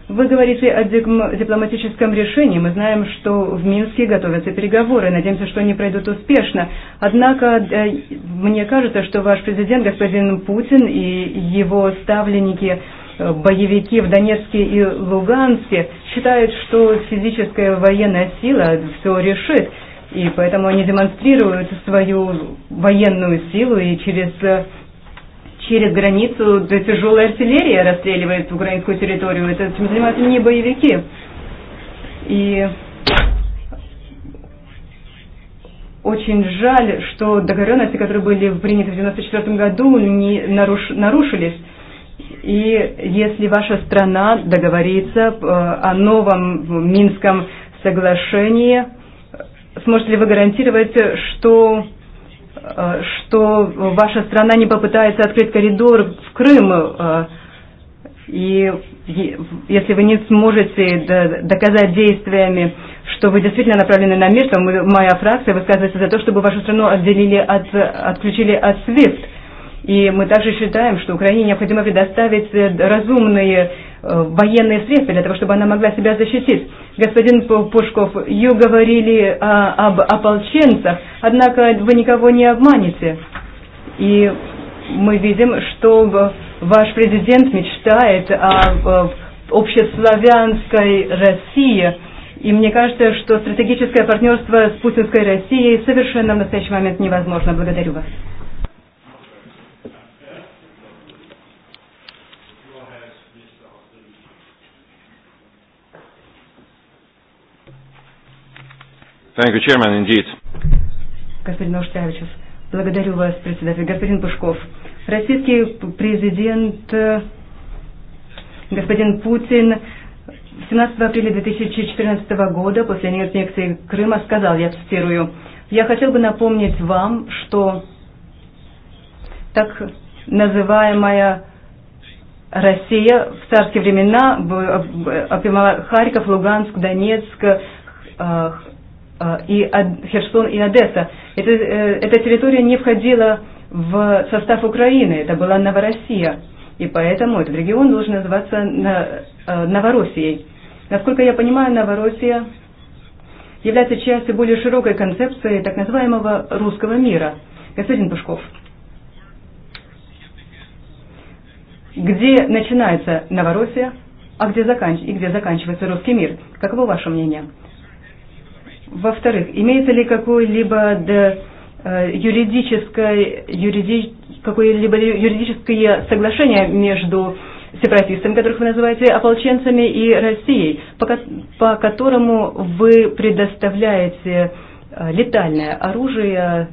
Вы говорите о дипломатическом решении. Мы знаем, что в Минске готовятся переговоры. Надеемся, что они пройдут успешно. Однако, э, мне кажется, что ваш президент, господин Путин и его ставленники, э, боевики в Донецке и Луганске считают, что физическая военная сила все решит. И поэтому они демонстрируют свою военную силу и через э, через границу да, тяжелая артиллерия расстреливает украинскую территорию. Это чем занимаются не боевики. И очень жаль, что договоренности, которые были приняты в 1994 году, не наруш, нарушились. И если ваша страна договорится э, о новом Минском соглашении, сможете ли вы гарантировать, что что ваша страна не попытается открыть коридор в Крым, э, и если вы не сможете доказать действиями, что вы действительно направлены на мир, то моя фракция высказывается за то, чтобы вашу страну отделили от, отключили от SWIFT. И мы также считаем, что Украине необходимо предоставить э, разумные э, военные средства для того, чтобы она могла себя защитить. Господин Пушков, ее говорили о, об ополченцах, однако вы никого не обманете. И мы видим, что ваш президент мечтает о общеславянской России. И мне кажется, что стратегическое партнерство с путинской Россией совершенно в настоящий момент невозможно. Благодарю вас. Thank you, Chairman, indeed. Господин Оштявичев, благодарю вас, председатель. Господин Пушков, российский президент э, господин Путин 17 апреля 2014 года после инъекции Крыма сказал, я цитирую, «Я хотел бы напомнить вам, что так называемая Россия в царские времена э, э, Харьков, Луганск, Донецк, Э, и Херсон и Одесса. Это, э, эта территория не входила в состав Украины, это была Новороссия, и поэтому этот регион должен называться э, Новороссией. Насколько я понимаю, Новороссия является частью более широкой концепции так называемого русского мира. Господин Пушков, где начинается Новороссия, а где заканчивается и где заканчивается русский мир? Каково ваше мнение? Во-вторых, имеется ли какой-либо э, юридическое, какое-либо юридическое соглашение между сепаратистами, которых вы называете ополченцами, и Россией, по, по которому вы предоставляете э, летальное оружие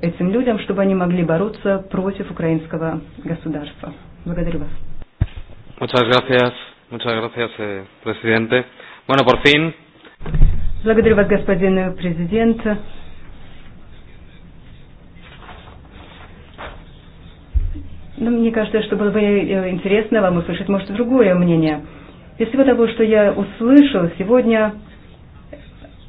этим людям, чтобы они могли бороться против украинского государства. Благодарю вас. Muchas gracias, muchas gracias, eh, presidente. Bueno, por fin Благодарю вас, господин президент. Но мне кажется, что было бы э, интересно вам услышать, может, другое мнение. Из всего того, что я услышал сегодня,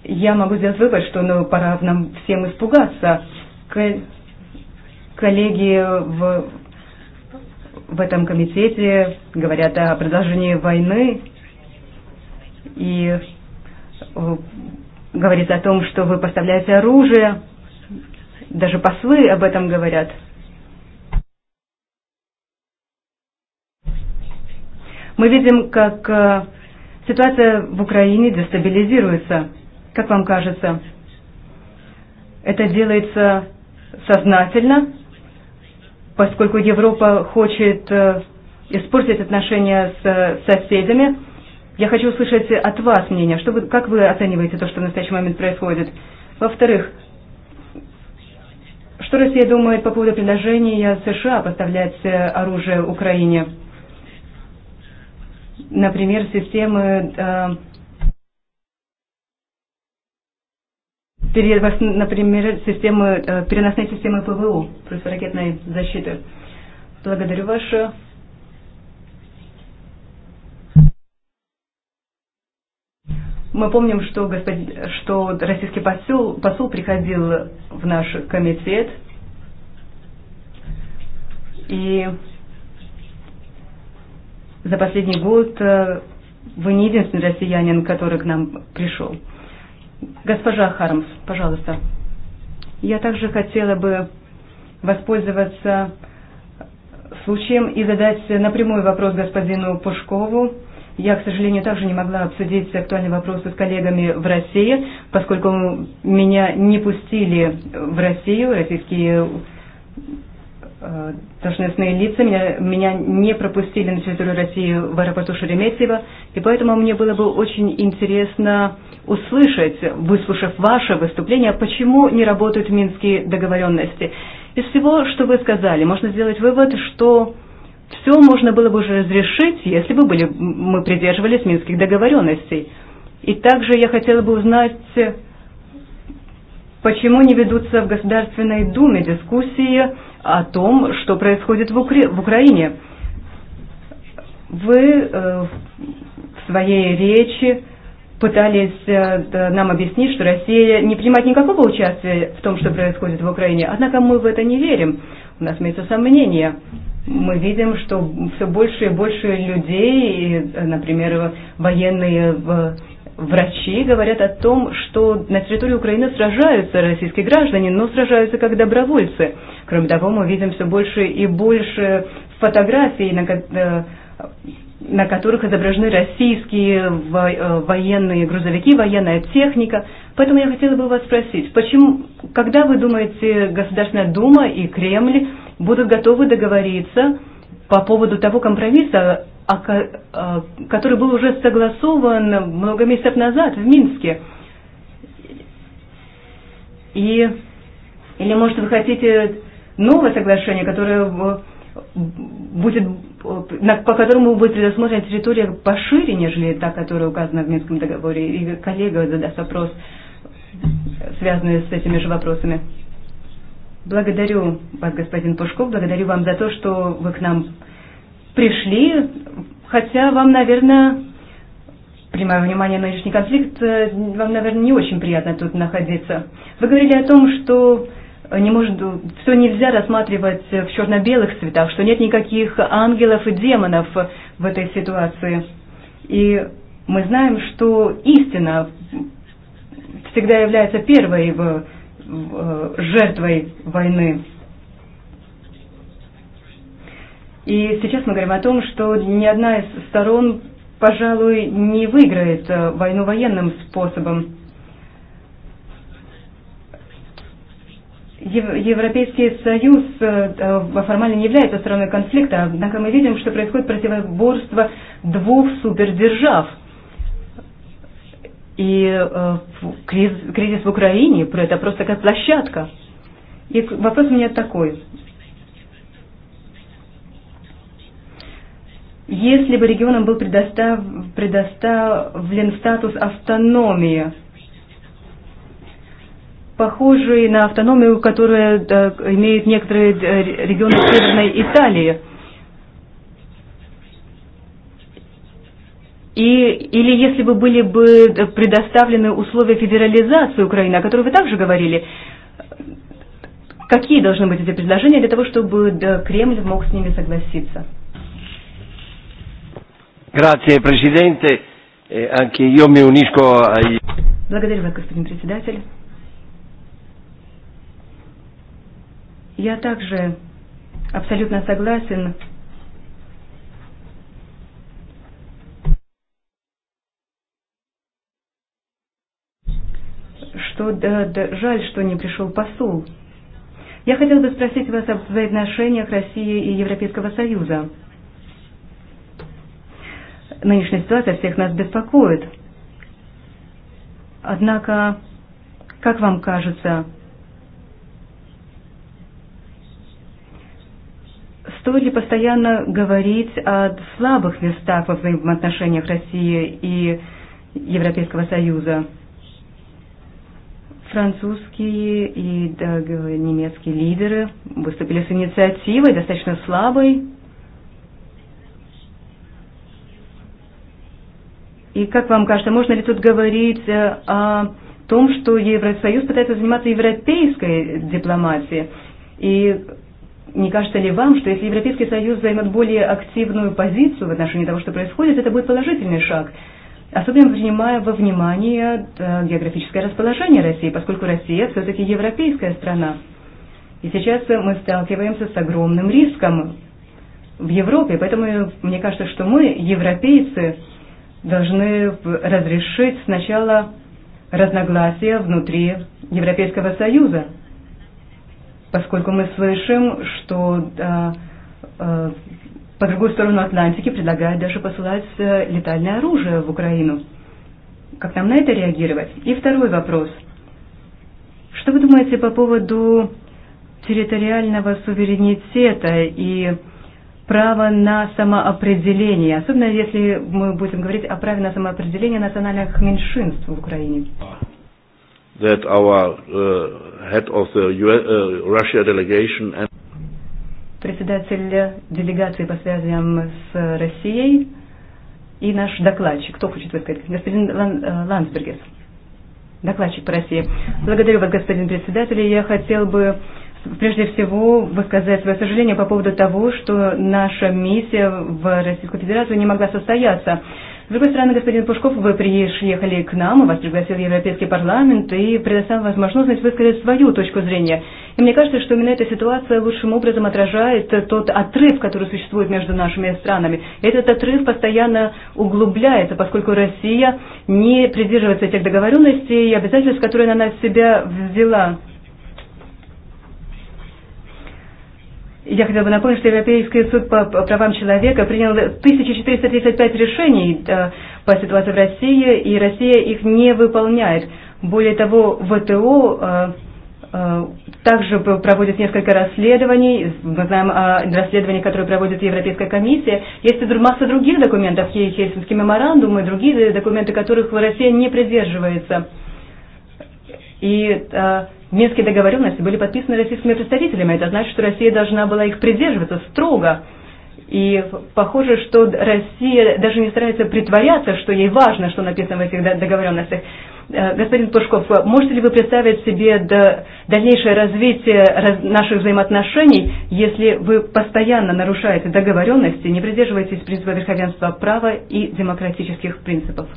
я могу сделать вывод, что ну, пора нам всем испугаться. Коллеги в, в этом комитете говорят о продолжении войны и Э, говорит о том, что вы поставляете оружие, даже послы об этом говорят. Мы видим, как э, ситуация в Украине дестабилизируется. Как вам кажется, это делается сознательно, поскольку Европа хочет э, испортить отношения с соседями – Я хочу услышать от вас мнение, что вы, как вы оцениваете то, что в настоящий момент происходит. Во-вторых, что Россия думает по поводу предложения США поставлять э, оружие Украине? Например, системы э, например, системы, э, переносной системы ПВО, противоракетной защиты. Благодарю вашу. Мы помним, что, господ... что российский посол, посол приходил в наш комитет, и за последний год э, вы не единственный россиянин, который к нам пришел. Госпожа Хармс, пожалуйста. Я также хотела бы воспользоваться случаем и задать напрямую вопрос господину Пушкову Я, к сожалению, также не могла обсудить актуальные вопросы с коллегами в России, поскольку меня не пустили в Россию, российские э, должностные лица меня, меня не пропустили на территорию России в аэропорту Шереметьево, и поэтому мне было бы очень интересно услышать, выслушав ваше выступление, почему не работают минские договоренности. Из всего, что вы сказали, можно сделать вывод, что Все можно было бы уже разрешить, если бы были, мы придерживались минских договоренностей. И также я хотела бы узнать, почему не ведутся в Государственной Думе дискуссии о том, что происходит в, Укра... в Украине. Вы э, в своей речи пытались э, нам объяснить, что Россия не принимает никакого участия в том, что происходит в Украине. Однако мы в это не верим. У нас имеются сомнения мы видим, что все больше и больше людей, например, военные э, врачи говорят о том, что на территории Украины сражаются российские граждане, но сражаются как добровольцы. Кроме того, мы видим все больше и больше фотографий, на, э, на которых изображены российские э, военные грузовики, военная техника. Поэтому я хотела бы вас спросить, почему, когда вы думаете, Государственная Дума и Кремль будут готовы договориться по поводу того компромисса, э, который был уже согласован много месяцев назад в Минске. И, или, может, вы хотите новое соглашение, которое будет, э, по которому будет предусмотрена территория пошире, нежели та, которая указана в Минском договоре. И коллега задаст вопрос, связанный с этими же вопросами. Благодарю вас, господин Пушков, благодарю вам за то, что вы к нам пришли, хотя вам, наверное, принимая внимание нынешний конфликт, э, вам, наверное, не очень приятно тут находиться. Вы говорили о том, что не может, все нельзя рассматривать в черно-белых цветах, что нет никаких ангелов и демонов в этой ситуации. И мы знаем, что истина всегда является первой в Э, жертвой войны. И сейчас мы говорим о том, что ни одна из сторон, пожалуй, не выиграет э, войну военным способом. Европейский Союз э, формально не является стороной конфликта, однако мы видим, что происходит противоборство двух супердержав – И э, кризис в Украине, это просто как площадка. И вопрос у меня такой. Если бы регионам был предостав, предоставлен статус автономии, похожий на автономию, которую э, имеют некоторые регионы Северной Италии – И, или если бы были бы э, предоставлены условия федерализации Украины, о которой вы также говорили, какие должны быть эти предложения для того, чтобы да Кремль мог с ними согласиться? Grazie Presidente, eh, anche io mi unisco ai... Благодарю вас, господин председатель. Я также абсолютно согласен что да, да, жаль, что не пришел посол. Я хотел бы спросить вас о взаимоотношениях России и Европейского Союза. Нынешняя ситуация всех нас беспокоит. Однако, как вам кажется, стоит ли постоянно говорить о слабых местах во взаимоотношениях России и Европейского Союза? французские и да, немецкие лидеры выступили с инициативой, достаточно слабой. И как вам кажется, можно ли тут говорить о том, что Евросоюз пытается заниматься европейской дипломатией? И не кажется ли вам, что если Европейский Союз займет более активную позицию в отношении того, что происходит, это будет положительный шаг Особенно принимая во внимание э, географическое расположение России, поскольку Россия все-таки европейская страна. И сейчас мы сталкиваемся с огромным риском в Европе, поэтому э, мне кажется, что мы, европейцы, должны разрешить сначала разногласия внутри Европейского Союза, поскольку мы слышим, что э, по другую сторону Атлантики предлагает даже посылать э, летальное оружие в Украину. Как нам на это реагировать? И второй вопрос. Что вы думаете по поводу территориального суверенитета и права на самоопределение, особенно если мы будем говорить о праве на самоопределение национальных меньшинств в Украине? That our uh, head of the US, uh, э, Russia delegation and председатель делегации по связям с Россией и наш докладчик. Кто хочет высказать? Господин Лан, Ландсбергес. Докладчик по России. Благодарю вас, господин председатель. Я хотел бы прежде всего высказать свое сожаление по поводу того, что наша миссия в Российскую Федерацию не могла состояться. С другой стороны, господин Пушков, вы приехали к нам, вас пригласил Европейский парламент и предоставил возможность высказать свою точку зрения. И мне кажется, что именно эта ситуация лучшим образом отражает тот отрыв, который существует между нашими странами. Этот отрыв постоянно углубляется, поскольку Россия не придерживается тех договоренностей и обязательств, которые она на себя взяла. Я хотела бы напомнить, что Европейский суд по правам человека принял 1435 решений э, по ситуации в России, и Россия их не выполняет. Более того, ВТО э, э, также проводит несколько расследований, мы знаем о расследованиях, которые проводит Европейская комиссия. Есть и масса других документов, Хельсинский меморандум и другие документы, которых Россия не придерживается и э, Минские договоренности были подписаны российскими представителями. Это значит, что Россия должна была их придерживаться строго. И похоже, что Россия даже не старается притворяться, что ей важно, что написано в этих договоренностях. Э, господин Пушков, можете ли вы представить себе дальнейшее развитие наших взаимоотношений, если вы постоянно нарушаете договоренности, не придерживаетесь принципа верховенства права и демократических принципов?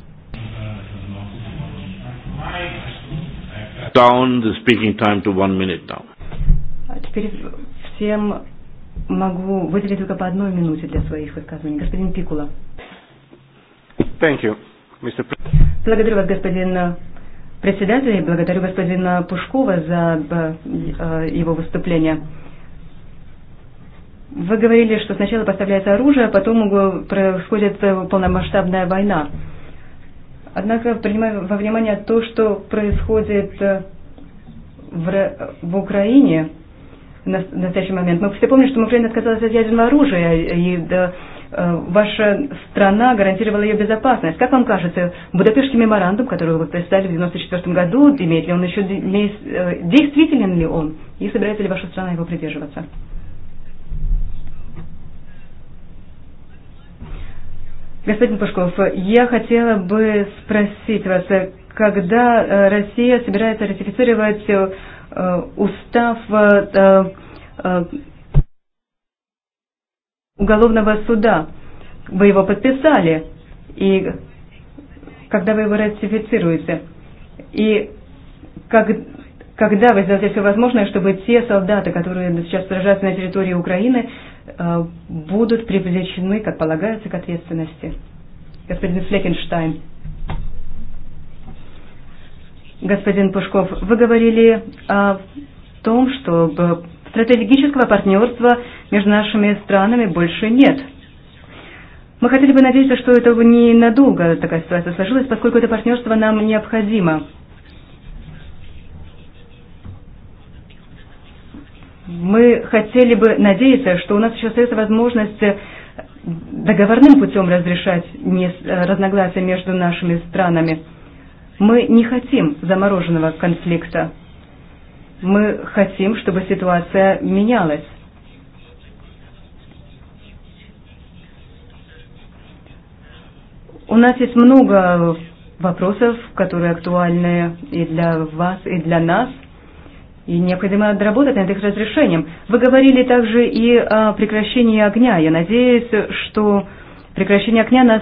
down the speaking time to one minute now. Теперь всем могу выделить только по одной минуте для своих высказываний. Господин Пикула. Thank you, Благодарю вас, господин э, председатель, и благодарю господина Пушкова за э, э, его выступление. Вы говорили, что сначала поставляется оружие, а потом происходит полномасштабная война. Однако, принимая во внимание то, что происходит э, в, в Украине на, в настоящий момент, мы все помним, что Украина отказалась от ядерного оружия, и да, э, ваша страна гарантировала ее безопасность. Как вам кажется, Будапештский меморандум, который вы представили в 1994 году, имеет ли он еще э, действителен ли он, и собирается ли ваша страна его придерживаться? Господин Пушков, я хотела бы спросить вас, когда э, Россия собирается ратифицировать э, э, устав уголовного суда? Вы его подписали, и когда вы его ратифицируете? И как, когда вы сделаете все возможное, чтобы те солдаты, которые сейчас сражаются на территории Украины, Э, будут привлечены, как полагается, к ответственности. Господин Флекенштайн. Господин Пушков, вы говорили о э, том, что э, стратегического партнерства между нашими странами больше нет. Мы хотели бы надеяться, что это не надолго такая ситуация сложилась, поскольку это партнерство нам необходимо. Мы хотели бы надеяться, что у нас еще остается возможность э, договорным путем разрешать э, разногласия между нашими странами. Мы не хотим замороженного конфликта. Мы хотим, чтобы ситуация менялась. У нас есть много вопросов, которые актуальны и для вас, и для нас – и необходимо доработать над их разрешением. Вы говорили также и о прекращении огня. Я надеюсь, что прекращение огня нас,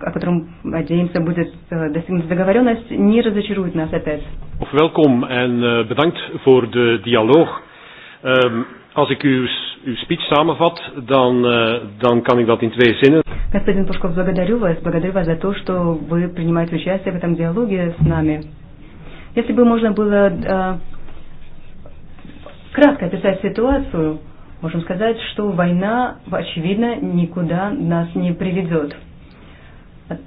о котором, надеемся, будет э, достигнута договоренность, не разочарует нас опять. Welkom en э, bedankt voor de dialoog. Um, als ik uw, uw speech samenvat, dan, uh, dan kan ik dat in twee zinnen. Господин Пушков, благодарю вас, благодарю вас за то, что вы принимаете участие в этом диалоге с нами. Если бы можно было э, кратко описать ситуацию, можем сказать, что война, очевидно, никуда нас не приведет.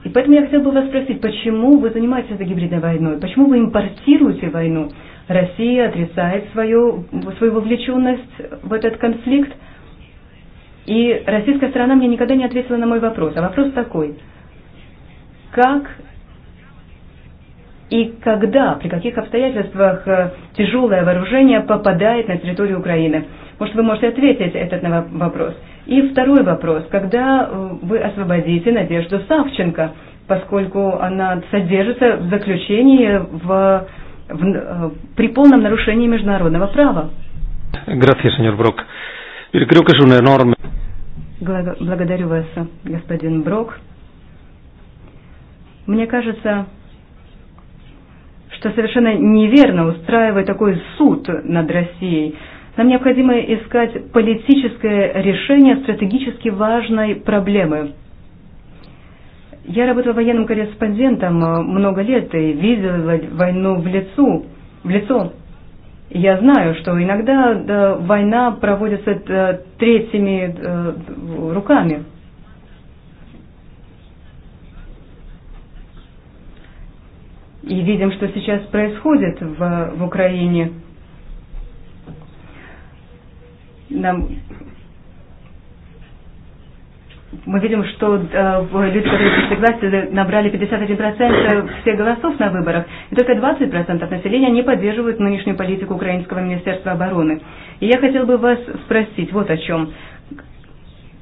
И поэтому я хотела бы вас спросить, почему вы занимаетесь этой гибридной войной? Почему вы импортируете войну? Россия отрицает свою, свою вовлеченность в этот конфликт. И российская сторона мне никогда не ответила на мой вопрос. А вопрос такой. Как и когда, при каких обстоятельствах э, тяжелое вооружение попадает на территорию Украины? Может, вы можете ответить этот на вопрос? И второй вопрос. Когда э, вы освободите Надежду Савченко, поскольку она содержится в заключении в, в, э, при полном нарушении международного права? Gracias, señor Creo que es enorme... Благодарю вас, господин Брок. Мне кажется, что совершенно неверно устраивает такой суд над Россией. Нам необходимо искать политическое решение стратегически важной проблемы. Я работала военным корреспондентом э, много лет и видела войну в лицо. В лицо. Я знаю, что иногда да, война проводится да, э, третьими да, э, руками. и видим, что сейчас происходит в, в Украине. Нам мы видим, что э, люди, которые согласны, набрали 51% э, всех голосов на выборах, и только 20% населения не поддерживают нынешнюю политику Украинского Министерства обороны. И я хотел бы вас спросить вот о чем.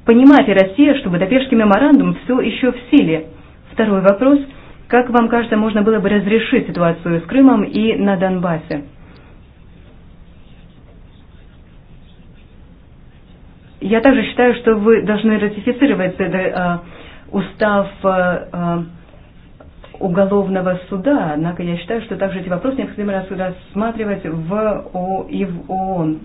Понимаете Россия, что Будапештский меморандум все еще в силе? Второй вопрос – Как вам кажется, можно было бы разрешить ситуацию с Крымом и на Донбассе? Я также считаю, что вы должны ратифицировать э, э устав э, э, уголовного суда, однако я считаю, что также эти вопросы необходимо рассматривать в О и в ООН.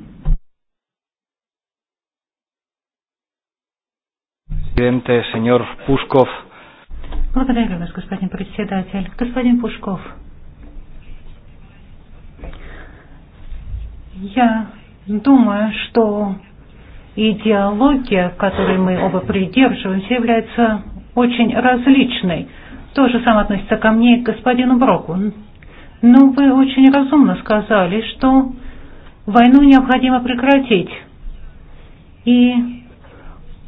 Presidente, Благодарю вас, господин председатель. Господин Пушков, я думаю, что идеология, которой мы оба придерживаемся, является очень различной. То же самое относится ко мне и к господину Броку. Но вы очень разумно сказали, что войну необходимо прекратить. И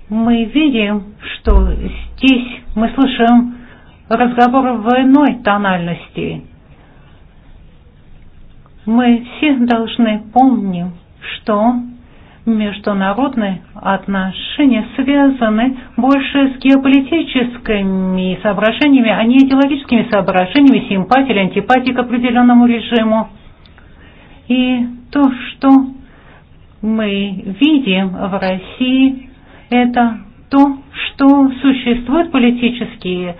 мы видим, что здесь мы слышим разговор в иной тональности. Мы все должны помнить, что международные отношения связаны больше с геополитическими соображениями, а не идеологическими соображениями симпатии или антипатии к определенному режиму. И то, что мы видим в России, это то, что существуют политические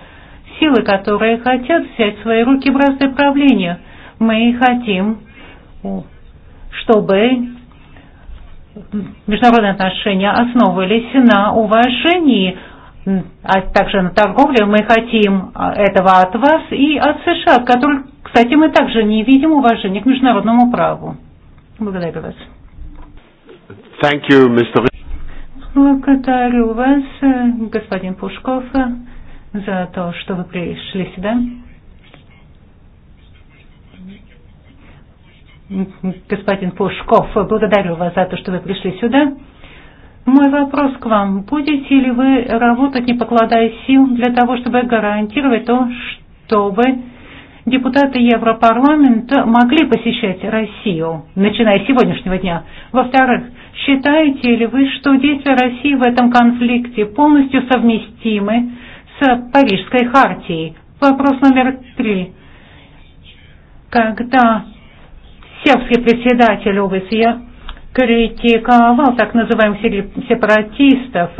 силы, которые хотят взять в свои руки в разные правления. Мы хотим, чтобы международные отношения основывались на уважении, а также на торговле. Мы хотим этого от вас и от США, от которых, кстати, мы также не видим уважения к международному праву. Благодарю вас. Thank you, Mr. Благодарю вас, господин Пушков, за то, что вы пришли сюда. Господин Пушков, благодарю вас за то, что вы пришли сюда. Мой вопрос к вам. Будете ли вы работать, не покладая сил, для того, чтобы гарантировать то, чтобы депутаты Европарламента могли посещать Россию, начиная с сегодняшнего дня? Во-вторых, Считаете ли вы, что действия России в этом конфликте полностью совместимы с Парижской хартией? Вопрос номер три. Когда сербский председатель ОВСЕ критиковал так называемых сепаратистов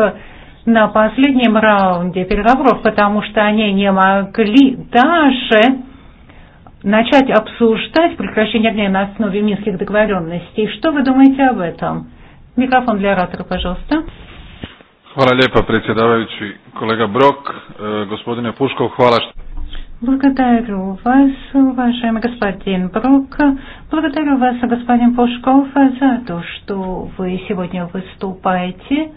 на последнем раунде переговоров, потому что они не могли даже начать обсуждать прекращение огня на основе минских договоренностей. Что вы думаете об этом? Микрофон для оратора, пожалуйста. Hvala lijepa predsjedavajući kolega Brok, e, gospodine Puškov, hvala što... Благодарю вас, уважаемый господин Брок. Благодарю вас, господин Пушков, за то, что вы сегодня выступаете.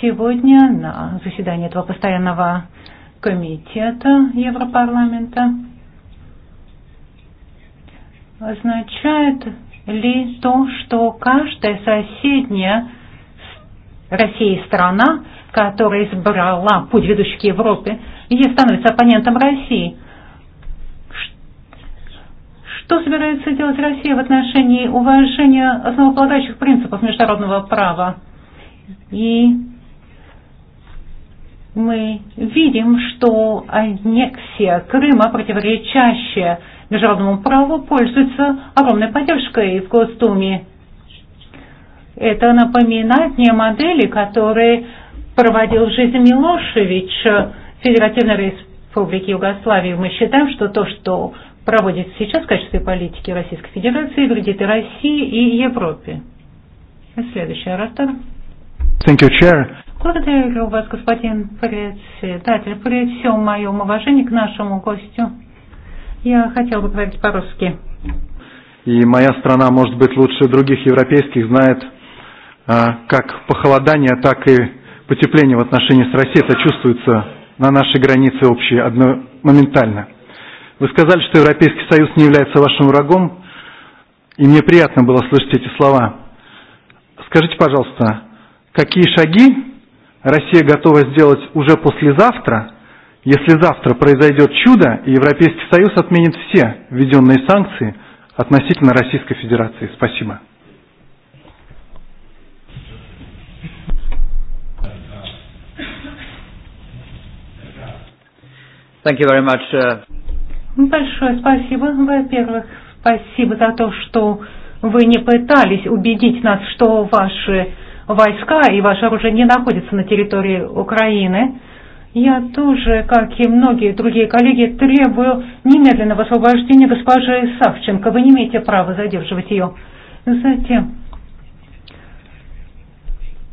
Сегодня на заседании этого постоянного комитета Европарламента. Означает ли то, что каждая соседняя России страна, которая избрала путь, ведущий к Европе, и становится оппонентом России. Что собирается делать Россия в отношении уважения основополагающих принципов международного права? И мы видим, что аннексия Крыма, противоречащая международному праву пользуется огромной поддержкой в Госдуме. Это напоминает мне модели, которые проводил в жизни Милошевич Федеративной Республики Югославии. Мы считаем, что то, что проводит сейчас в качестве политики Российской Федерации, вредит и России, и Европе. Следующий оратор. Thank you, Chair. Благодарю вас, господин председатель. При всем моем уважении к нашему гостю. Я хотел бы говорить по-русски. И моя страна, может быть, лучше других европейских знает, как похолодание, так и потепление в отношении с Россией, это чувствуется на нашей границе общей одно, моментально. Вы сказали, что Европейский Союз не является вашим врагом, и мне приятно было слышать эти слова. Скажите, пожалуйста, какие шаги Россия готова сделать уже послезавтра Если завтра произойдет чудо, и Европейский Союз отменит все введенные санкции относительно Российской Федерации. Спасибо. Thank you very much. Uh, Большое спасибо. Во-первых, спасибо за то, что вы не пытались убедить нас, что ваши войска и ваше оружие не находятся на территории Украины. Я тоже, как и многие другие коллеги, требую немедленного освобождения госпожи Савченко. Вы не имеете права задерживать ее. Затем,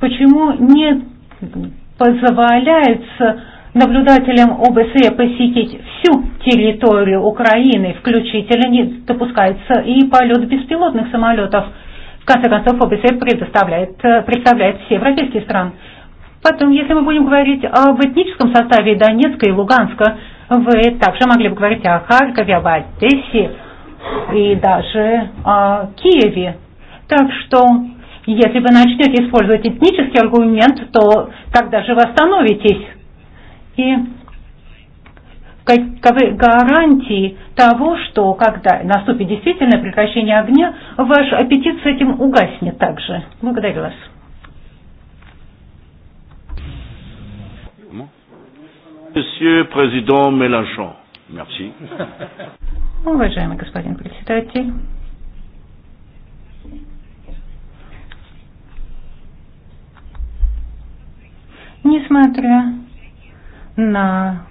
почему не позволяется наблюдателям ОБСЕ посетить всю территорию Украины, включительно не допускается и полет беспилотных самолетов? В конце концов, ОБСЕ предоставляет, представляет все европейские страны. Потом, если мы будем говорить об этническом составе Донецка и Луганска, вы также могли бы говорить о Харькове, об Одессе и даже о Киеве. Так что, если вы начнете использовать этнический аргумент, то когда же вы остановитесь? И каковы гарантии того, что когда наступит действительное прекращение огня, ваш аппетит с этим угаснет также? Благодарю вас. Monsieur Président Mélenchon. Merci. Уважаемый господин председатель, несмотря на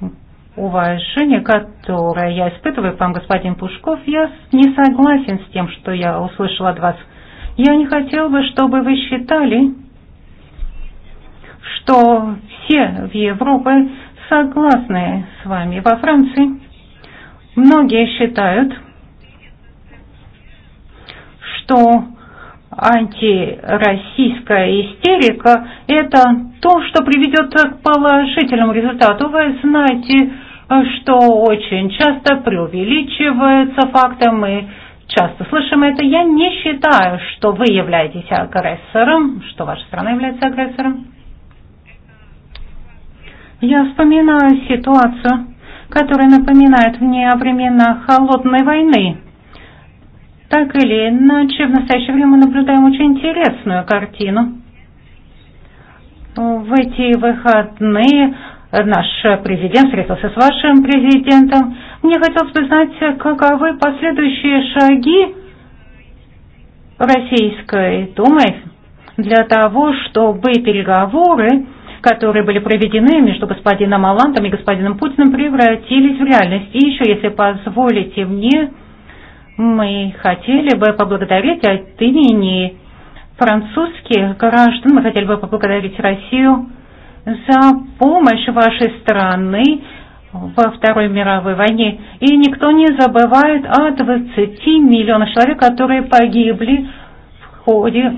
уважение, которое я испытываю к вам, господин Пушков, я не согласен с тем, что я услышал от вас. Я не хотел бы, чтобы вы считали, что все в Европе согласны с вами. Во Франции многие считают, что антироссийская истерика – это то, что приведет к положительному результату. Вы знаете, что очень часто преувеличиваются факты. Мы часто слышим это. Я не считаю, что вы являетесь агрессором, что ваша страна является агрессором. Я вспоминаю ситуацию, которая напоминает мне о временах холодной войны. Так или иначе, в настоящее время мы наблюдаем очень интересную картину. В эти выходные наш президент встретился с вашим президентом. Мне хотелось бы знать, каковы последующие шаги Российской Думы для того, чтобы переговоры которые были проведены между господином Алантом и господином Путиным, превратились в реальность. И еще, если позволите мне, мы хотели бы поблагодарить от имени французских граждан, мы хотели бы поблагодарить Россию за помощь вашей страны во Второй мировой войне. И никто не забывает о 20 миллионах человек, которые погибли в ходе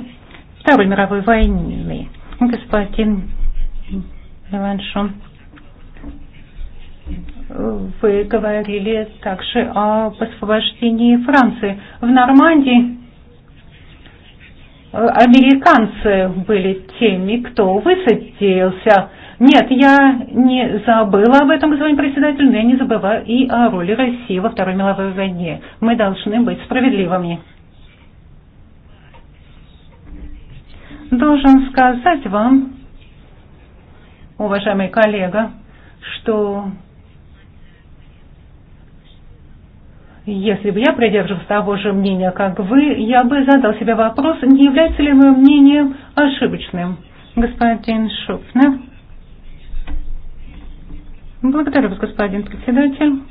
Второй мировой войны. Господин Иваншо. Вы говорили также о освобождении Франции. В Нормандии американцы были теми, кто высадился. Нет, я не забыла об этом, господин председатель, но я не забываю и о роли России во Второй мировой войне. Мы должны быть справедливыми. Должен сказать вам, уважаемый коллега, что если бы я придерживался того же мнения, как вы, я бы задал себе вопрос, не является ли мое мнение ошибочным. Господин Шуфнер. Благодарю вас, господин председатель.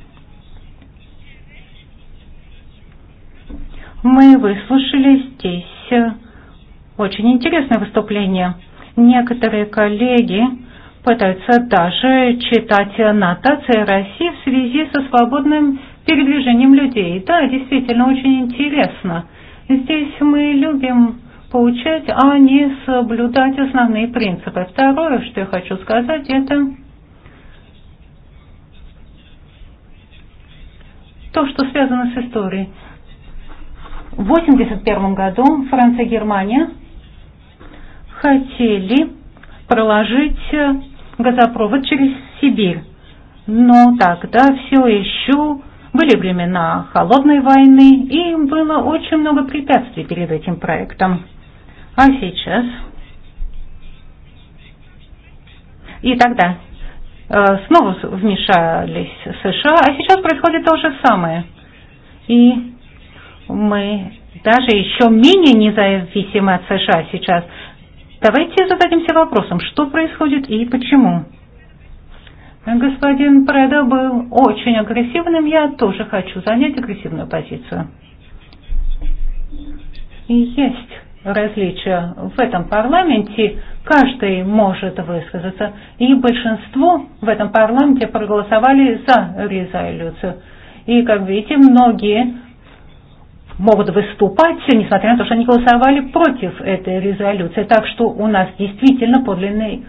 Мы выслушали здесь очень интересное выступление. Некоторые коллеги пытаются даже читать нотации России в связи со свободным передвижением людей. Да, действительно, очень интересно. Здесь мы любим получать, а не соблюдать основные принципы. Второе, что я хочу сказать, это то, что связано с историей. В 1981 году Франция и Германия хотели проложить газопровод через Сибирь. Но тогда все еще были времена холодной войны, и было очень много препятствий перед этим проектом. А сейчас? И тогда э, снова вмешались США, а сейчас происходит то же самое. И мы даже еще менее независимы от США сейчас. Давайте зададимся вопросом, что происходит и почему. Господин Преда был очень агрессивным, я тоже хочу занять агрессивную позицию. И есть различия в этом парламенте, каждый может высказаться, и большинство в этом парламенте проголосовали за резолюцию. И, как видите, многие могут выступать, несмотря на то, что они голосовали против этой резолюции. Так что у нас действительно подлинный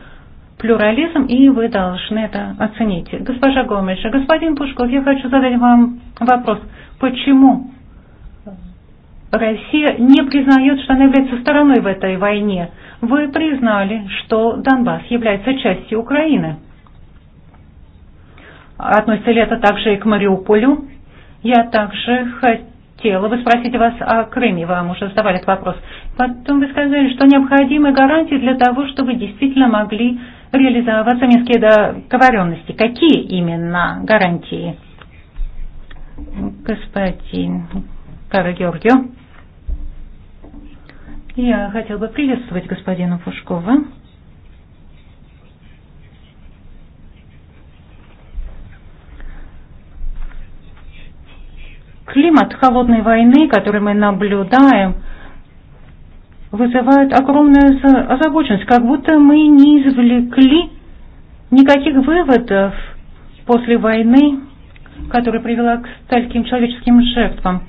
плюрализм, и вы должны это оценить. Госпожа Гомельша, господин Пушков, я хочу задать вам вопрос. Почему Россия не признает, что она является стороной в этой войне? Вы признали, что Донбасс является частью Украины. Относится ли это также и к Мариуполю? Я также хочу тела. Вы спросите вас о Крыме, вам уже задавали этот вопрос. Потом вы сказали, что необходимы гарантии для того, чтобы действительно могли реализоваться минские договоренности. Какие именно гарантии? Господин Кара Георгио. Я хотел бы приветствовать господина Пушкова. Климат холодной войны, который мы наблюдаем, вызывает огромную озабоченность, как будто мы не извлекли никаких выводов после войны, которая привела к стольким человеческим жертвам.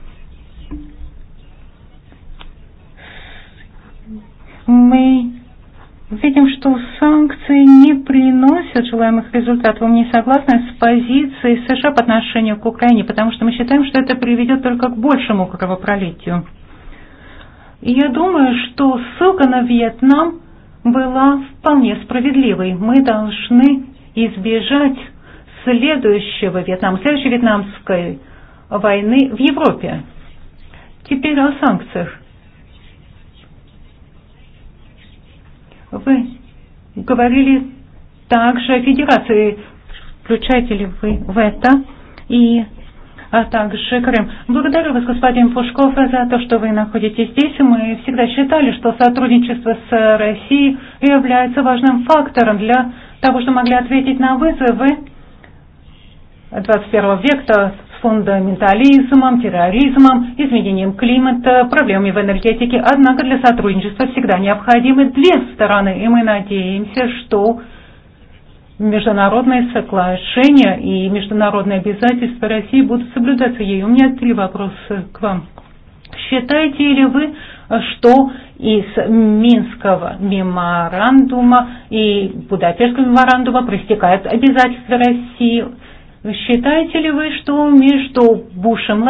Мы видим, что санкции не приносят желаемых результатов. Мы не согласны с позицией США по отношению к Украине, потому что мы считаем, что это приведет только к большему кровопролитию. И я думаю, что ссылка на Вьетнам была вполне справедливой. Мы должны избежать следующего Вьетнама, следующей вьетнамской войны в Европе. Теперь о санкциях. Вы говорили также о федерации. Включаете ли вы в это? И а также Крым. Благодарю вас, господин Пушков, за то, что вы находитесь здесь. Мы всегда считали, что сотрудничество с Россией является важным фактором для того, что могли ответить на вызовы 21 века, фундаментализмом, терроризмом, изменением климата, проблемами в энергетике. Однако для сотрудничества всегда необходимы две стороны, и мы надеемся, что международные соглашения и международные обязательства России будут соблюдаться ей. У меня три вопроса к вам. Считаете ли вы, что из Минского меморандума и Будапештского меморандума проистекают обязательства России Считаете ли вы, что между Бушем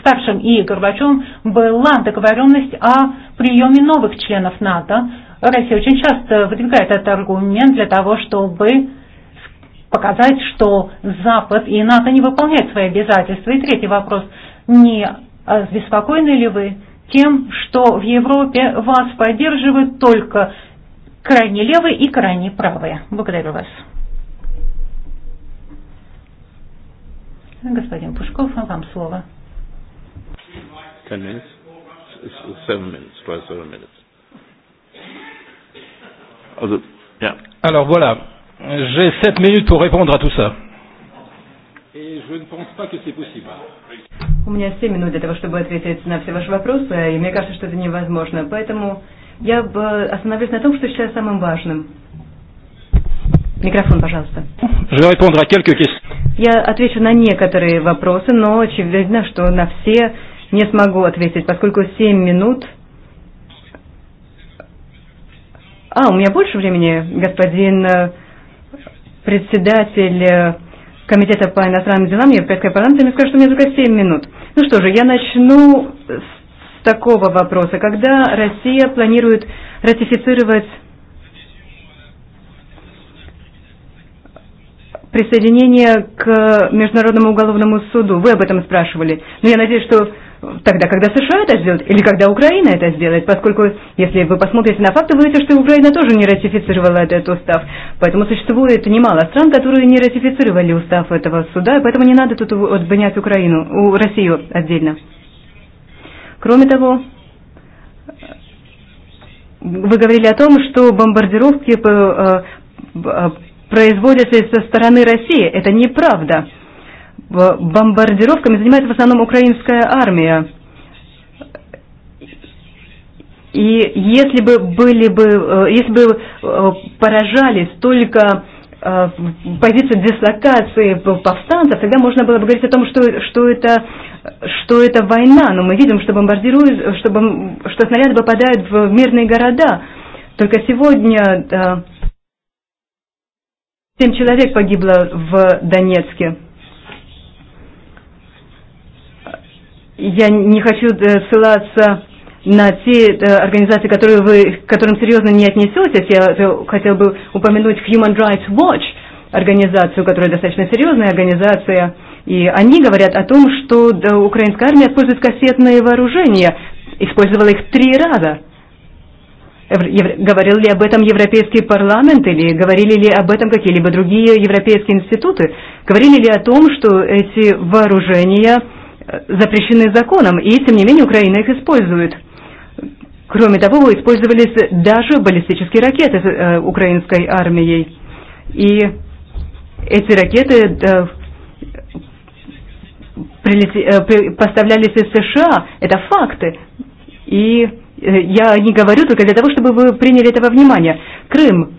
старшим и Горбачевым была договоренность о приеме новых членов НАТО? Россия очень часто выдвигает этот аргумент для того, чтобы показать, что Запад и НАТО не выполняют свои обязательства. И третий вопрос. Не обеспокоены ли вы тем, что в Европе вас поддерживают только крайне левые и крайне правые? Благодарю вас. Господин Пушков, вам слово. Alors voilà, j'ai 7 minutes pour répondre à tout ça. Et je ne pense pas que c'est possible. У меня 7 минут для того, чтобы ответить на все ваши вопросы, и мне кажется, что это невозможно. Поэтому я бы остановлюсь на том, что считаю самым важным. Микрофон, пожалуйста. Je vais répondre à quelques questions. Я отвечу на некоторые вопросы, но очевидно, что на все не смогу ответить, поскольку 7 минут... А, у меня больше времени, господин э, председатель э, Комитета по иностранным делам Европейской парламента, мне скажет, что у меня только 7 минут. Ну что же, я начну с такого вопроса. Когда Россия планирует ратифицировать присоединение к Международному уголовному суду. Вы об этом спрашивали. Но я надеюсь, что тогда, когда США это сделает, или когда Украина это сделает, поскольку, если вы посмотрите на факты, вы увидите, что Украина тоже не ратифицировала этот устав. Поэтому существует немало стран, которые не ратифицировали устав этого суда, и поэтому не надо тут обвинять Украину, у Россию отдельно. Кроме того, вы говорили о том, что бомбардировки э, э, производится со стороны России. Это неправда. Бомбардировками занимается в основном украинская армия. И если бы были бы, э, если бы э, поражались только э, позиции дислокации повстанцев, тогда можно было бы говорить о том, что, что, это, что это война. Но мы видим, что бомбардируют, что, бом, что снаряды попадают в мирные города. Только сегодня Семь человек погибло в Донецке. Я не хочу э, ссылаться на те э, организации, которые вы, к которым серьезно не отнесетесь. Я хотел бы упомянуть Human Rights Watch, организацию, которая достаточно серьезная организация. И они говорят о том, что украинская армия использует кассетные вооружения. Использовала их три раза – Говорил ли об этом Европейский парламент или говорили ли об этом какие-либо другие европейские институты? Говорили ли о том, что эти вооружения э, запрещены законом, и тем не менее Украина их использует? Кроме того, использовались даже баллистические ракеты э, украинской армией. И эти ракеты э, поставлялись из США. Это факты. И Я не говорю только для того, чтобы вы приняли этого внимания. Крым.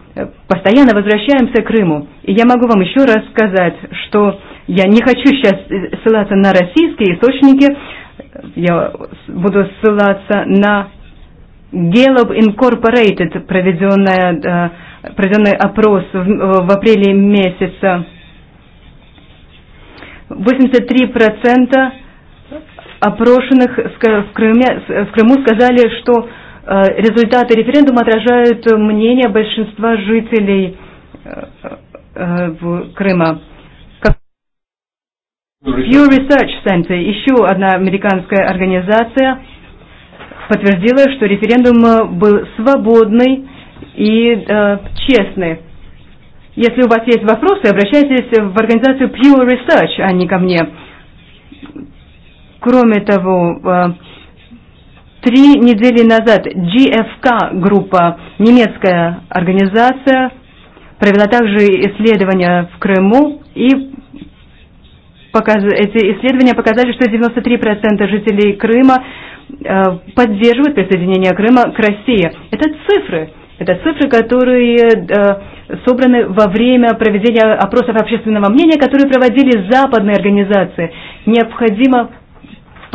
Постоянно возвращаемся к Крыму. И я могу вам еще раз сказать, что я не хочу сейчас ссылаться на российские источники. Я буду ссылаться на Gallup Incorporated, проведенная, э, проведенный опрос в, в апреле месяца. 83% опрошенных в, Крыме, в Крыму сказали, что э, результаты референдума отражают мнение большинства жителей э, э, Крыма. Pew Research Center, еще одна американская организация, подтвердила, что референдум был свободный и э, честный. Если у вас есть вопросы, обращайтесь в организацию Pew Research, а не ко мне. Кроме того, три недели назад GFK группа, немецкая организация, провела также исследования в Крыму и показ... эти исследования показали, что 93% жителей Крыма поддерживают присоединение Крыма к России. Это цифры. Это цифры, которые э, собраны во время проведения опросов общественного мнения, которые проводили западные организации. Необходимо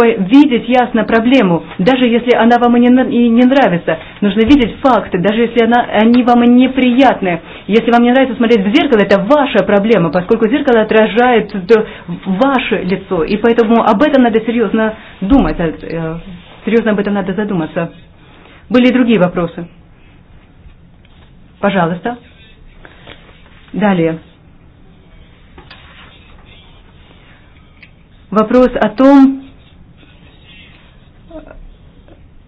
видеть ясно проблему, даже если она вам и не, и не нравится. Нужно видеть факты, даже если она, они вам неприятны. Если вам не нравится смотреть в зеркало, это ваша проблема, поскольку зеркало отражает ваше лицо. И поэтому об этом надо серьезно думать, э, серьезно об этом надо задуматься. Были и другие вопросы. Пожалуйста. Далее. Вопрос о том,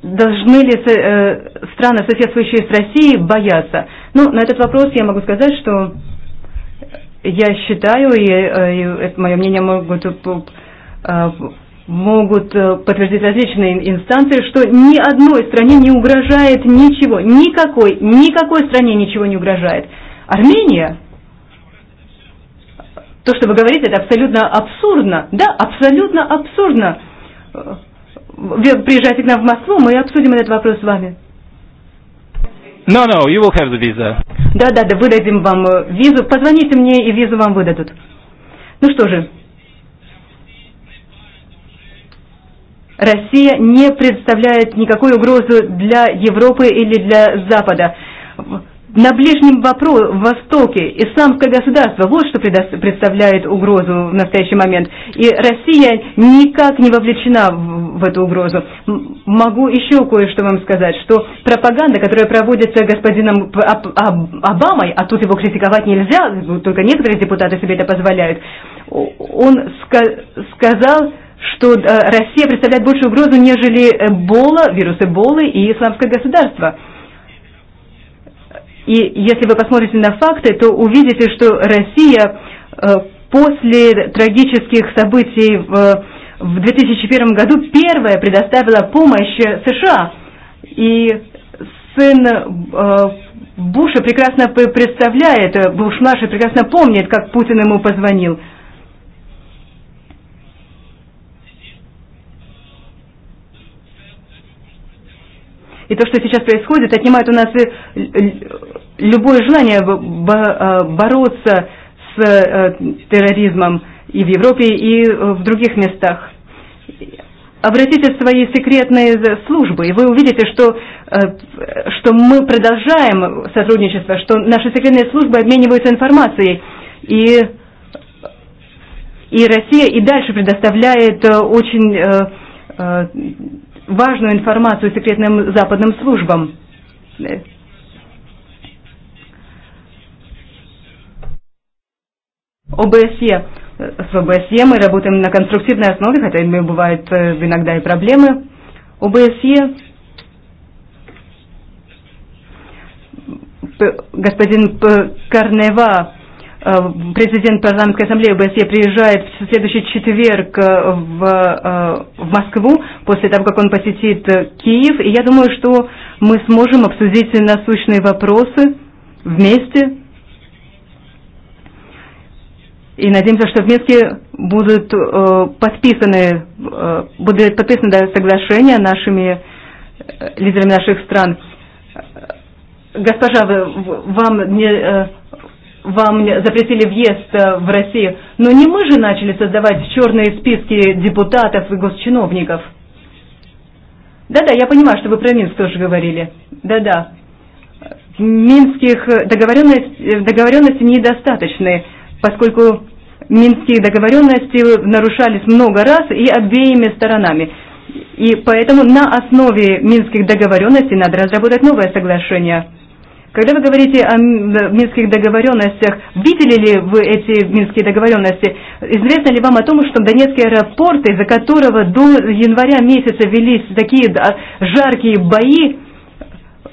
Должны ли э, страны, соседствующие с Россией, бояться? Ну, на этот вопрос я могу сказать, что я считаю, и, э, и это мое мнение могут, э, э, могут подтвердить различные инстанции, что ни одной стране не угрожает ничего, никакой, никакой стране ничего не угрожает. Армения, то, что вы говорите, это абсолютно абсурдно, да, абсолютно абсурдно приезжайте к нам в Москву, мы обсудим этот вопрос с вами. No, no, you will have the visa. Да, да, да, выдадим вам визу. Позвоните мне, и визу вам выдадут. Ну что же, Россия не представляет никакой угрозы для Европы или для Запада на Ближнем Востоке исламское государство, вот что представляет угрозу в настоящий момент. И Россия никак не вовлечена в эту угрозу. Могу еще кое-что вам сказать, что пропаганда, которая проводится господином Обамой, а тут его критиковать нельзя, только некоторые депутаты себе это позволяют, он сказал, что э, Россия представляет большую угрозу, нежели Эбола, вирус Эболы и исламское государство. И если вы посмотрите на факты, то увидите, что Россия э, после трагических событий в, 2001 году первая предоставила помощь США. И сын э, Буша прекрасно представляет, э, буш Маша прекрасно помнит, как Путин ему позвонил. И то, что сейчас происходит, отнимает у нас любое желание э, бороться с э, терроризмом и в Европе, и э, в других местах. Обратите свои секретные службы, и вы увидите, что, что мы продолжаем сотрудничество, что наши секретные службы обмениваются информацией. И, и Россия и дальше предоставляет очень важную информацию секретным западным службам. ОБСЕ. С ОБСЕ мы работаем на конструктивной основе, хотя бывают э, иногда и проблемы. ОБСЕ господин Корнева, э, президент парламентской ассамблеи ОБСЕ, приезжает в следующий четверг э, в, в Москву, после того, как он посетит Киев. И я думаю, что мы сможем обсудить насущные вопросы вместе И надеемся, что в Минске будут э, подписаны, э, подписаны подписано соглашение нашими э, лидерами наших стран. Госпожа, вы, вам, не, э, вам запретили въезд э, в Россию, но не мы же начали создавать черные списки депутатов и госчиновников. Да-да, я понимаю, что вы про Минск тоже говорили. Да-да. Минских договоренностей, договоренности недостаточны поскольку Минские договоренности нарушались много раз и обеими сторонами. И поэтому на основе Минских договоренностей надо разработать новое соглашение. Когда вы говорите о Минских договоренностях, видели ли вы эти Минские договоренности? Известно ли вам о том, что Донецкий аэропорт, из-за которого до января месяца велись такие жаркие бои,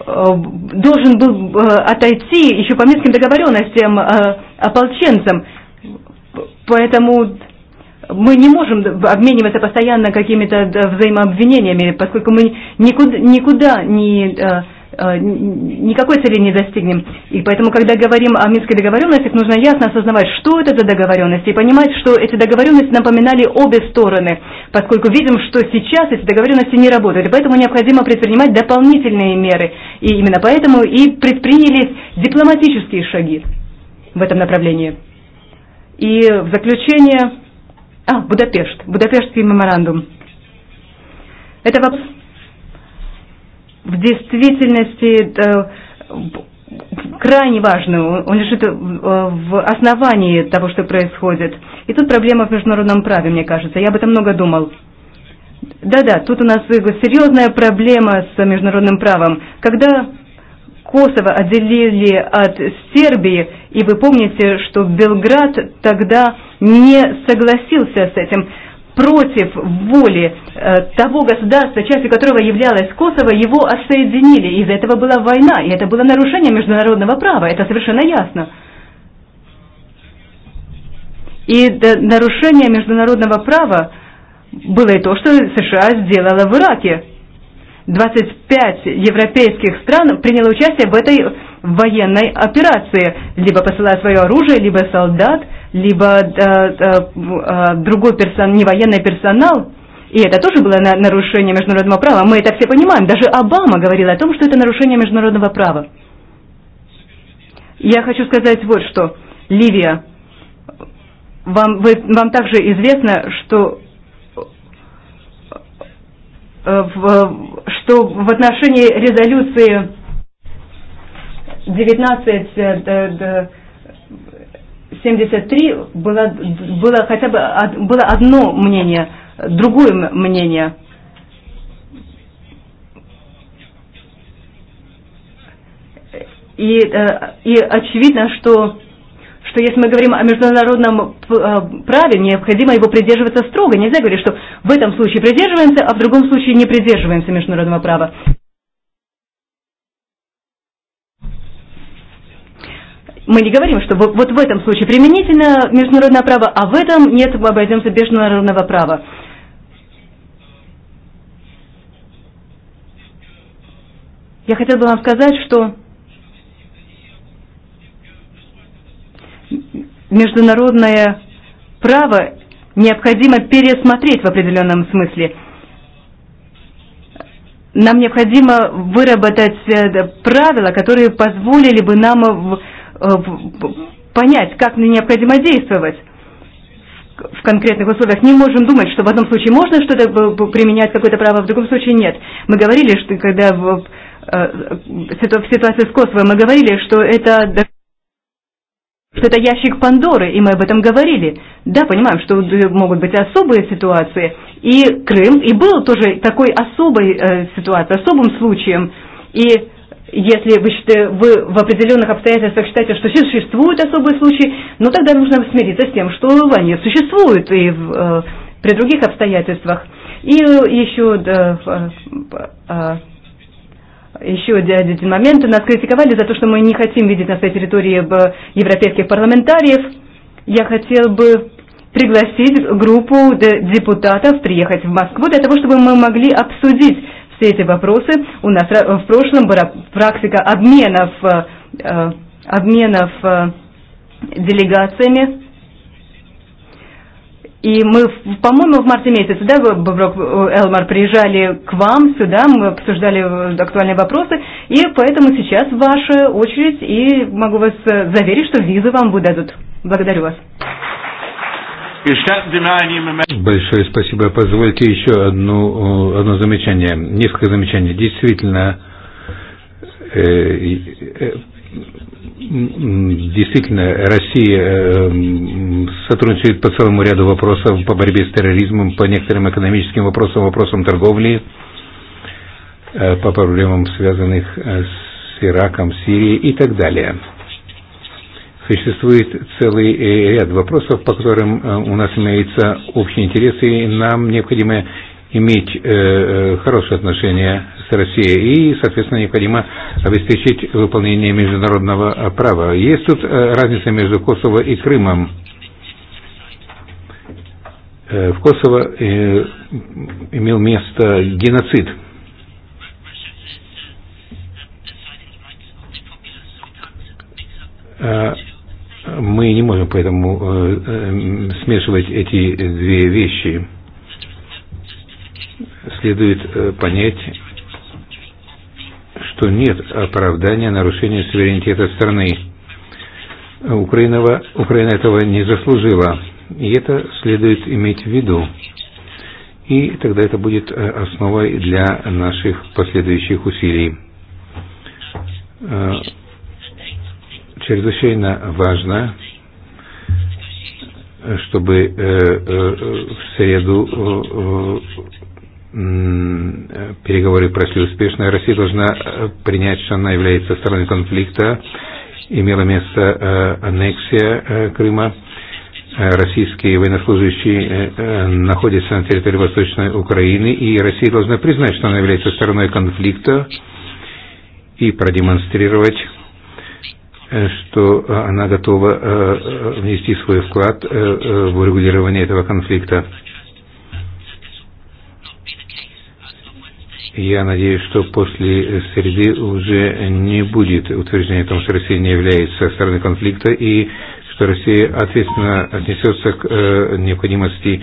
должен был э, отойти еще по минским договоренностям э, ополченцам. Поэтому мы не можем обмениваться постоянно какими-то взаимообвинениями, поскольку мы никуда, никуда не э, Э, никакой цели не достигнем. И поэтому, когда говорим о Минской договоренностях, нужно ясно осознавать, что это за договоренности, и понимать, что эти договоренности напоминали обе стороны, поскольку видим, что сейчас эти договоренности не работают, и поэтому необходимо предпринимать дополнительные меры. И именно поэтому и предпринялись дипломатические шаги в этом направлении. И в заключение... А, Будапешт. Будапештский меморандум. Это вопрос в действительности э, крайне важную, он лежит э, в основании того, что происходит. И тут проблема в международном праве, мне кажется. Я об этом много думал. Да-да, тут у нас э, серьезная проблема с международным правом. Когда Косово отделили от Сербии, и вы помните, что Белград тогда не согласился с этим против воли э, того государства, частью которого являлась Косово, его отсоединили. Из-за этого была война, и это было нарушение международного права, это совершенно ясно. И нарушение международного права было и то, что США сделала в Ираке. 25 европейских стран приняло участие в этой военной операции, либо посылая свое оружие, либо солдат – либо э, э, э, другой персонал, не военный персонал, и это тоже было нарушение международного права. Мы это все понимаем. Даже Обама говорил о том, что это нарушение международного права. Я хочу сказать вот что. Ливия, вам, вы, вам также известно, что в, что в отношении резолюции 19 73 было, было хотя бы было одно мнение, другое мнение. И, э, и очевидно, что, что если мы говорим о международном э, праве, необходимо его придерживаться строго. Нельзя говорить, что в этом случае придерживаемся, а в другом случае не придерживаемся международного права. мы не говорим, что вот в этом случае применительно международное право, а в этом нет, мы обойдемся без международного права. Я хотела бы вам сказать, что международное право необходимо пересмотреть в определенном смысле. Нам необходимо выработать э, правила, которые позволили бы нам в... Э, понять, как необходимо действовать в конкретных условиях не можем думать, что в одном случае можно что-то применять, какое-то право, в другом случае нет. Мы говорили, что когда в, в э, ситуации с Косово, мы говорили, что это, что это ящик Пандоры, и мы об этом говорили. Да, понимаем, что могут быть особые ситуации. И Крым, и был тоже такой особой э, ситуацией, особым случаем. И если вы, вы в определенных обстоятельствах считаете, что существуют особые случаи, ну тогда нужно смириться с тем, что они существуют и в, э, при других обстоятельствах. И э, еще, да, э, э, еще один момент, нас критиковали за то, что мы не хотим видеть на своей территории э, европейских парламентариев. Я хотел бы пригласить группу депутатов приехать в Москву для того, чтобы мы могли обсудить все эти вопросы. У нас в прошлом была практика обменов, обменов делегациями. И мы, по-моему, в марте месяце, да, Боброк Элмар, приезжали к вам сюда, мы обсуждали актуальные вопросы, и поэтому сейчас ваша очередь, и могу вас заверить, что визы вам выдадут. Благодарю вас. Большое спасибо. Позвольте еще одну, одно замечание, несколько замечаний. Действительно, э, э, действительно, Россия э, сотрудничает по целому ряду вопросов по борьбе с терроризмом, по некоторым экономическим вопросам, вопросам торговли, э, по проблемам, связанных э, с Ираком, Сирией и так далее. Существует целый э, ряд вопросов, по которым э, у нас имеются общие интересы, и нам необходимо иметь э, э, хорошие отношения с Россией и, соответственно, необходимо обеспечить выполнение международного права. Есть тут разница между Косово и Крымом. В Косово э, имел место геноцид. Э, Мы не можем поэтому э, э, смешивать эти две вещи. Следует э, понять, что нет оправдания нарушения суверенитета страны. Украина, Украина этого не заслужила. И это следует иметь в виду. И тогда это будет основой для наших последующих усилий чрезвычайно важно, чтобы э, э, в среду э, переговоры прошли успешно. Россия должна принять, что она является стороной конфликта. Имела место аннексия Крыма. Российские военнослужащие находятся на территории Восточной Украины, и Россия должна признать, что она является стороной конфликта и продемонстрировать что она готова э, э, внести свой вклад э, в урегулирование этого конфликта. Я надеюсь, что после среды уже не будет утверждения о том, что Россия не является стороной конфликта и что Россия ответственно отнесется к необходимости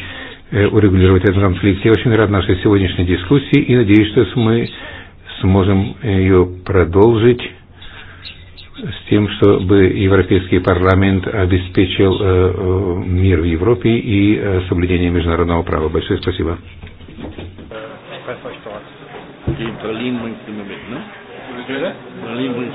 урегулировать этот конфликт. Я очень рад нашей сегодняшней дискуссии и надеюсь, что мы сможем ее продолжить с тем, чтобы Европейский парламент обеспечил э, э, мир в Европе и э, соблюдение международного права. Большое спасибо. Die Berlin